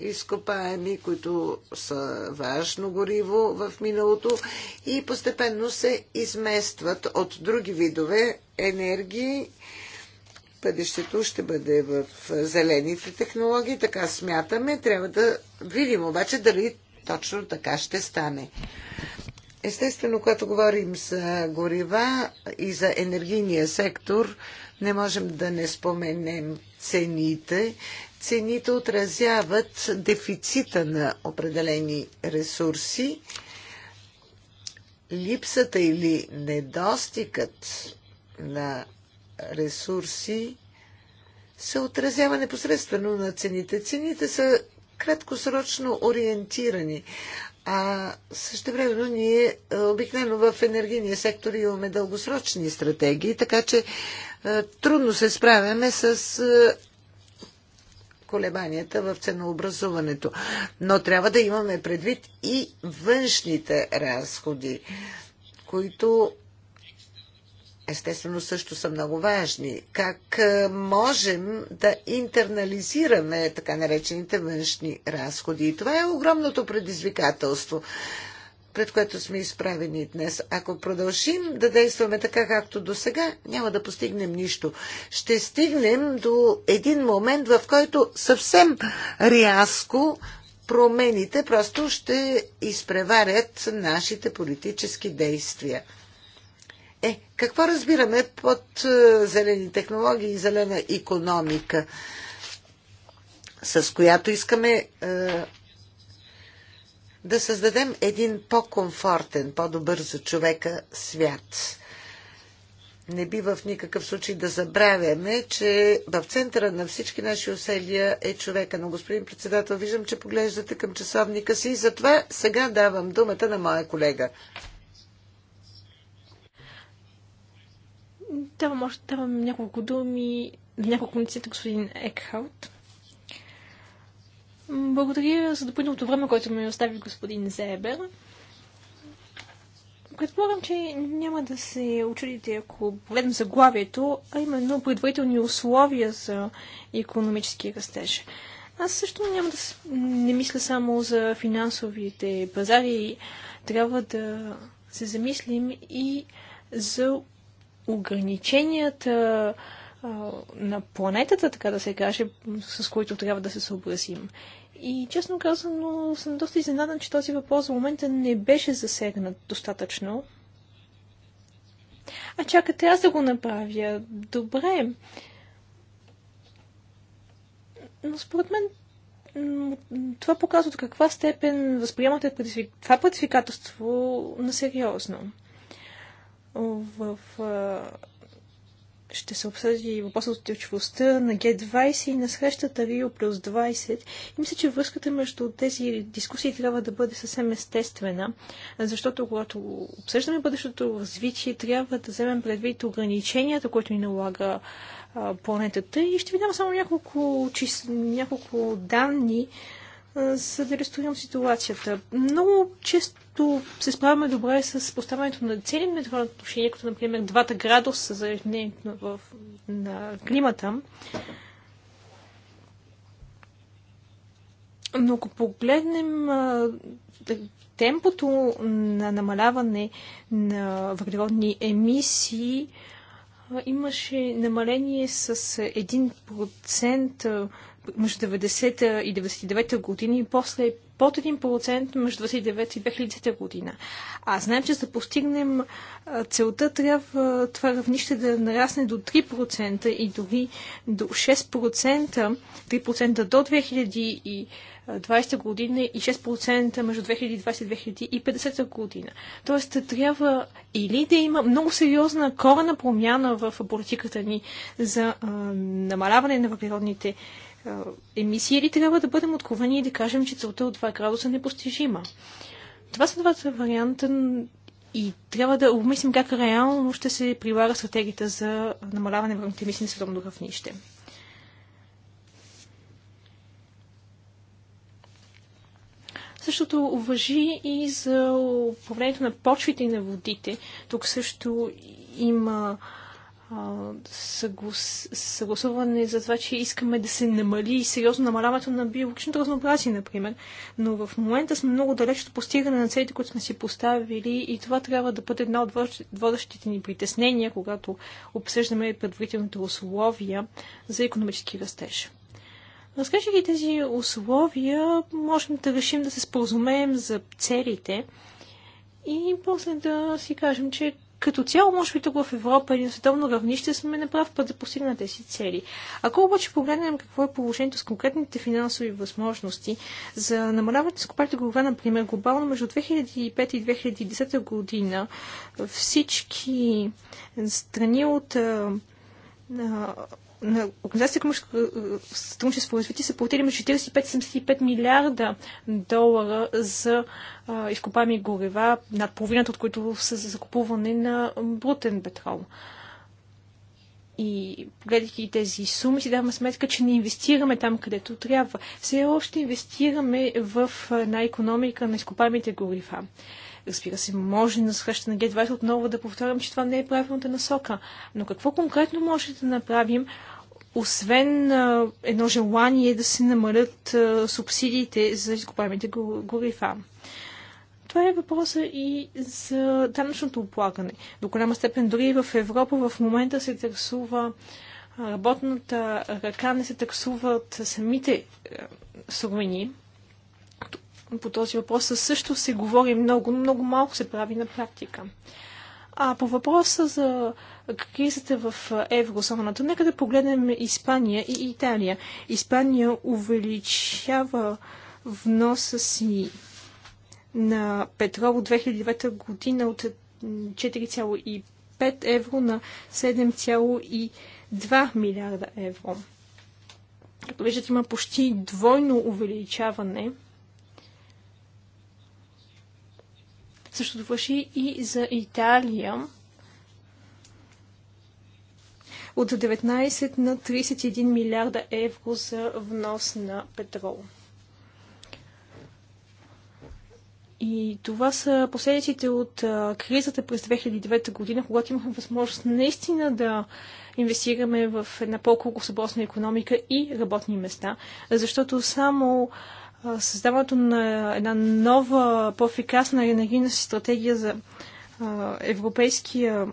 изкопаеми, които са важно гориво в миналото и постепенно се изместват от други видове енергии. Пъдещето ще бъде в зелените технологии, така смятаме. Трябва да видим обаче дали точно така ще стане. Естествено, когато говорим за горива и за енергийния сектор, не можем да не споменем цените цените отразяват дефицита на определени ресурси, липсата или недостигът на ресурси се отразява непосредствено на цените. Цените са краткосрочно ориентирани, а също време ние е, обикновено в енергийния сектор имаме дългосрочни стратегии, така че е, трудно се справяме с е, колебанията в ценообразуването. Но трябва да имаме предвид и външните разходи, които естествено също са много важни. Как е, можем да интернализираме така наречените външни разходи? И това е огромното предизвикателство пред което сме изправени днес. Ако продължим да действаме така, както до сега, няма да постигнем нищо. Ще стигнем до един момент, в който съвсем рязко промените просто ще изпреварят нашите политически действия. Е, какво разбираме под е, зелени технологии и зелена економика, с която искаме е, да създадем един по-комфортен, по-добър за човека свят. Не би в никакъв случай да забравяме, че в центъра на всички наши усилия е човека. Но, господин председател, виждам, че поглеждате към часовника си и затова сега давам думата на моя колега. Давам, още, давам няколко думи, няколко минути господин Екхаут. Благодаря за допълнителното време, което ми остави господин Зебер. Предполагам, че няма да се очудите, ако погледнем заглавието, а именно предварителни условия за економически растеж. Аз също няма да не мисля само за финансовите пазари. Трябва да се замислим и за ограниченията на планетата, така да се каже, с които трябва да се съобразим. И честно казано, съм доста изненадан, че този въпрос в момента не беше засегнат достатъчно. А чакате аз да го направя. Добре. Но според мен това показва до каква степен възприемате това предизвикателство на сериозно. В ще се обсъди въпросът от устойчивостта на Г20 и на срещата Рио плюс 20. И мисля, че връзката между тези дискусии трябва да бъде съвсем естествена, защото когато обсъждаме бъдещото развитие, трябва да вземем предвид ограниченията, които ни налага планетата. И ще ви дам само няколко, чис... няколко данни за да иллюстрирам ситуацията. Много често се справяме добре с поставянето на цели метро отношения, като например двата градуса за изменението на, на климата. Но ако погледнем а, темпото на намаляване на въглеродни емисии, а, имаше намаление с 1% между 90-та и 99-та години, и после под 1% между 29-та и 2010-та година. А знаем, че за да постигнем целта трябва това равнище да нарасне до 3% и дори до 6%, 3% до 2020 година и 6% между 2020 и 2050 година. Тоест трябва или да има много сериозна корена промяна в политиката ни за намаляване на въглеродните емисии, е, емисии или трябва да бъдем откровени и да кажем, че целта от 2 градуса е непостижима. Това са двата варианта и трябва да обмислим как реално ще се прилага стратегията за намаляване на емисии на световно равнище. Същото уважи и за управлението на почвите и на водите. Тук също има съглас... съгласуване за това, че искаме да се намали сериозно намаляването на биологичното разнообразие, например. Но в момента сме много далеч от постигане на целите, които сме си поставили и това трябва да бъде една от водещите ни притеснения, когато обсъждаме предварителните условия за економически растеж. Разкажи тези условия, можем да решим да се споразумеем за целите и после да си кажем, че като цяло, може би тук в Европа и на световно равнище сме на прав път да постигнем тези цели. Ако обаче погледнем какво е положението с конкретните финансови възможности за намаляването с копарите горива, например, глобално между 2005 и 2010 година всички страни от на Организацията към е, е, сътрудничество и развитие са платили между 45-75 милиарда долара за а, изкопаеми горева, над половината от които са за закупуване на брутен петрол. И гледайки тези суми, си даваме сметка, че не инвестираме там, където трябва. Все още инвестираме в една економика на изкопаемите горива. Разбира се, може на среща на Г20 отново да повторям, че това не е правилната насока. Но какво конкретно може да направим, освен а, едно желание да се намалят а, субсидиите за изкопаемите горифа? Това е въпроса и за данъчното облагане. До голяма степен дори в Европа в момента се търсува работната ръка, не се таксуват самите суровини по този въпрос също се говори много, но много малко се прави на практика. А по въпроса за кризата в еврозоната, нека да погледнем Испания и Италия. Испания увеличава вноса си на петрол от 2009 година от 4,5 евро на 7,2 милиарда евро. Като виждате, има почти двойно увеличаване – Същото върши и за Италия. От 19 на 31 милиарда евро за внос на петрол. И това са последиците от а, кризата през 2009 година, когато имахме възможност наистина да инвестираме в една по-колкосъобразна економика и работни места, защото само създаването на една нова, по-ефикасна енергийна стратегия за Европейския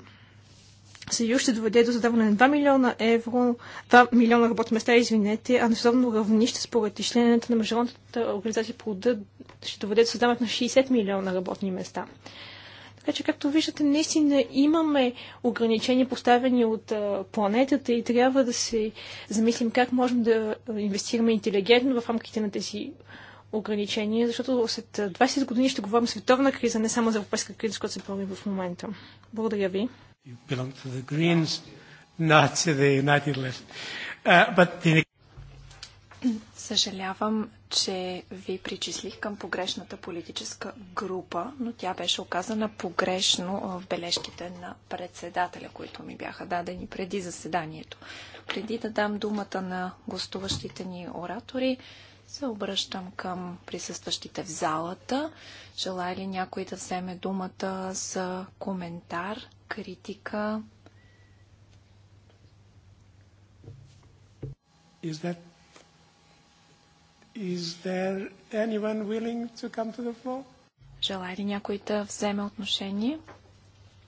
съюз ще доведе до задаване на 2 милиона евро, 2 милиона работни места, извинете, а на световно равнище според изчленията на Международната организация по труда ще доведе до създаването на 60 милиона работни места. Така че, както виждате, наистина имаме ограничения поставени от планетата и трябва да се замислим как можем да инвестираме интелигентно в рамките на тези ограничения, защото след 20 години ще говорим световна криза, не само за европейска криза, която се прави в момента. Благодаря ви. Greens, the... Съжалявам, че ви причислих към погрешната политическа група, но тя беше оказана погрешно в бележките на председателя, които ми бяха дадени преди заседанието. Преди да дам думата на гостуващите ни оратори, се обръщам към присъстващите в залата. Желая ли някой да вземе думата за коментар, критика? Is that Is there anyone willing to come to the floor? Желая ли някой да вземе отношение?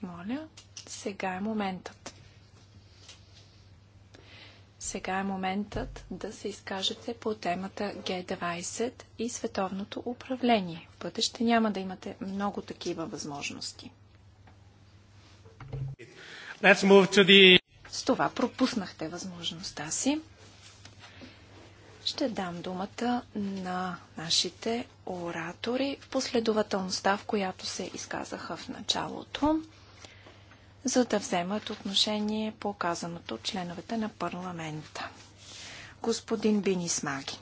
Моля, сега е моментът. Сега е моментът да се изкажете по темата G20 и световното управление. В бъдеще няма да имате много такива възможности. Let's move to the... С това пропуснахте възможността си. Ще дам думата на нашите оратори в последователността, в която се изказаха в началото, за да вземат отношение по казаното от членовете на парламента. Господин Бинисмаги.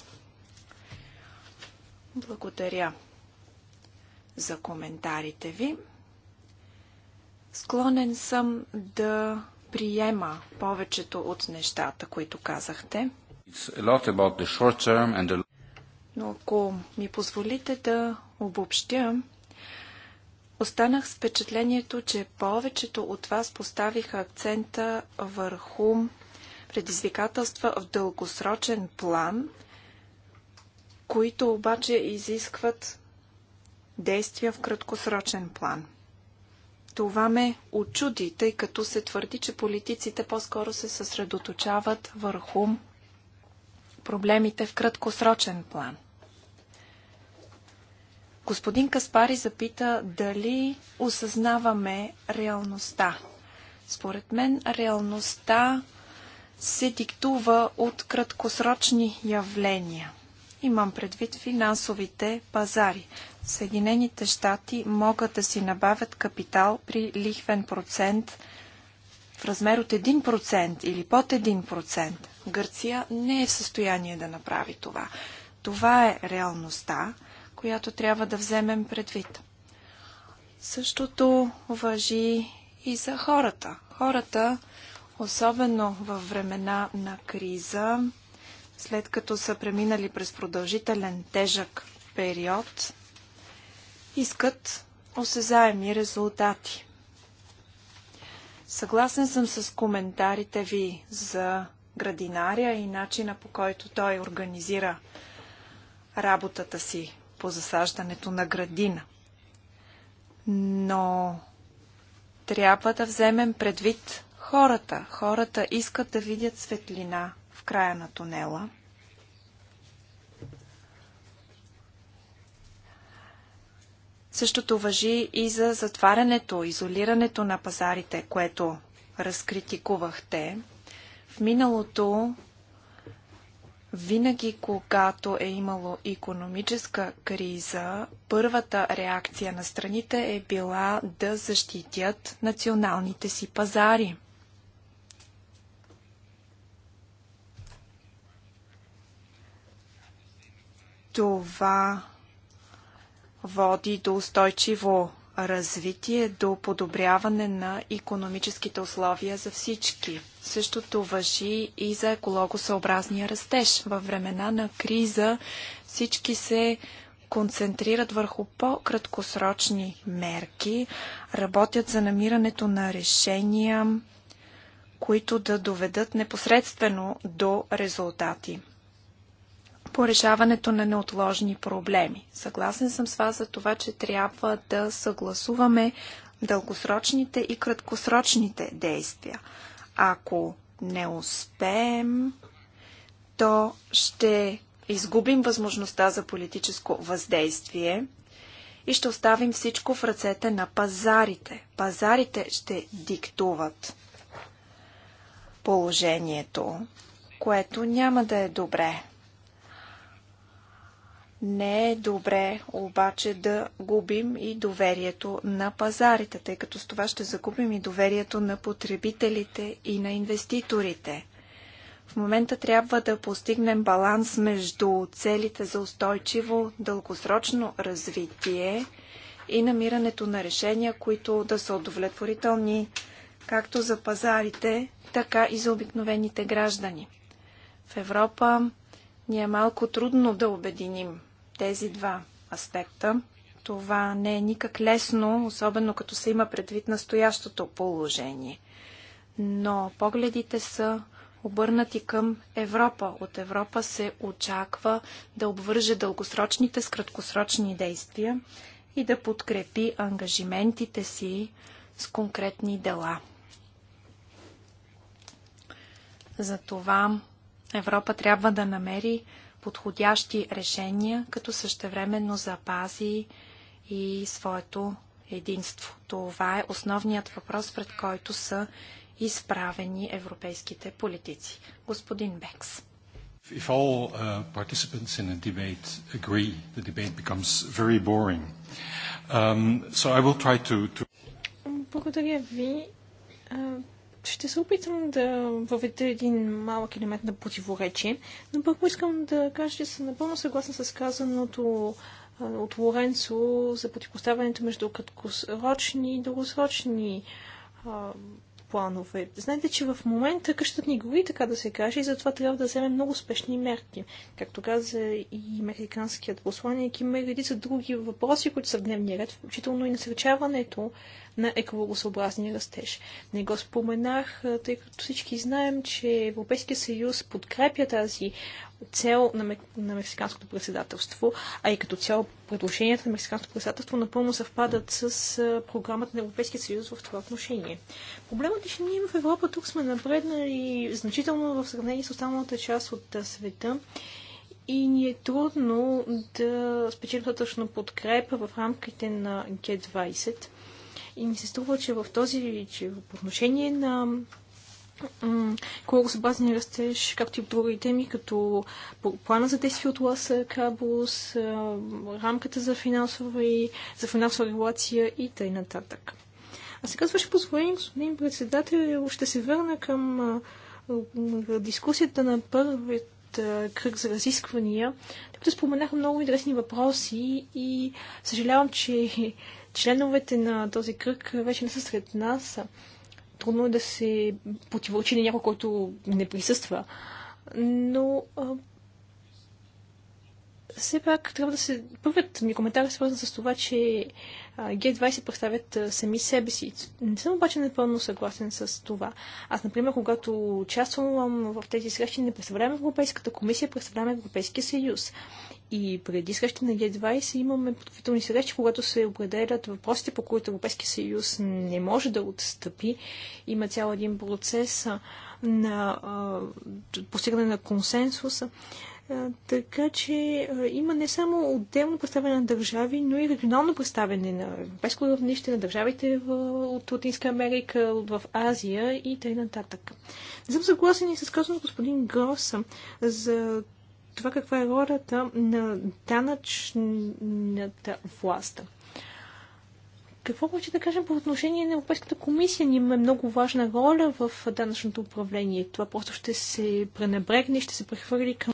Благодаря за коментарите ви. Склонен съм да приема повечето от нещата, които казахте. Но ако ми позволите да обобщя, останах с впечатлението, че повечето от вас поставиха акцента върху предизвикателства в дългосрочен план, които обаче изискват действия в краткосрочен план. Това ме очуди, тъй като се твърди, че политиците по-скоро се съсредоточават върху проблемите в краткосрочен план. Господин Каспари запита дали осъзнаваме реалността. Според мен реалността се диктува от краткосрочни явления. Имам предвид финансовите пазари. Съединените щати могат да си набавят капитал при лихвен процент в размер от 1% или под 1%. Гърция не е в състояние да направи това. Това е реалността, която трябва да вземем предвид. Същото въжи и за хората. Хората, особено в времена на криза, след като са преминали през продължителен тежък период, искат осезаеми резултати. Съгласен съм с коментарите ви за градинаря и начина по който той организира работата си по засаждането на градина. Но трябва да вземем предвид хората. Хората искат да видят светлина в края на тунела. Същото въжи и за затварянето, изолирането на пазарите, което разкритикувахте. В миналото, винаги когато е имало економическа криза, първата реакция на страните е била да защитят националните си пазари. Това води до устойчиво развитие до подобряване на економическите условия за всички. Същото въжи и за екологосъобразния растеж. Във времена на криза всички се концентрират върху по-краткосрочни мерки, работят за намирането на решения, които да доведат непосредствено до резултати по решаването на неотложни проблеми. Съгласен съм с вас за това, че трябва да съгласуваме дългосрочните и краткосрочните действия. Ако не успеем, то ще изгубим възможността за политическо въздействие и ще оставим всичко в ръцете на пазарите. Пазарите ще диктуват положението, което няма да е добре. Не е добре обаче да губим и доверието на пазарите, тъй като с това ще загубим и доверието на потребителите и на инвеститорите. В момента трябва да постигнем баланс между целите за устойчиво дългосрочно развитие и намирането на решения, които да са удовлетворителни както за пазарите, така и за обикновените граждани. В Европа ни е малко трудно да обединим тези два аспекта. Това не е никак лесно, особено като се има предвид настоящото положение. Но погледите са обърнати към Европа. От Европа се очаква да обвърже дългосрочните с краткосрочни действия и да подкрепи ангажиментите си с конкретни дела. Затова Европа трябва да намери подходящи решения, като същевременно запази и своето единство. Това е основният въпрос, пред който са изправени европейските политици. Господин Бекс. If all uh, participants in a debate agree, the debate becomes very boring. Um, so I will try to, to... Благодаря ви. Ще се опитам да въведа един малък елемент на противоречие, но първо искам да кажа, че съм напълно съгласна с казаното от Лоренцо за противопоставянето между краткосрочни и дългосрочни планове. Знаете, че в момента къщата ни гори, така да се каже, и затова трябва да вземем много спешни мерки. Както каза и американският посланник, има редица други въпроси, които са в дневния ред, включително и насърчаването на екологосъобразния растеж. Не го споменах, тъй като всички знаем, че Европейския съюз подкрепя тази цел на, мек... на мексиканското председателство, а и като цяло предложенията на мексиканското председателство напълно съвпадат с а, програмата на Европейския съюз в това отношение. Проблемът е, че ние в Европа тук сме напреднали значително в сравнение с останалата част от а, света и ни е трудно да спечелим достатъчно подкрепа в рамките на G20. И ми се струва, че в този, че по отношение на колко базни растеж, както и в други теми, като плана за действие от Ласа Кабус, рамката за финансова и за финансова регулация и т.н. А сега ще позволим, позволение, господин председател, ще се върна към дискусията на първият кръг за разисквания, тъй като споменаха много интересни въпроси и съжалявам, че Членовете на този кръг вече не са сред нас. Трудно е да се противоречи на някой, който не присъства. Но все пак трябва да се... Първият ми коментар е свързан с това, че G20 представят сами себе си. Не съм обаче напълно съгласен с това. Аз, например, когато участвам в тези срещи, не представлявам Европейската комисия, представлявам Европейския съюз. И преди срещи на G20 имаме подготвителни срещи, когато се определят въпросите, по които Европейския съюз не може да отстъпи. Има цял един процес на постигане на консенсуса така че има не само отделно представяне на държави, но и регионално представяне на европейско равнище, на държавите в, от Латинска Америка, в Азия и т.н. Не съм съгласен и с казано господин Грос за това каква е ролята на данъчната власт. Какво повече да кажем по отношение на Европейската комисия? Ние имаме много важна роля в данъчното управление. Това просто ще се пренебрегне, ще се прехвърли към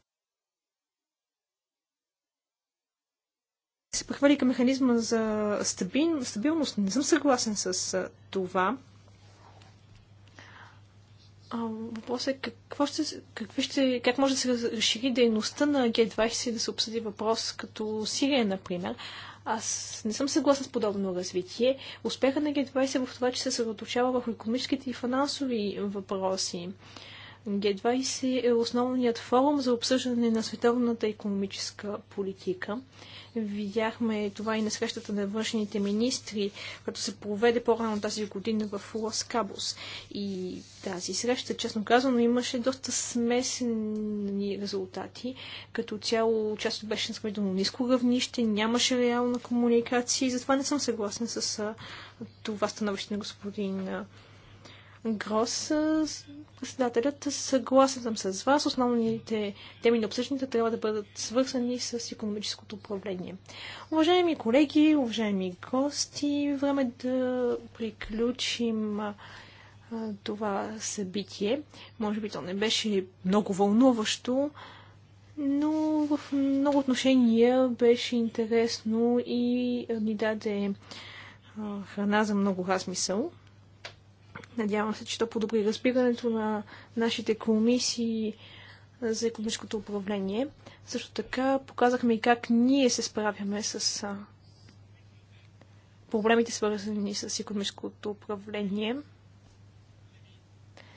се прехвърли към механизма за стабил, стабилност. Не съм съгласен с това. Въпросът е какво ще, какви ще, как може да се разшири дейността на Г-20 да се обсъди въпрос като Сирия, например. Аз не съм съгласна с подобно развитие. Успеха на Г-20 е в това, че се съсредоточава върху економическите и финансови въпроси. Г-20 е основният форум за обсъждане на световната економическа политика. Видяхме това и на срещата на външните министри, като се проведе по-рано тази година в Лос Кабос. И тази среща, честно казано, имаше доста смесени резултати. Като цяло често беше на сравнително ниско равнище, нямаше реална комуникация и затова не съм съгласен с това становище на господин Грос, председателят, съгласен съм с вас. Основните теми на обсъждането трябва да бъдат свързани с економическото управление. Уважаеми колеги, уважаеми гости, време да приключим това събитие. Може би то не беше много вълнуващо, но в много отношения беше интересно и ни даде храна за много размисъл. Надявам се, че то подобри разбирането на нашите комисии за економическото управление. Също така показахме и как ние се справяме с проблемите, свързани с економическото управление.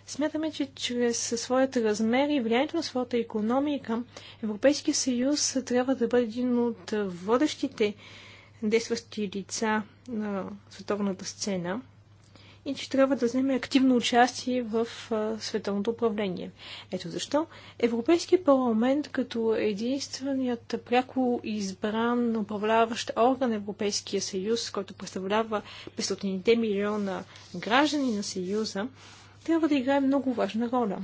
Смятаме, че чрез своята размер и влиянието на своята економика, Европейския съюз трябва да бъде един от водещите действащи лица на световната сцена – и че трябва да вземе активно участие в световното управление. Ето защо Европейския парламент като единственият пряко избран управляващ орган Европейския съюз, който представлява 500 милиона граждани на съюза, трябва да играе много важна роля.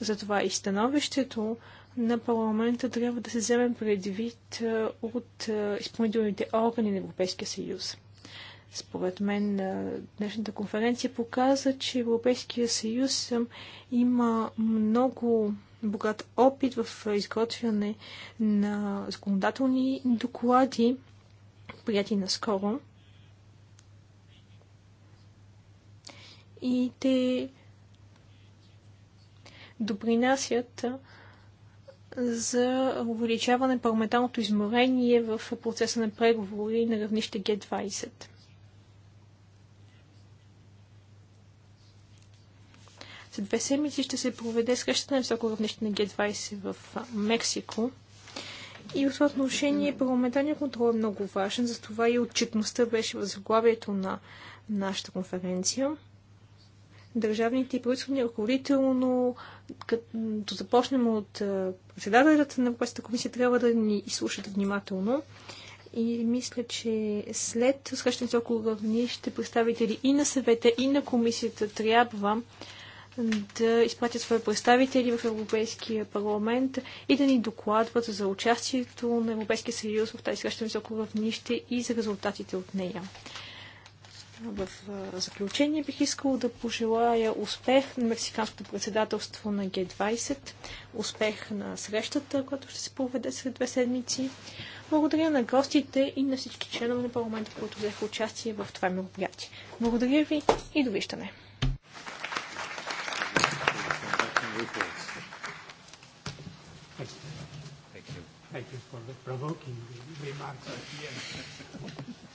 Затова и становището на парламента трябва да се вземе предвид от изпълнителните органи на Европейския съюз. Според мен днешната конференция показа, че Европейския съюз има много богат опит в изготвяне на законодателни доклади, прияти наскоро. И те допринасят за увеличаване парламентарното изморение в процеса на преговори на равнище Г20. две седмици ще се проведе среща на високо равнище на Г20 в Мексико. И в това отношение парламентарния контрол е много важен, затова и отчетността беше в заглавието на нашата конференция. Държавните и правителствени ръководително, като започнем от председателят на Европейската комисия, трябва да ни изслушат внимателно. И мисля, че след срещането около равнище представители и на съвета, и на комисията трябва да изпратят свои представители в Европейския парламент и да ни докладват за участието на Европейския съюз в тази среща високо равнище и за резултатите от нея. В заключение бих искал да пожелая успех на Мексиканското председателство на Г-20, успех на срещата, която ще се проведе след две седмици. Благодаря на гостите и на всички членове на парламента, които взеха участие в това мероприятие. Благодаря ви и довиждане! reports. Thank you. Thank you for the provoking remarks at the end.